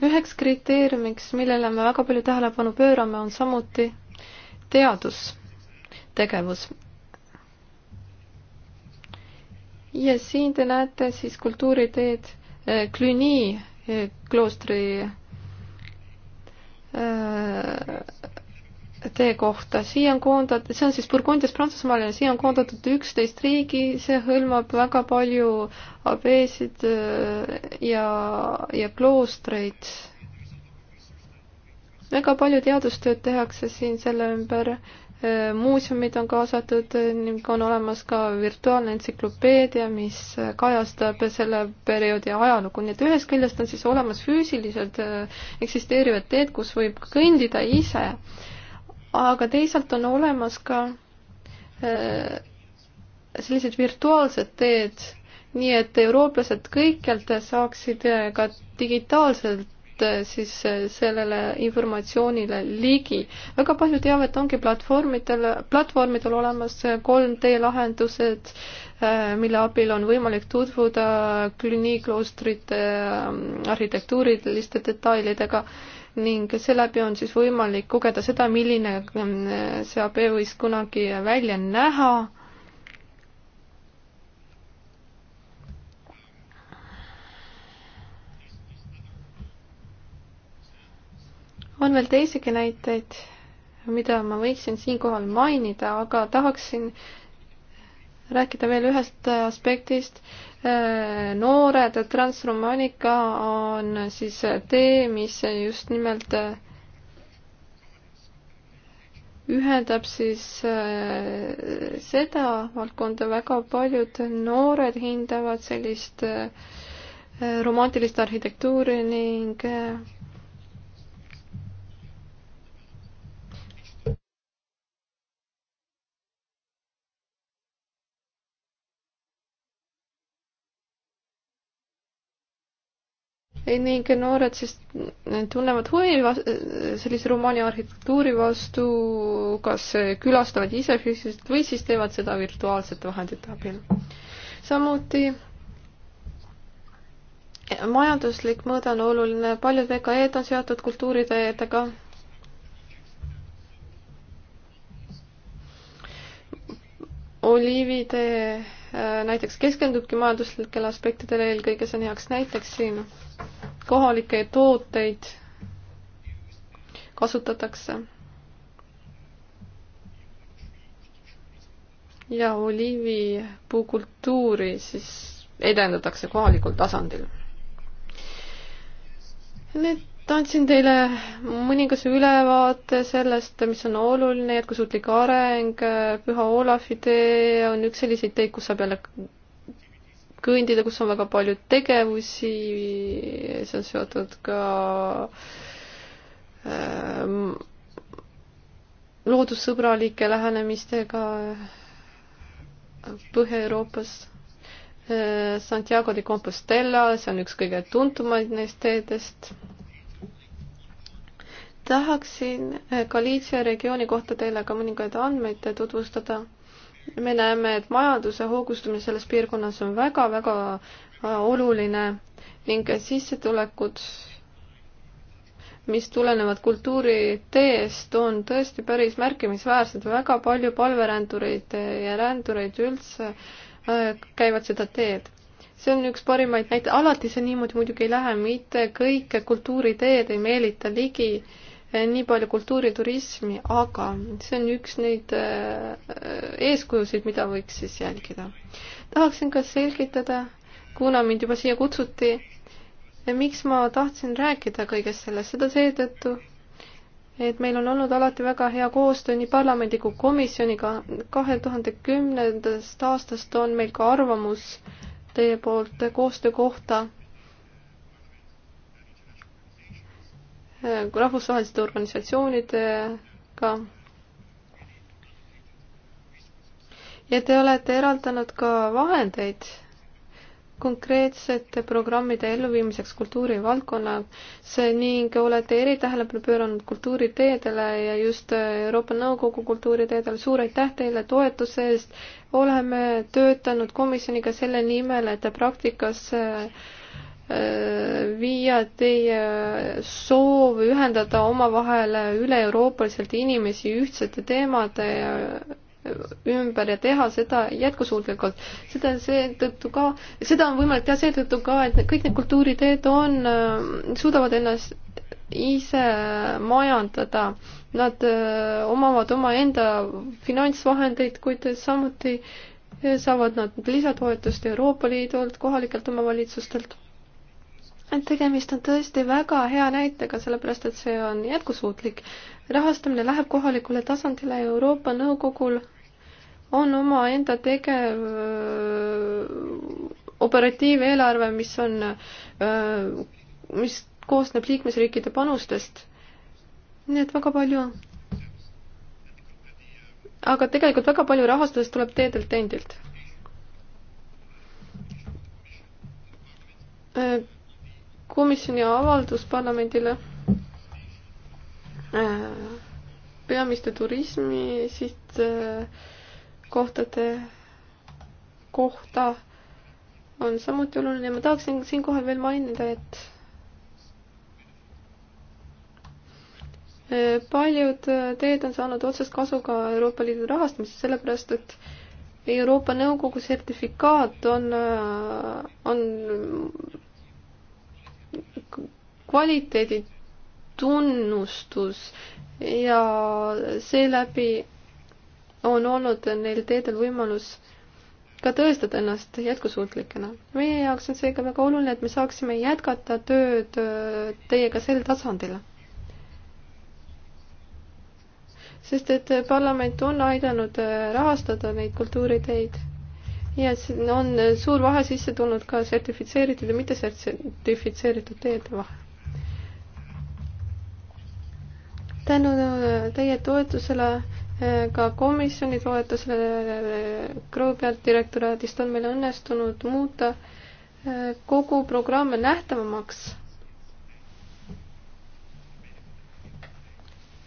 üheks kriteeriumiks, millele me väga palju tähelepanu pöörame, on samuti teadustegevus. ja siin te näete siis kultuuriteed eh, Cluny eh, kloostri Äh, tee kohta. siia on koondatud, see on siis Burgundias Prantsusmaal ja siia on koondatud üksteist riigi, see hõlmab väga palju abeesid äh, ja, ja kloostreid. väga palju teadustööd tehakse siin selle ümber muuseumid on kaasatud ning on olemas ka virtuaalne entsüklopeedia, mis kajastab selle perioodi ajalugu, nii et ühest küljest on siis olemas füüsiliselt äh, eksisteerivad teed, kus võib kõndida ise, aga teisalt on olemas ka äh, sellised virtuaalsed teed, nii et eurooplased kõikjalt saaksid äh, ka digitaalselt Eh, siis eh, sellele informatsioonile ligi. väga palju teavet ongi platvormidel, platvormidel olemas 3D eh, lahendused, mille abil on võimalik tutvuda kliinikloostrite arhitektuuriliste detailidega ning seeläbi on siis võimalik kogeda seda, milline see abiõis kunagi välja näha on veel teisigi näiteid, mida ma võiksin siinkohal mainida, aga tahaksin rääkida veel ühest aspektist. Äh, noored Transromanica on siis tee, mis just nimelt äh, ühendab siis äh, seda valdkonda, väga paljud noored hindavad sellist romantilist arhitektuuri ning ning noored siis tunnevad huvi sellise Rumaania arhitektuuri vastu, kas külastavad ise füüsiliselt või siis teevad seda virtuaalsete vahendite abil. samuti majanduslik mõõde on oluline, paljud VKE-d on seotud kultuuritäiedega. oliivitee äh, näiteks keskendubki majanduslikele aspektidele, eelkõige see on heaks näiteks siin kohalikke tooteid kasutatakse. ja oliivipuu kultuuri siis edendatakse kohalikul tasandil. nüüd andsin teile mõningase ülevaate sellest, mis on oluline, jätkusuutlik areng, Püha Olavi tee on üks selliseid teid, kus saab jälle kõndida, kus on väga palju tegevusi, see on seotud ka ähm, loodussõbralike lähenemistega Põhja-Euroopas äh,. Santiago de Compostela, see on üks kõige tuntumaid neist teedest tahaksin äh, Galiitsia regiooni kohta teile ka mõningaid andmeid tutvustada me näeme, et majanduse hoogustumine selles piirkonnas on väga-väga äh, oluline ning sissetulekud, mis tulenevad kultuuriteest, on tõesti päris märkimisväärsed. väga palju palverändureid ja rändureid üldse äh, käivad seda teed. see on üks parimaid näiteid, alati see niimoodi muidugi ei lähe, mitte kõik kultuuriteed ei meelita ligi äh, nii palju kultuuriturismi, aga see on üks neid äh, eeskujusid, mida võiks siis jälgida. tahaksin ka selgitada, kuna mind juba siia kutsuti, miks ma tahtsin rääkida kõigest sellest, seda seetõttu, et meil on olnud alati väga hea koostöö nii parlamendi kui komisjoniga. kahe tuhande kümnendast aastast on meil ka arvamus teie poolt koostöö kohta rahvusvaheliste organisatsioonidega. ja te olete eraldanud ka vahendeid konkreetsete programmide elluviimiseks kultuurivaldkonnas ning olete eritähelepanu pööranud kultuuriteedele ja just Euroopa Nõukogu kultuuriteedele. suur aitäh teile toetuse eest. oleme töötanud komisjoniga selle nimel, et praktikas äh, viia teie soov ühendada omavahel üle-euroopaliselt inimesi ühtsete teemade ümber ja teha seda jätkusuutlikult. seda seetõttu ka, seda on võimalik teha seetõttu ka, et kõik need kultuuriteed on, äh, suudavad ennast ise majandada. Nad äh, omavad omaenda finantsvahendeid, kuid samuti äh, saavad nad lisatoetust Euroopa Liidult, kohalikelt omavalitsustelt tegemist on tõesti väga hea näitega, sellepärast et see on jätkusuutlik. rahastamine läheb kohalikule tasandile ja Euroopa Nõukogul on omaenda tegev operatiiveelarve, mis on, mis koosneb liikmesriikide panustest. nii et väga palju. aga tegelikult väga palju rahastusest tuleb teedelt endilt komisjoni avaldus parlamendile äh, peamiste turismi sihtkohtade äh, kohta on samuti oluline. ma tahaksin siinkohal veel mainida, et äh, paljud teed on saanud otsest kasu ka Euroopa Liidu rahastamisest, sellepärast et Euroopa Nõukogu sertifikaat on, on kvaliteedi tunnustus ja seeläbi on olnud neil teedel võimalus ka tõestada ennast jätkusuutlikena. meie jaoks on seega väga oluline, et me saaksime jätkata tööd äh, teiega sel tasandil. sest et parlament on aidanud äh, rahastada neid kultuuriteid ja siin on suur vahe sisse tulnud ka sertifitseeritud ja mitte sertifitseeritud teede vahel. tänu äh, teie toetusele, äh, ka komisjoni toetusele äh, Gruu pealt direktoraadist on meil õnnestunud muuta kogu programme nähtavamaks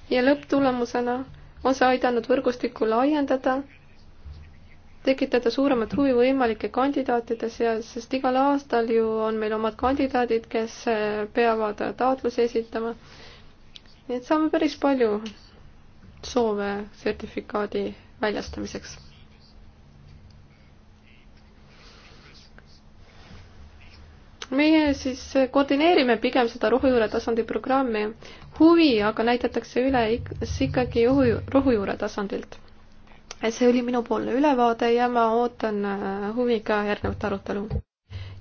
ja lõpptulemusena on see aidanud võrgustikku laiendada tekitada suuremat huvi võimalike kandidaatide seas, sest igal aastal ju on meil omad kandidaadid, kes eh, peavad taotlusi esitama. nii et saame päris palju soove sertifikaadi väljastamiseks. meie siis koordineerime pigem seda rohujuure tasandi programmi, huvi aga näidatakse üles ikkagi rohujuure tasandilt see oli minupoolne ülevaade ja ma ootan äh, huviga järgnevat arutelu.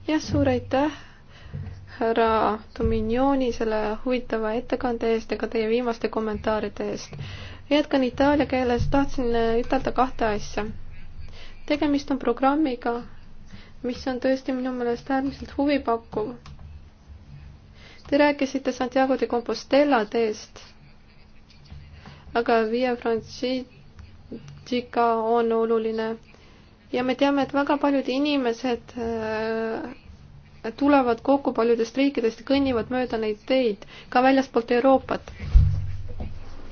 jah, suur aitäh, härra Dominioni selle huvitava ettekande eest ja ka teie viimaste kommentaaride eest. jätkan itaalia keeles, tahtsin äh, ütelda kahte asja. tegemist on programmiga, mis on tõesti minu meelest äärmiselt huvipakkuv. Te rääkisite Santiago de Compostela teest, aga Via Francit Tšika on oluline ja me teame, et väga paljud inimesed äh, tulevad kokku paljudest riikidest ja kõnnivad mööda neid teid, ka väljaspoolt Euroopat.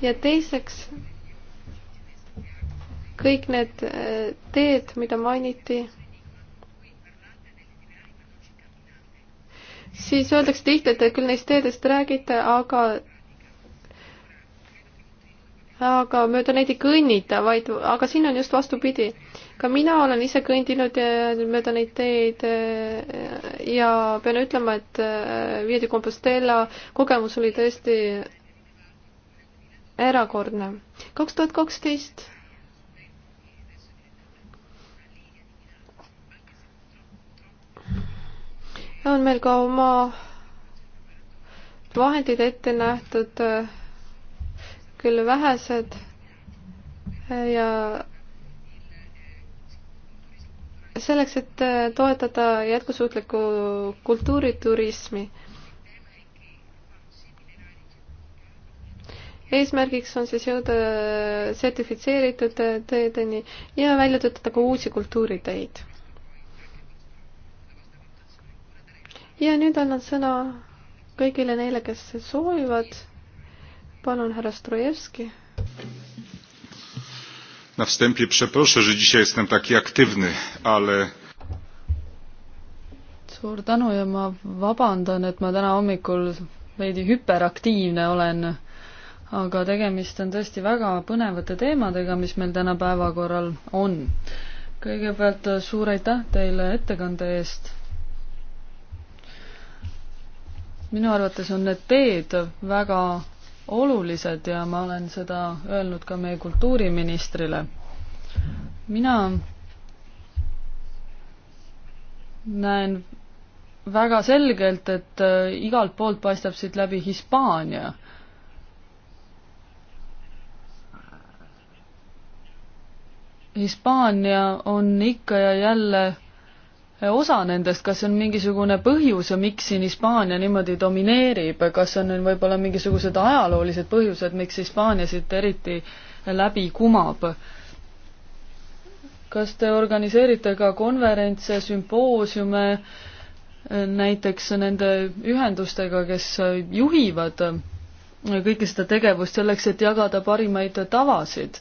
ja teiseks, kõik need äh, teed, mida mainiti, siis öeldakse tihti, et küll neist teedest räägite, aga aga mööda neid ei kõnnita, vaid, aga siin on just vastupidi. ka mina olen ise kõndinud äh, mööda neid teid äh, ja pean ütlema, et äh, Via de Compostela kogemus oli tõesti erakordne. kaks tuhat kaksteist on meil ka oma vahendid ette nähtud äh, küll vähesed ja selleks, et äh, toetada jätkusuutlikku kultuuriturismi. eesmärgiks on siis jõuda äh, sertifitseeritud äh, teedeni ja välja töötada ka uusi kultuuriteid. ja nüüd annan sõna kõigile neile, kes soovivad palun, härra Strojevski. Na wstępie przeproszę, że dzisiaj jestem taki aktywny, ale suur tänu ja ma vabandan, et ma täna hommikul veidi hüperaktiivne olen, aga tegemist on tõesti väga põnevate teemadega, mis meil täna päevakorral on. kõigepealt äh, suur aitäh teile ettekande eest. minu arvates on need teed väga olulised ja ma olen seda öelnud ka meie kultuuriministrile. mina näen väga selgelt, et äh, igalt poolt paistab siit läbi Hispaania. Hispaania on ikka ja jälle osa nendest, kas on mingisugune põhjus, miks siin Hispaania niimoodi domineerib, kas on võib-olla mingisugused ajaloolised põhjused, miks Hispaania siit eriti läbi kumab? kas te organiseerite ka konverentse, sümpoosiume näiteks nende ühendustega, kes juhivad kõike seda tegevust selleks, et jagada parimaid tavasid?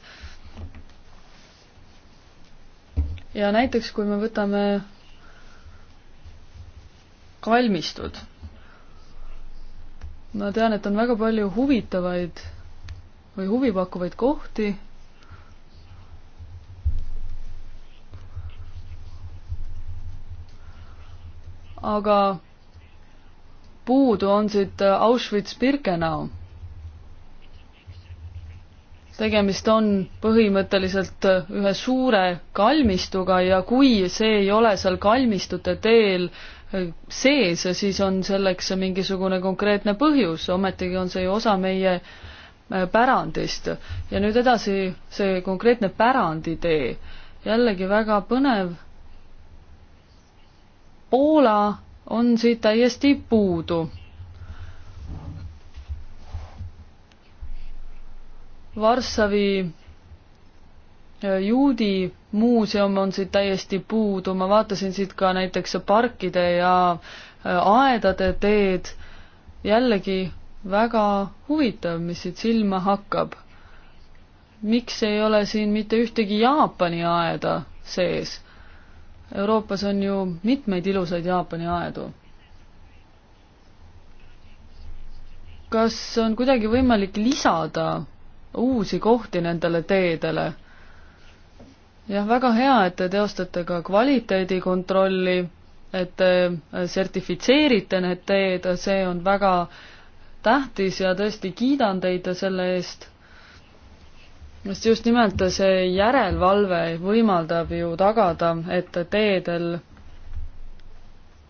ja näiteks, kui me võtame kalmistud. ma tean, et on väga palju huvitavaid või huvipakkuvaid kohti. aga puudu on siit Auschwitz-Birkenau. tegemist on põhimõtteliselt ühe suure kalmistuga ja kui see ei ole seal kalmistute teel äh, sees, siis on selleks mingisugune konkreetne põhjus, ometigi on see ju osa meie äh, pärandist. ja nüüd edasi see konkreetne päranditee, jällegi väga põnev. Poola on siit täiesti puudu. Varssavi äh, juudi muuseum on siit täiesti puudu, ma vaatasin siit ka näiteks parkide ja äh, aedade teed, jällegi väga huvitav, mis siit silma hakkab. miks ei ole siin mitte ühtegi Jaapani aeda sees? Euroopas on ju mitmeid ilusaid Jaapani aedu. kas on kuidagi võimalik lisada uusi kohti nendele teedele? jah, väga hea, et te teostate ka kvaliteedikontrolli, et te äh, sertifitseerite need teed, see on väga tähtis ja tõesti kiidan teid selle eest. sest just nimelt see järelevalve võimaldab ju tagada, et teedel,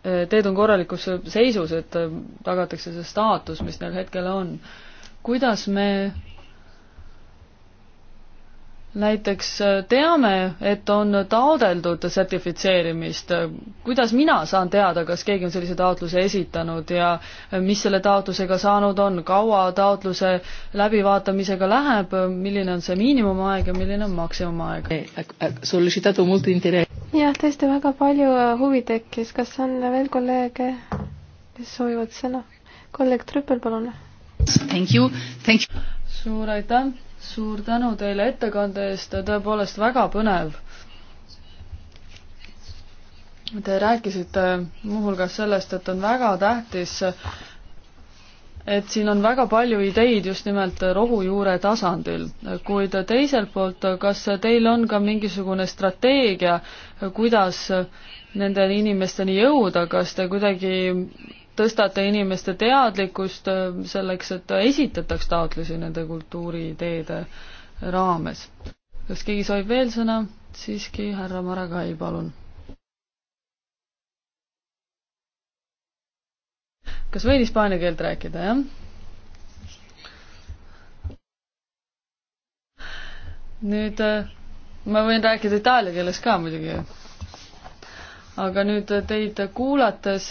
äh, teed on korralikus seisus, et tagatakse see staatus, mis neil hetkel on. kuidas me näiteks äh, teame, et on taodeldud sertifitseerimist, kuidas mina saan teada, kas keegi on sellise taotluse esitanud ja äh, mis selle taotlusega saanud on, kaua taotluse läbivaatamisega läheb, milline on see miinimumaeg ja milline on maksimumaeg? Eh, eh, eh, jah, tõesti väga palju äh, huvi tekkis, kas on veel kolleege, kes soovivad sõna? kolleeg Trüppel, palun. suur aitäh suur tänu teile ettekande eest, tõepoolest väga põnev. Te rääkisite muuhulgas sellest, et on väga tähtis, et siin on väga palju ideid just nimelt rohujuure tasandil, kuid teiselt poolt, kas teil on ka mingisugune strateegia, kuidas nende inimesteni jõuda, kas te kuidagi tõstate inimeste teadlikkust äh, selleks, et esitataks taotlusi nende kultuuriideede raames. kas keegi soovib veel sõna? siiski härra Maragai, palun. kas võin hispaania keelt rääkida, jah? nüüd äh, ma võin rääkida itaalia keeles ka muidugi. aga nüüd teid kuulates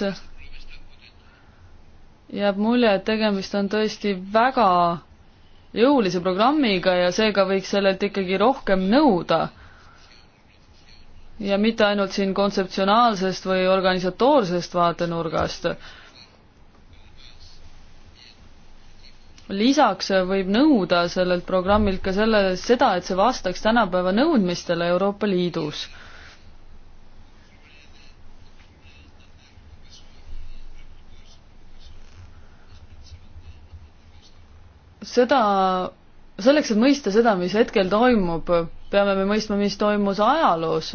jääb mulje, et tegemist on tõesti väga jõulise programmiga ja seega võiks sellelt ikkagi rohkem nõuda. ja mitte ainult siin kontseptsionaalsest või organisatoorsest vaatenurgast. lisaks võib nõuda sellelt programmilt ka selle, seda, et see vastaks tänapäeva nõudmistele Euroopa Liidus seda, selleks, et mõista seda, mis hetkel toimub, peame me mõistma, mis toimus ajaloos,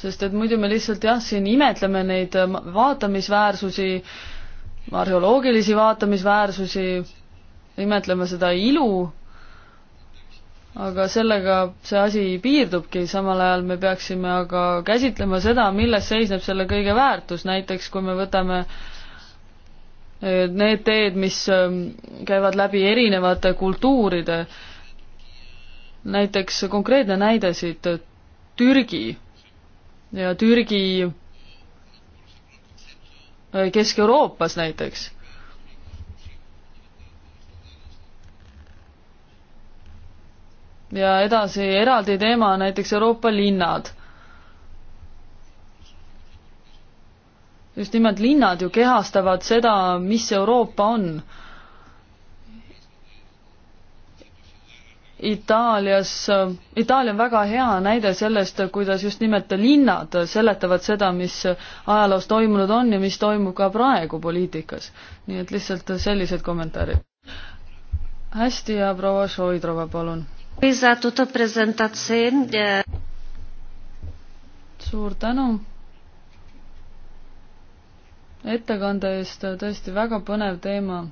sest et muidu me lihtsalt jah, siin imetleme neid vaatamisväärsusi, arheoloogilisi vaatamisväärsusi, imetleme seda ilu, aga sellega see asi piirdubki, samal ajal me peaksime aga käsitlema seda, milles seisneb selle kõige väärtus, näiteks kui me võtame äh, need teed, mis ähm, käivad läbi erinevate kultuuride. näiteks konkreetne näide siit äh, Türgi ja Türgi äh, Kesk-Euroopas näiteks. ja edasi eraldi teema näiteks Euroopa linnad just nimelt linnad ju kehastavad seda, mis Euroopa on. Itaalias, Itaalia on väga hea näide sellest, kuidas just nimelt linnad seletavad seda, mis ajaloos toimunud on ja mis toimub ka praegu poliitikas. nii et lihtsalt sellised kommentaarid. hästi ja proua Šoidrova, palun. suur tänu ettekande eest, tõesti väga põnev teema.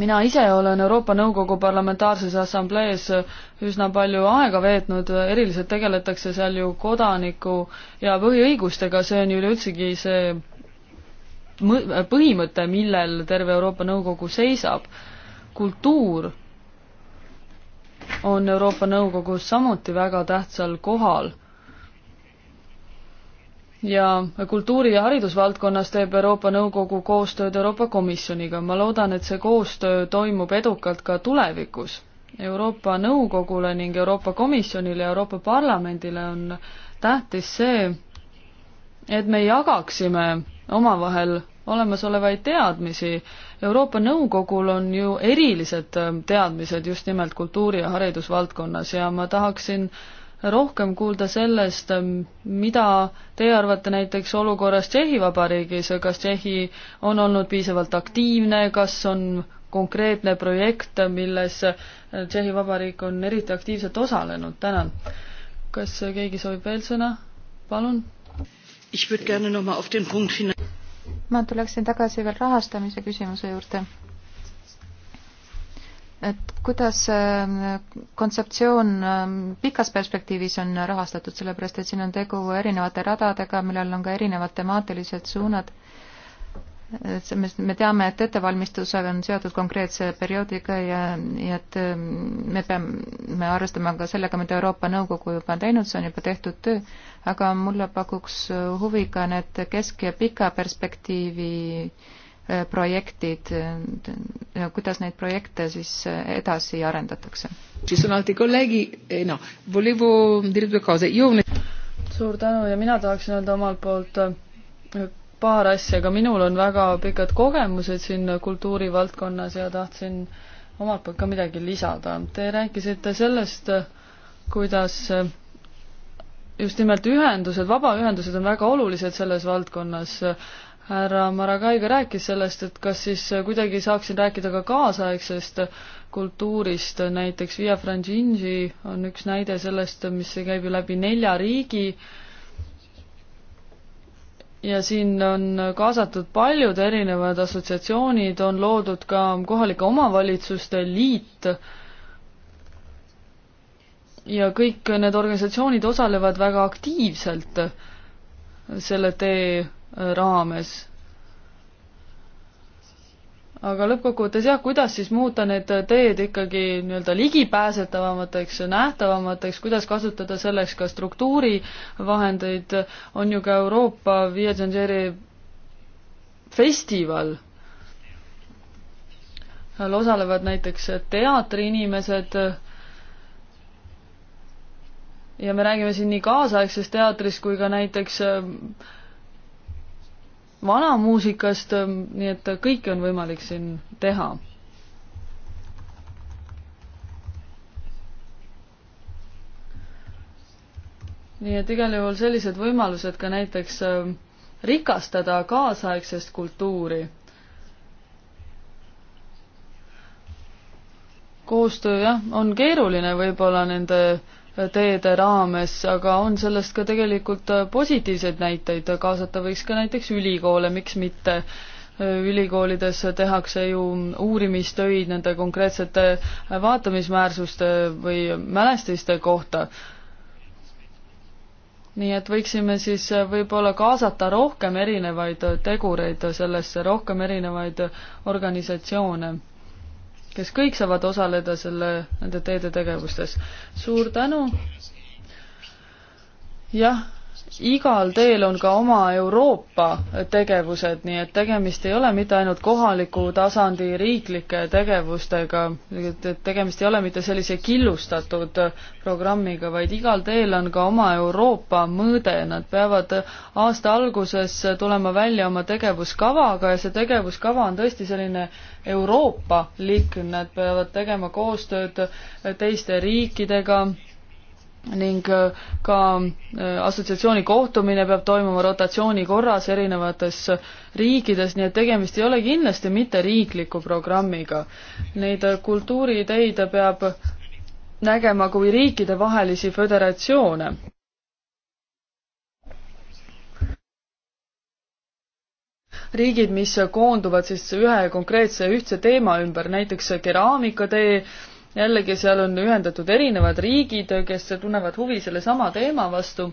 mina ise olen Euroopa Nõukogu Parlamentaarses Assamblees üsna palju aega veetnud, eriliselt tegeletakse seal ju kodaniku ja põhiõigustega, see on ju üleüldsegi see põhimõte, millel terve Euroopa Nõukogu seisab. kultuur on Euroopa Nõukogus samuti väga tähtsal kohal. ja kultuuri- ja haridusvaldkonnas teeb Euroopa Nõukogu koostööd Euroopa Komisjoniga, ma loodan, et see koostöö toimub edukalt ka tulevikus. Euroopa Nõukogule ning Euroopa Komisjonile ja Euroopa Parlamendile on tähtis see, et me jagaksime omavahel olemasolevaid teadmisi. Euroopa Nõukogul on ju erilised ähm, teadmised just nimelt kultuuri- ja haridusvaldkonnas ja ma tahaksin rohkem kuulda sellest, ähm, mida teie arvate näiteks olukorrast Tšehhi Vabariigis, kas Tšehhi on olnud piisavalt aktiivne, kas on konkreetne projekt, milles äh, Tšehhi Vabariik on eriti aktiivselt osalenud, tänan. kas keegi soovib veel sõna, palun? ma tuleksin tagasi veel rahastamise küsimuse juurde. et kuidas ähm, kontseptsioon ähm, pikas perspektiivis on rahastatud, sellepärast et siin on tegu erinevate radadega, millel on ka erinevad temaatilised suunad me teame, et ettevalmistused on seotud konkreetse perioodiga ja, ja et ähm, me peame arvestama ka sellega, mida Euroopa Nõukogu juba on teinud, see on juba tehtud töö, aga mulle pakuks huvi ka need kesk- ja pika perspektiivi äh, projektid, kuidas neid projekte siis äh, edasi arendatakse? Eh, suur tänu ja mina tahaksin öelda omalt poolt äh, paar asja, ka minul on väga pikad kogemused siin kultuurivaldkonnas ja tahtsin omalt poolt ka midagi lisada. Te rääkisite sellest, kuidas just nimelt ühendused, vabaühendused on väga olulised selles valdkonnas. härra Maragai ka rääkis sellest, et kas siis kuidagi saaksin rääkida ka kaasaegsest kultuurist, näiteks Via Frangingi on üks näide sellest, mis käib ju läbi nelja riigi äh, ja siin on kaasatud paljud erinevad assotsiatsioonid, on loodud ka kohalike omavalitsuste liit ja kõik need organisatsioonid osalevad väga aktiivselt selle tee raames aga lõppkokkuvõttes jah, kuidas siis muuta need teed ikkagi nii-öelda ligipääsetavamateks, nähtavamateks, kuidas kasutada selleks ka struktuurivahendeid, on ju ka Euroopa Viaggiangeri festival, seal osalevad näiteks teatriinimesed ja me räägime siin nii kaasaegsest teatrist kui ka näiteks vanamuusikast, ähm, nii et kõike on võimalik siin teha nii et igal juhul sellised võimalused ka näiteks ähm, rikastada kaasaegsest kultuuri. koostöö jah, on keeruline võib-olla nende teede raames, aga on sellest ka tegelikult positiivseid näiteid, kaasata võiks ka näiteks ülikoole, miks mitte. ülikoolides tehakse ju uurimistöid nende konkreetsete vaatamismäärsuste või mälestiste kohta nii et võiksime siis võib-olla kaasata rohkem erinevaid tegureid sellesse, rohkem erinevaid organisatsioone kes kõik saavad osaleda selle, nende teede tegevustes. suur tänu. jah igal teel on ka oma Euroopa tegevused, nii et tegemist ei ole mitte ainult kohaliku tasandi riiklike tegevustega, et tegemist ei ole mitte sellise killustatud programmiga, vaid igal teel on ka oma Euroopa mõõde, nad peavad aasta alguses tulema välja oma tegevuskavaga ja see tegevuskava on tõesti selline Euroopa-lik, nad peavad tegema koostööd teiste riikidega, ning äh, ka äh, assotsiatsiooni kohtumine peab toimuma rotatsiooni korras erinevates riikides, nii et tegemist ei ole kindlasti mitte riikliku programmiga. Neid äh, kultuuriideid peab nägema kui riikidevahelisi föderatsioone. riigid, mis koonduvad siis ühe konkreetse ühtse teema ümber, näiteks keraamikatee jällegi, seal on ühendatud erinevad riigid, kes tunnevad huvi sellesama teema vastu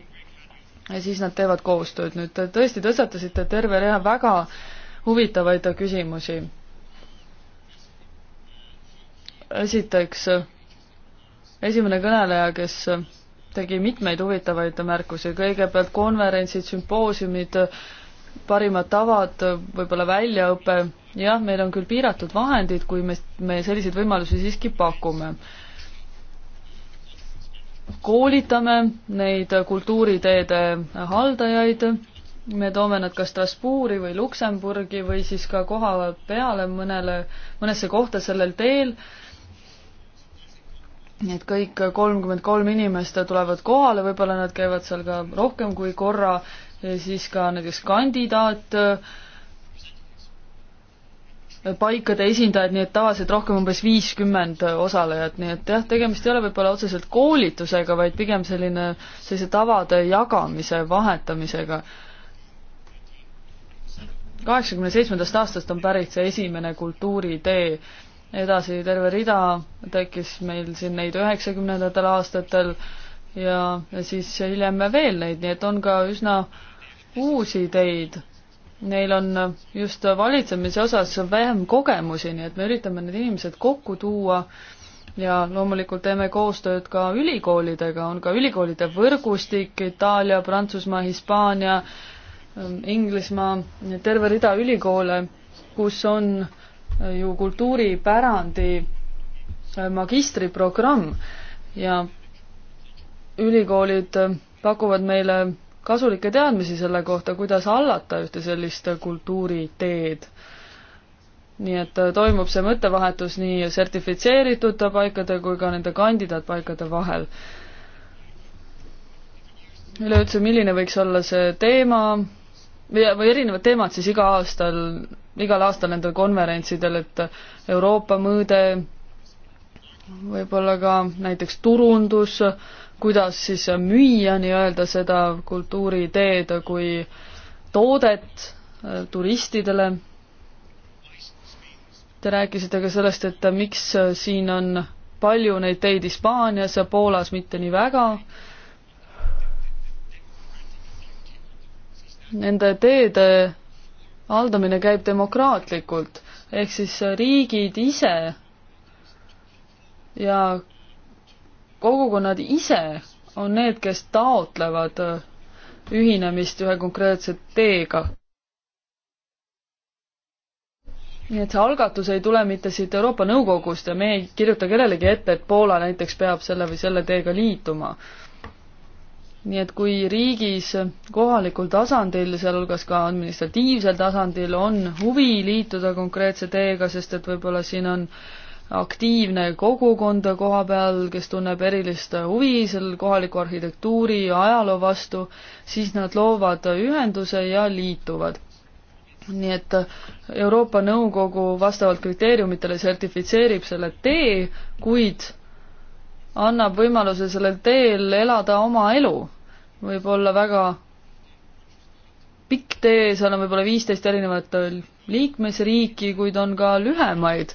ja siis nad teevad koostööd. nüüd te tõesti tõstatasite terve rea väga huvitavaid küsimusi. esiteks, esimene kõneleja, kes tegi mitmeid huvitavaid märkusi, kõigepealt konverentsid, sümpoosiumid, parimad tavad, võib-olla väljaõpe, jah, meil on küll piiratud vahendid, kui me, me selliseid võimalusi siiski pakume. koolitame neid kultuuriteede haldajaid, me toome nad kas Strasbourgi või Luksemburgi või siis ka koha peale mõnele, mõnesse kohta sellel teel nii et kõik kolmkümmend kolm inimest tulevad kohale, võib-olla nad käivad seal ka rohkem kui korra siis ka näiteks kandidaat, äh, paikade esindajad, nii et tavaliselt rohkem umbes viiskümmend osalejat, nii et jah, tegemist ei ole võib-olla otseselt koolitusega, vaid pigem selline, sellise tavade jagamise, vahetamisega. kaheksakümne seitsmendast aastast on pärit see esimene kultuuritee, edasi terve rida tekkis meil siin neid üheksakümnendatel aastatel ja siis hiljem veel neid, nii et on ka üsna uusi ideid. Neil on just valitsemise osas vähem kogemusi, nii et me üritame need inimesed kokku tuua ja loomulikult teeme koostööd ka ülikoolidega, on ka ülikoolide võrgustik Itaalia, Prantsusmaa, Hispaania, Inglismaa, terve rida ülikoole, kus on ju kultuuripärandi magistriprogramm ja ülikoolid äh, pakuvad meile kasulikke teadmisi selle kohta, kuidas hallata ühte sellist äh, kultuuriteed. nii et äh, toimub see mõttevahetus nii sertifitseeritud paikade kui ka nende kandidaatpaikade vahel. üleüldse, milline võiks olla see teema või, või erinevad teemad siis iga aastal, igal aastal nendel konverentsidel, et Euroopa mõõde, võib-olla ka näiteks turundus, kuidas siis müüa nii-öelda seda kultuuriteed kui toodet äh, turistidele. Te rääkisite ka sellest, et miks äh, siin on palju neid teid Hispaanias ja Poolas mitte nii väga. Nende teede haldamine käib demokraatlikult, ehk siis riigid ise ja kogukonnad ise on need, kes taotlevad äh, ühinemist ühe konkreetse teega. nii et see algatus ei tule mitte siit Euroopa Nõukogust ja me ei kirjuta kellelegi ette, et Poola näiteks peab selle või selle teega liituma. nii et kui riigis kohalikul tasandil, sealhulgas ka administratiivsel tasandil, on huvi liituda konkreetse teega, sest et võib-olla siin on äh, aktiivne kogukonda koha peal, kes tunneb erilist huvi selle kohaliku arhitektuuri ja ajaloo vastu, siis nad loovad ühenduse ja liituvad. nii et Euroopa Nõukogu vastavalt kriteeriumitele sertifitseerib selle tee, kuid annab võimaluse sellel teel elada oma elu. võib olla väga pikk tee, seal on võib-olla viisteist erinevat liikmesriiki, kuid on ka lühemaid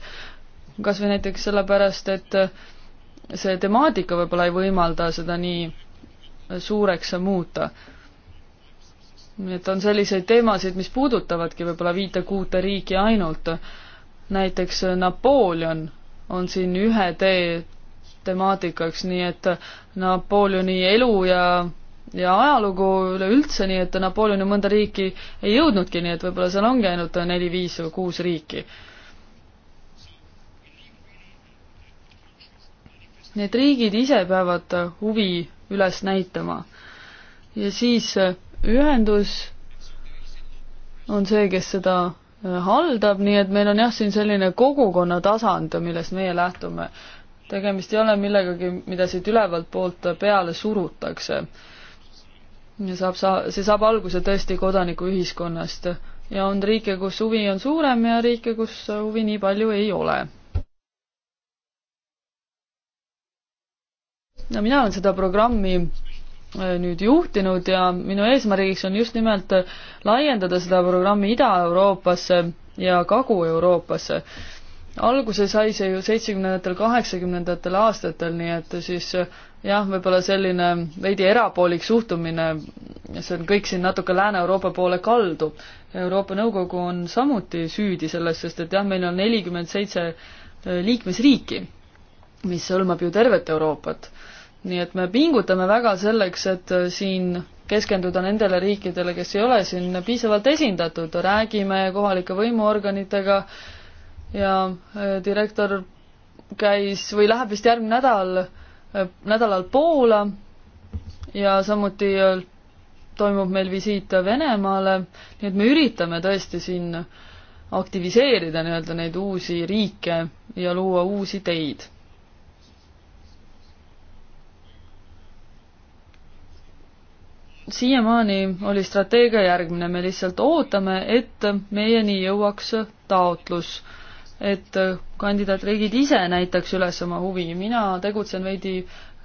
kas või näiteks sellepärast, et see temaatika võib-olla ei võimalda seda nii suureks muuta. nii et on selliseid teemasid, mis puudutavadki võib-olla viite-kuute riiki ainult, näiteks Napoleon on siin ühe tee temaatikaks, nii et Napoleoni elu ja ja ajalugu üleüldse, nii et Napoleoni mõnda riiki ei jõudnudki, nii et võib-olla seal ongi ainult neli-viis või kuus riiki need riigid ise peavad huvi üles näitama. ja siis eh, ühendus on see, kes seda eh, haldab, nii et meil on jah, siin selline kogukonna tasand, millest meie lähtume. tegemist ei ole millegagi, mida siit ülevalt poolt peale surutakse. ja saab sa-, see saab alguse tõesti kodanikuühiskonnast ja on riike, kus huvi on suurem ja riike, kus huvi nii palju ei ole no mina olen seda programmi äh, nüüd juhtinud ja minu eesmärgiks on just nimelt äh, laiendada seda programmi Ida-Euroopasse ja Kagu-Euroopasse. alguse sai see ju seitsmekümnendatel, kaheksakümnendatel aastatel, nii et siis äh, jah, võib-olla selline veidi erapoolik suhtumine, see on kõik siin natuke Lääne-Euroopa poole kaldu. Euroopa Nõukogu on samuti süüdi selles, sest et jah, meil on nelikümmend seitse liikmesriiki, mis hõlmab ju tervet Euroopat nii et me pingutame väga selleks, et äh, siin keskenduda nendele riikidele, kes ei ole siin piisavalt esindatud, räägime kohalike võimuorganitega ja äh, direktor käis või läheb vist järgmine nädal, äh, nädalal Poola ja samuti toimub meil visiit Venemaale, nii et me üritame tõesti siin aktiviseerida nii-öelda neid uusi riike ja luua uusi teid siiamaani oli strateegia järgmine, me lihtsalt ootame, et meieni jõuaks taotlus, et kandidaatriigid ise näitaks üles oma huvi, mina tegutsen veidi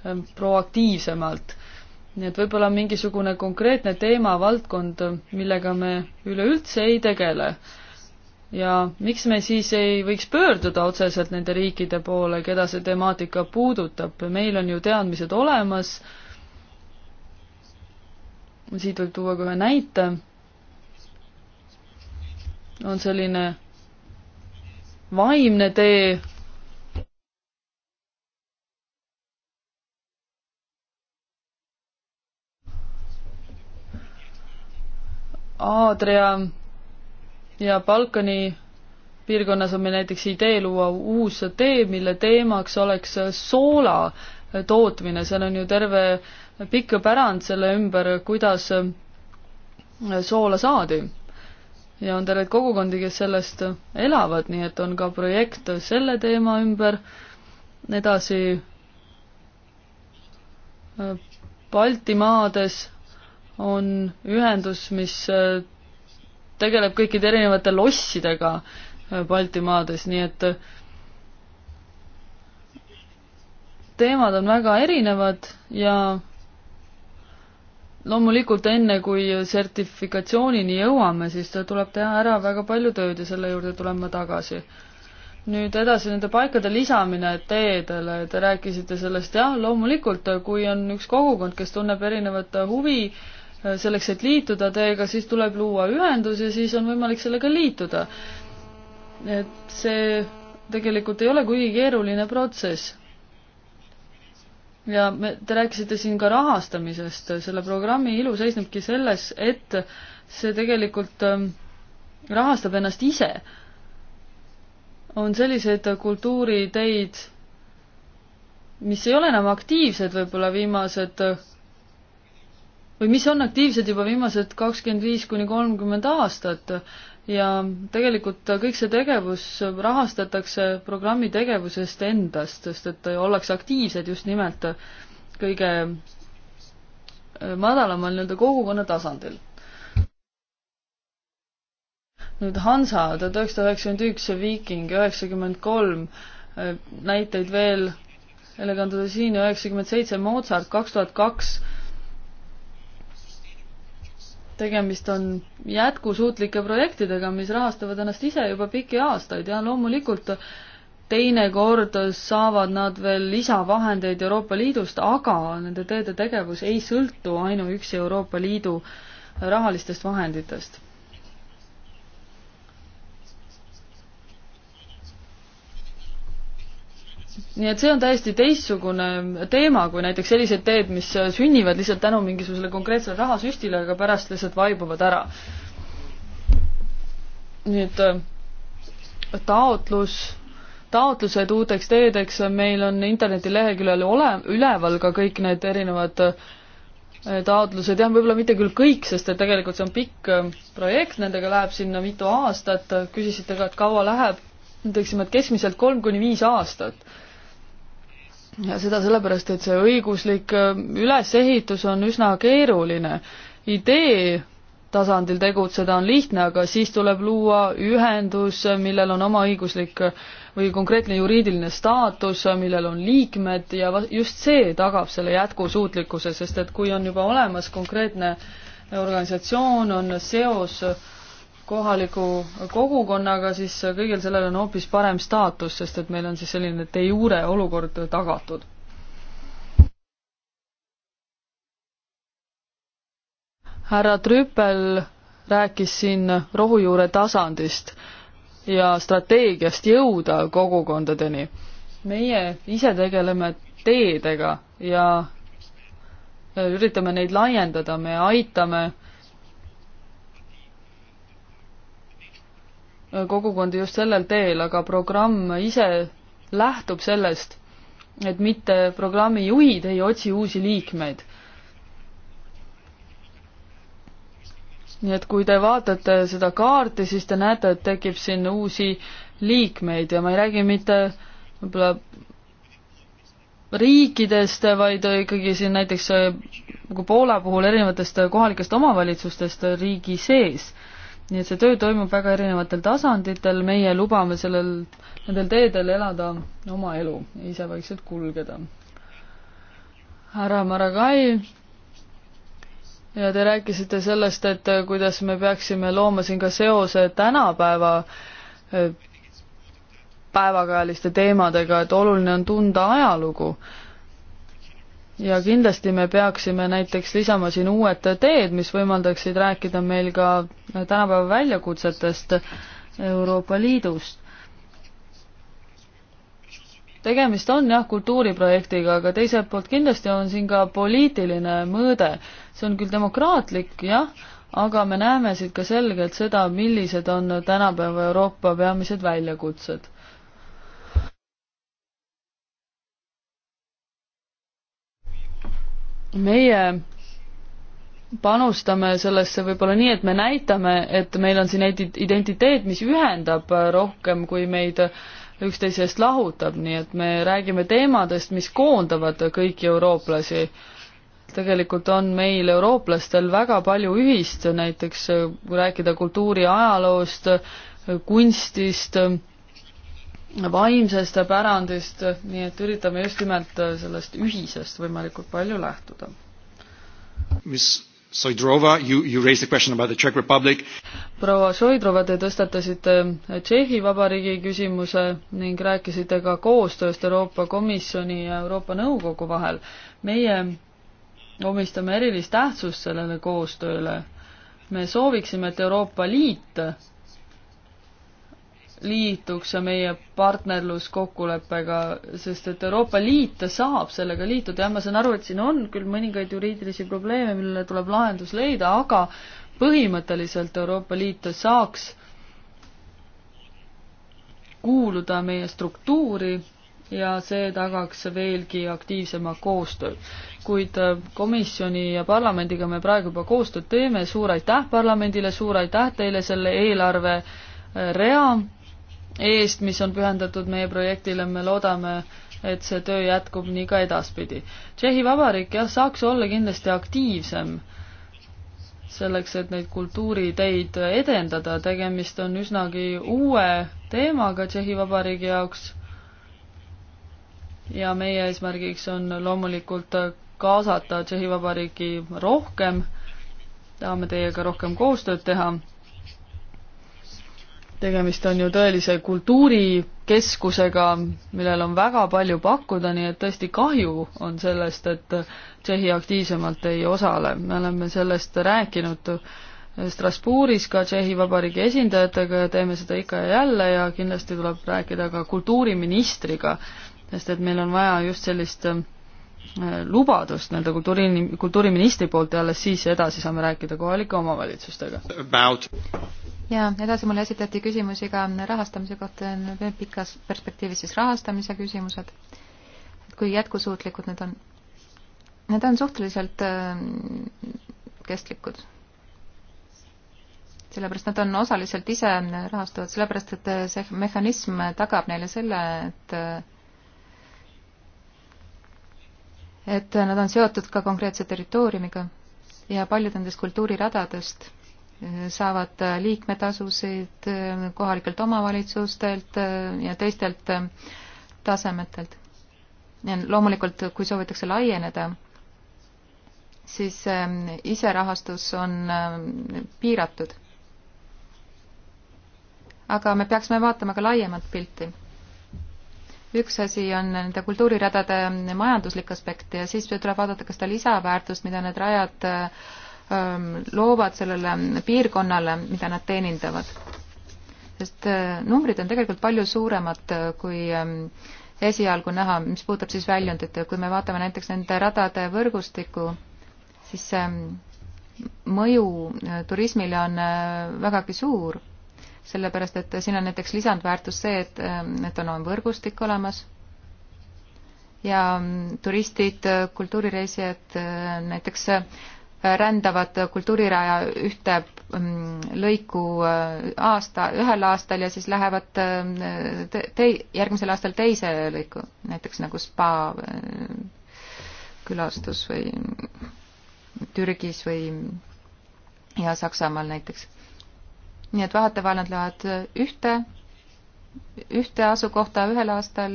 ähm, proaktiivsemalt. nii et võib-olla mingisugune konkreetne teemavaldkond, millega me üleüldse ei tegele. ja miks me siis ei võiks pöörduda otseselt nende riikide poole, keda see temaatika puudutab, meil on ju teadmised olemas, siit võib tuua ka ühe näite, on selline vaimne tee, Aadria ja Balkani piirkonnas on meil näiteks idee luua uus tee, mille teemaks oleks soola tootmine, seal on ju terve äh, pikk pärand selle ümber, kuidas soola saadi. ja on terveid kogukondi, kes sellest elavad, nii et on ka projekt selle teema ümber, edasi Baltimaades on ühendus, mis tegeleb kõikide erinevate lossidega Baltimaades, nii et teemad on väga erinevad ja loomulikult enne, kui sertifikatsioonini jõuame, siis tuleb teha ära väga palju tööd ja selle juurde tulen ma tagasi. nüüd edasi nende paikade lisamine teedele, te rääkisite sellest, jah, loomulikult, kui on üks kogukond, kes tunneb erinevat huvi eh, selleks, et liituda teega, siis tuleb luua ühendus ja siis on võimalik sellega liituda. et see tegelikult ei ole kuigi keeruline protsess ja me, te rääkisite siin ka rahastamisest, selle programmi ilu seisnebki selles, et see tegelikult ähm, rahastab ennast ise. on selliseid kultuuriteid, mis ei ole enam aktiivsed võib-olla viimased või mis on aktiivsed juba viimased kakskümmend viis kuni kolmkümmend aastat ja tegelikult kõik see tegevus rahastatakse programmi tegevusest endast, sest et ollakse aktiivsed just nimelt kõige äh, madalamal nii-öelda kogukonna tasandil. nüüd Hansa, tuhat üheksasada üheksakümmend üks ja Viiking üheksakümmend kolm, äh, näiteid veel, Elegant Odessiin üheksakümmend seitse, Mozart kaks tuhat kaks tegemist on jätkusuutlike projektidega, mis rahastavad ennast ise juba pikki aastaid ja loomulikult teinekord saavad nad veel lisavahendeid Euroopa Liidust, aga nende teede tegevus ei sõltu ainuüksi Euroopa Liidu rahalistest vahenditest. nii et see on täiesti teistsugune teema kui näiteks sellised teed, mis sünnivad lihtsalt tänu mingisugusele konkreetsele rahasüstile, aga pärast lihtsalt vaibuvad ära. nii et äh, taotlus, taotlused uuteks teedeks, meil on internetileheküljel ole, üleval ka kõik need erinevad äh, taotlused, jah, võib-olla mitte küll kõik, sest et tegelikult see on pikk äh, projekt, nendega läheb sinna mitu aastat, küsisite ka, et kaua läheb, ütleksime, et keskmiselt kolm kuni viis aastat ja seda sellepärast, et see õiguslik äh, ülesehitus on üsna keeruline. idee tasandil tegutseda on lihtne, aga siis tuleb luua ühendus, millel on oma õiguslik või konkreetne juriidiline staatus, millel on liikmed ja just see tagab selle jätkusuutlikkuse, sest et kui on juba olemas konkreetne organisatsioon, on seos äh, kohaliku kogukonnaga, siis kõigil sellel on hoopis parem staatus, sest et meil on siis selline de jure olukord tagatud. härra Trüppel rääkis siin rohujuure tasandist ja strateegiast jõuda kogukondadeni. meie ise tegeleme teedega ja üritame neid laiendada, me aitame äh, kogukondi just sellel teel, aga programm ise lähtub sellest, et mitte programmi juhid ei otsi uusi liikmeid. nii et kui te vaatate seda kaarti, siis te näete, et tekib siin uusi liikmeid ja ma ei räägi mitte võib-olla riikidest, vaid ikkagi siin näiteks nagu Poola puhul erinevatest kohalikest omavalitsustest riigi sees nii et see töö toimub väga erinevatel tasanditel, meie lubame sellel, nendel teedel elada oma elu, ise vaikselt kulgeda. härra Maragai, ja te rääkisite sellest, et äh, kuidas me peaksime looma siin ka seose tänapäeva äh, päevakajaliste teemadega, et oluline on tunda ajalugu ja kindlasti me peaksime näiteks lisama siin uued teed, mis võimaldaksid rääkida meil ka tänapäeva väljakutsetest Euroopa Liidust. tegemist on jah, kultuuriprojektiga, aga teiselt poolt kindlasti on siin ka poliitiline mõõde. see on küll demokraatlik, jah, aga me näeme siit ka selgelt seda, millised on tänapäeva Euroopa peamised väljakutsed meie panustame sellesse võib-olla nii, et me näitame, et meil on siin identiteet, mis ühendab rohkem, kui meid üksteisest lahutab, nii et me räägime teemadest, mis koondavad kõiki eurooplasi. tegelikult on meil, eurooplastel, väga palju ühist, näiteks kui rääkida kultuuri ajaloost, kunstist, vaimsest pärandist, nii et üritame just nimelt sellest ühisest võimalikult palju lähtuda. mis Soidrova, you, you raised a question about the Czech Republic. proua Soidrova, te tõstatasite Tšehhi Vabariigi küsimuse ning rääkisite ka koostööst Euroopa Komisjoni ja Euroopa Nõukogu vahel. meie omistame erilist tähtsust sellele koostööle. me sooviksime, et Euroopa Liit liituks meie partnerluskokkuleppega, sest et Euroopa Liit saab sellega liituda ja ma saan aru, et siin on küll mõningaid juriidilisi probleeme, millele tuleb lahendus leida, aga põhimõtteliselt Euroopa Liit saaks kuuluda meie struktuuri ja see tagaks veelgi aktiivsema koostöö. kuid komisjoni ja parlamendiga me praegu juba koostööd teeme, suur aitäh parlamendile, suur aitäh teile selle eelarve rea eest, mis on pühendatud meie projektile, me loodame, et see töö jätkub nii ka edaspidi. Tšehhi Vabariik jah, saaks olla kindlasti aktiivsem selleks, et neid kultuuriteid edendada, tegemist on üsnagi uue teemaga Tšehhi Vabariigi jaoks. ja meie eesmärgiks on loomulikult kaasata Tšehhi Vabariiki rohkem, tahame teiega rohkem koostööd teha tegemist on ju tõelise kultuurikeskusega, millel on väga palju pakkuda, nii et tõesti kahju on sellest, et Tšehhi aktiivsemalt ei osale. me oleme sellest rääkinud Strasbourgis ka Tšehhi Vabariigi esindajatega ja teeme seda ikka ja jälle ja kindlasti tuleb rääkida ka kultuuriministriga, sest et meil on vaja just sellist lubadust nii-öelda kultuuri, kultuuriministri poolt ja alles siis edasi saame rääkida kohalike omavalitsustega. ja edasi mulle esitati küsimusi ka rahastamise kohta, pikas perspektiivis siis rahastamise küsimused, et kui jätkusuutlikud need on. Need on suhteliselt äh, kestlikud sellepärast nad on osaliselt ise rahastavad, sellepärast et see mehhanism tagab neile selle, et äh, et nad on seotud ka konkreetse territooriumiga ja paljud nendest kultuuriradadest eh, saavad eh, liikmetasusid eh, kohalikelt omavalitsustelt ja teistelt tasemetelt. loomulikult, kui soovitakse laieneda, siis iserahastus on piiratud. aga me peaksime vaatama ka laiemat pilti üks asi on nende kultuuriradade majanduslik aspekt ja siis tuleb vaadata ka seda lisaväärtust, mida need rajad ähm, loovad sellele piirkonnale, mida nad teenindavad. sest äh, numbrid on tegelikult palju suuremad äh, kui ähm, esialgu näha, mis puudutab siis väljundit, kui me vaatame näiteks nende radade võrgustikku, siis see ähm, mõju äh, turismile on vägagi suur sellepärast et siin on näiteks lisandväärtus see, et, et on võrgustik olemas ja mm, turistid, kultuurireisijad näiteks äh, rändavad kultuuriraja ühte mm, lõiku äh, aasta, ühel aastal ja siis lähevad äh, te, te, järgmisel aastal teise lõiku, näiteks nagu spa külastus või Türgis või ja Saksamaal näiteks nii et vahetevahel nad lähevad ühte, ühte asukohta ühel aastal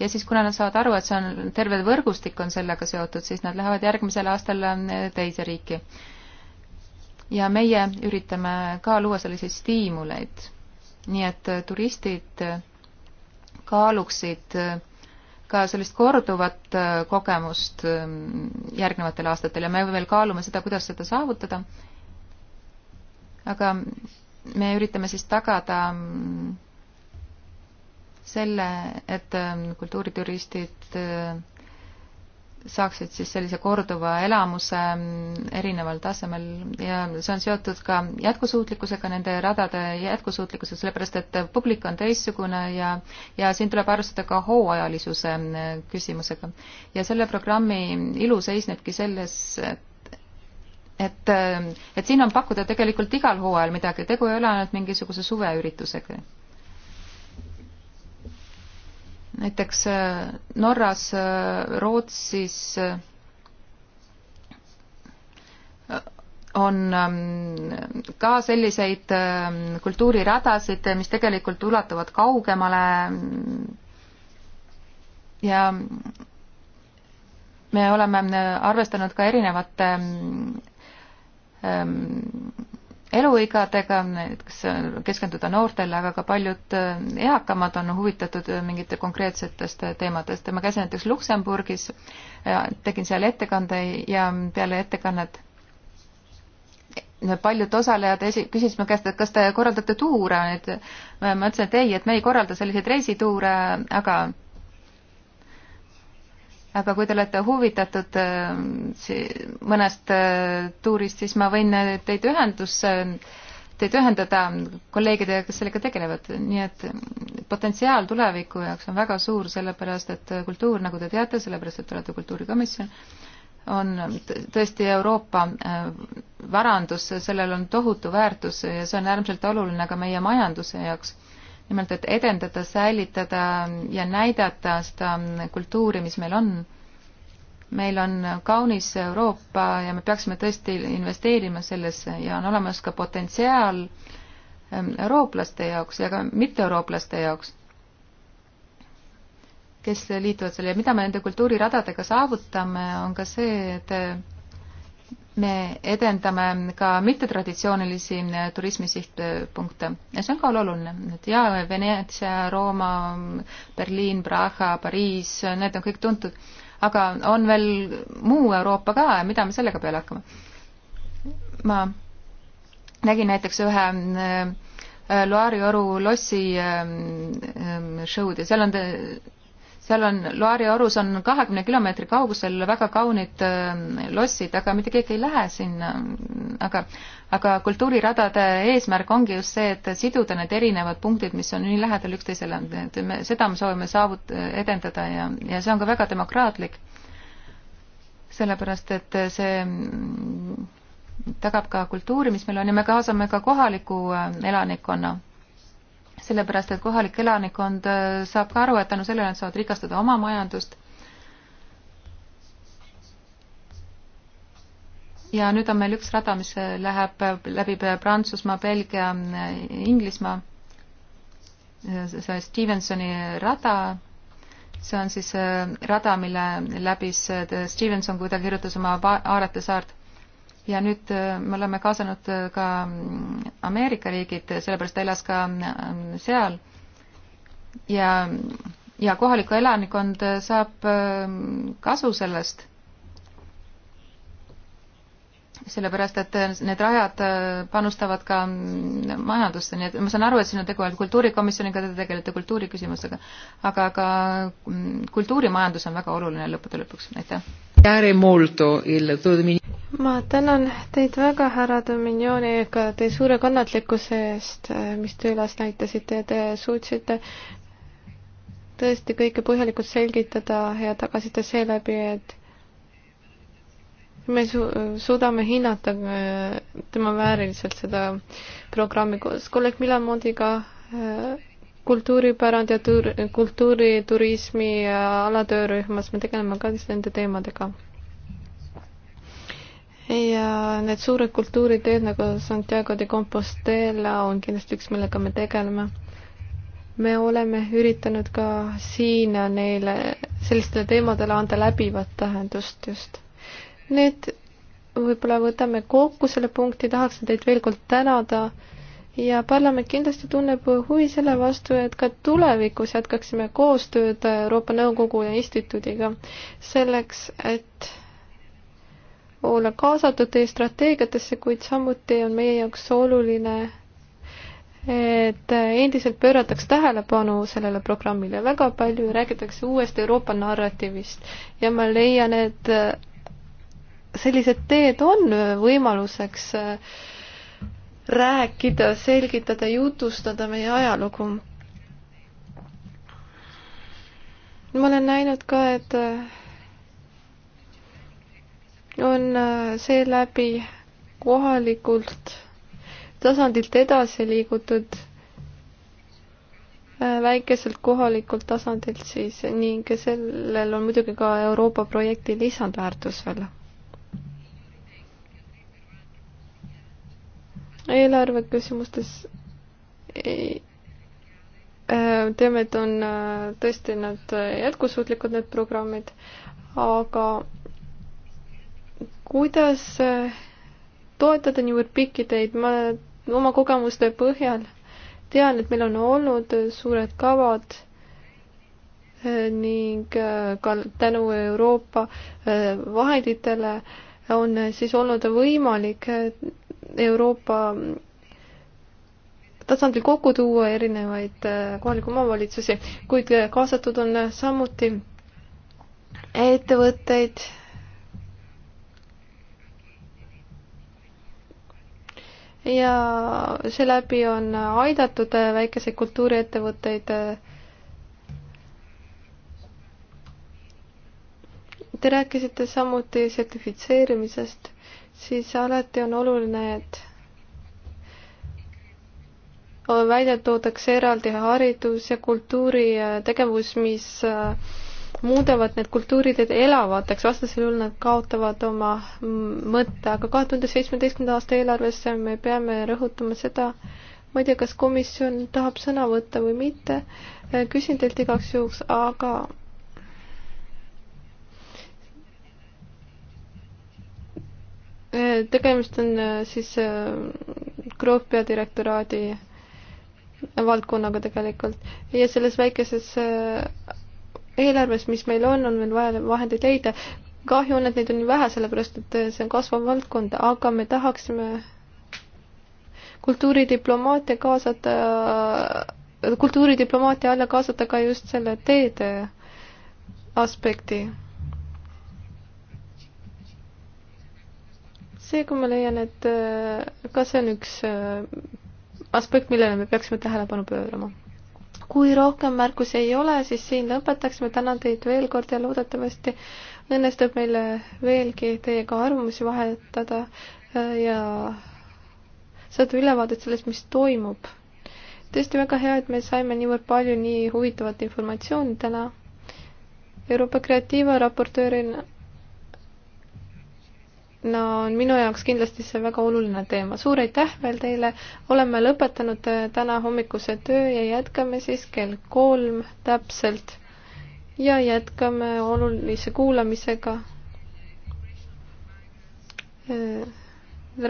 ja siis, kuna nad saavad aru, et see on, terve võrgustik on sellega seotud, siis nad lähevad järgmisel aastal äh, teise riiki. ja meie üritame ka luua selliseid stiimuleid, nii et äh, turistid äh, kaaluksid ka sellist korduvat kogemust ähm, järgnevatel aastatel ja me veel kaalume seda, kuidas seda saavutada. aga me üritame siis tagada mm, selle, et mm, kultuurituristid mm, saaksid siis sellise korduva elamuse erineval tasemel ja see on seotud ka jätkusuutlikkusega, nende radade jätkusuutlikkusega, sellepärast et publik on teistsugune ja, ja siin tuleb arvestada ka hooajalisuse küsimusega. ja selle programmi ilu seisnebki selles, et et, et siin on pakkuda tegelikult igal hooajal midagi, tegu ei ole ainult mingisuguse suveüritusega. näiteks äh, Norras, äh, Rootsis äh, on ähm, ka selliseid ähm, kultuuriradasid, mis tegelikult ulatuvad kaugemale mm, ja me oleme arvestanud ka erinevate mm, Ähm, eluigadega, näiteks äh, keskenduda noortele, aga ka paljud äh, eakamad on huvitatud äh, mingite konkreetsetest teemadest. ma käisin näiteks Luksemburgis, tegin seal ettekande ja peale ettekannet paljud osalejad esi-, küsis mu käest, et kas te korraldate tuure, et ma ütlesin, et ei, et me ei korralda selliseid reisituure, aga aga kui te olete huvitatud äh, mõnest äh, tuurist, siis ma võin äh, teid ühendusse, teid ühendada kolleegidega, kes sellega tegelevad, nii et potentsiaal tuleviku jaoks on väga suur, sellepärast et kultuur, nagu te teate, sellepärast et te olete kultuurikomisjon, on tõesti Euroopa varandus, sellel on tohutu väärtus ja see on äärmiselt oluline ka meie majanduse jaoks nimelt, et edendada, säilitada ja näidata seda kultuuri, mis meil on. meil on kaunis Euroopa ja me peaksime tõesti investeerima sellesse ja on olemas ka potentsiaal ähm, eurooplaste jaoks ja ka mitteeurooplaste jaoks, kes liituvad selle ja mida me nende kultuuriradadega saavutame, on ka see, et me edendame ka mittetraditsioonilisi äh, turismisihtpunkte ja see on ka oluline, et jaa, Veneetsia, Rooma, Berliin, Praha, Pariis, need on kõik tuntud, aga on veel muu Euroopa ka ja mida me sellega peale hakkame? ma nägin näiteks ühe äh, Loari Oru lossi äh, show'd ja seal on te, seal on, Loari orus on kahekümne kilomeetri kaugusel väga kaunid äh, lossid, aga mitte keegi ei lähe sinna, aga aga kultuuriradade eesmärk ongi just see, et siduda need erinevad punktid, mis on nii lähedal üksteisele, et me, seda me soovime saavut-, edendada ja, ja see on ka väga demokraatlik. sellepärast, et see mm, tagab ka kultuuri, mis meil on ja me kaasame ka kohaliku äh, elanikkonna sellepärast et kohalik elanikkond äh, saab ka aru, et tänu sellele nad saavad rikastada oma majandust. ja nüüd on meil üks rada, mis äh, läheb äh, läbi Prantsusmaa, Belgia, Inglismaa, see Stevensoni rada, see on siis rada, mille läbis Stevenson, kui ta kirjutas oma Aarete saart ja nüüd äh, me oleme kaasanud äh, ka mm, Ameerika riigid, äh, sellepärast ta elas ka mm, seal ja, ja kohalik elanikkond saab ähm, kasu sellest. sellepärast, et need rajad panustavad ka mm, majandusse, nii et ma saan aru, et siin on tegu ainult kultuurikomisjoniga, te tegelete kultuuriküsimustega, aga ka kultuurimajandus on väga oluline lõppude lõpuks, aitäh ma tänan teid väga, härra Dominioni, ka teie suure kannatlikkuse eest, mis te üles näitasite ja te suutsite tõesti kõike põhjalikult selgitada ja tagasite seeläbi, et me su-, suudame hinnata äh, tema vääriliselt seda programmi koos kolleeg Milamondiga äh, kultuuripärand ja tur-, kultuuriturismi alatöörühmas me tegeleme ka nende teemadega ja need suured kultuuriteed nagu Santiago de Compostela on kindlasti üks, millega me tegeleme. me oleme üritanud ka siin neile, sellistele teemadele anda läbivat tähendust just. nüüd võib-olla võtame kokku selle punkti, tahaksin teid veel kord tänada ja parlament kindlasti tunneb huvi selle vastu, et ka tulevikus jätkaksime koostööd Euroopa Nõukogu ja instituudiga selleks, et olla kaasatud teie strateegiatesse, kuid samuti on meie jaoks oluline, et endiselt pöörataks tähelepanu sellele programmile. väga palju räägitakse uuest Euroopa narratiivist ja ma leian, et sellised teed on võimaluseks rääkida, selgitada, jutustada meie ajalugu. ma olen näinud ka, et on äh, seeläbi kohalikult tasandilt edasi liigutud äh, väikeselt kohalikult tasandilt siis ning sellel on muidugi ka Euroopa projekti lisandväärtus veel. eelarve küsimustes ei, äh, teame, et on tõesti nad jätkusuutlikud, need programmid, aga kuidas äh, toetada niivõrd pikki teid, ma oma kogemuste põhjal tean, et meil on olnud äh, suured kavad äh, ning ka tänu Euroopa vahenditele on siis olnud võimalik Euroopa mm, tasandil kokku tuua erinevaid kohalikke omavalitsusi, kuid kaasatud on samuti ettevõtteid ja seeläbi on aidatud väikeseid kultuuriettevõtteid. Te rääkisite samuti sertifitseerimisest, siis alati on oluline, et välja toodakse eraldi haridus ja kultuuritegevus, mis muudavad need kultuurid elavateks, vastasel juhul nad kaotavad oma mõtte, aga kahe tuhande seitsmeteistkümnenda aasta eelarves me peame rõhutama seda, ma ei tea, kas komisjon tahab sõna võtta või mitte, küsin teilt igaks juhuks, aga tegemist on äh, siis äh, Grove peadirektoraadi valdkonnaga tegelikult ja selles väikeses äh, eelarves, mis meil on, on meil vaja vahendeid leida. kahju on, et neid on nii vähe, sellepärast et see on kasvav valdkond, aga me tahaksime kultuuridiplomaatia kaasata, kultuuridiplomaatia alla kaasata ka just selle teede aspekti. seega ma leian, et äh, ka see on üks äh, aspekt, millele me peaksime tähelepanu pöörama kui rohkem märkusi ei ole, siis siin lõpetaks, ma tänan teid veel kord ja loodetavasti õnnestub meile veelgi teiega arvamusi vahetada äh, ja saada ülevaadet sellest, mis toimub. tõesti väga hea, et me saime niivõrd palju nii huvitavat informatsiooni täna. Euroopa Kreatiiva raportöörina no on minu jaoks kindlasti see väga oluline teema. suur aitäh veel teile, oleme lõpetanud äh, täna hommikuse töö ja jätkame siis kell kolm täpselt. ja jätkame olulise kuulamisega. Äh,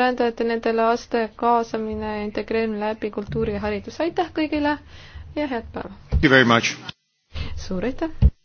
rändajate nendele aste kaasamine ja integreerimine läbi kultuuri ja hariduse. aitäh kõigile ja head päeva! suur aitäh!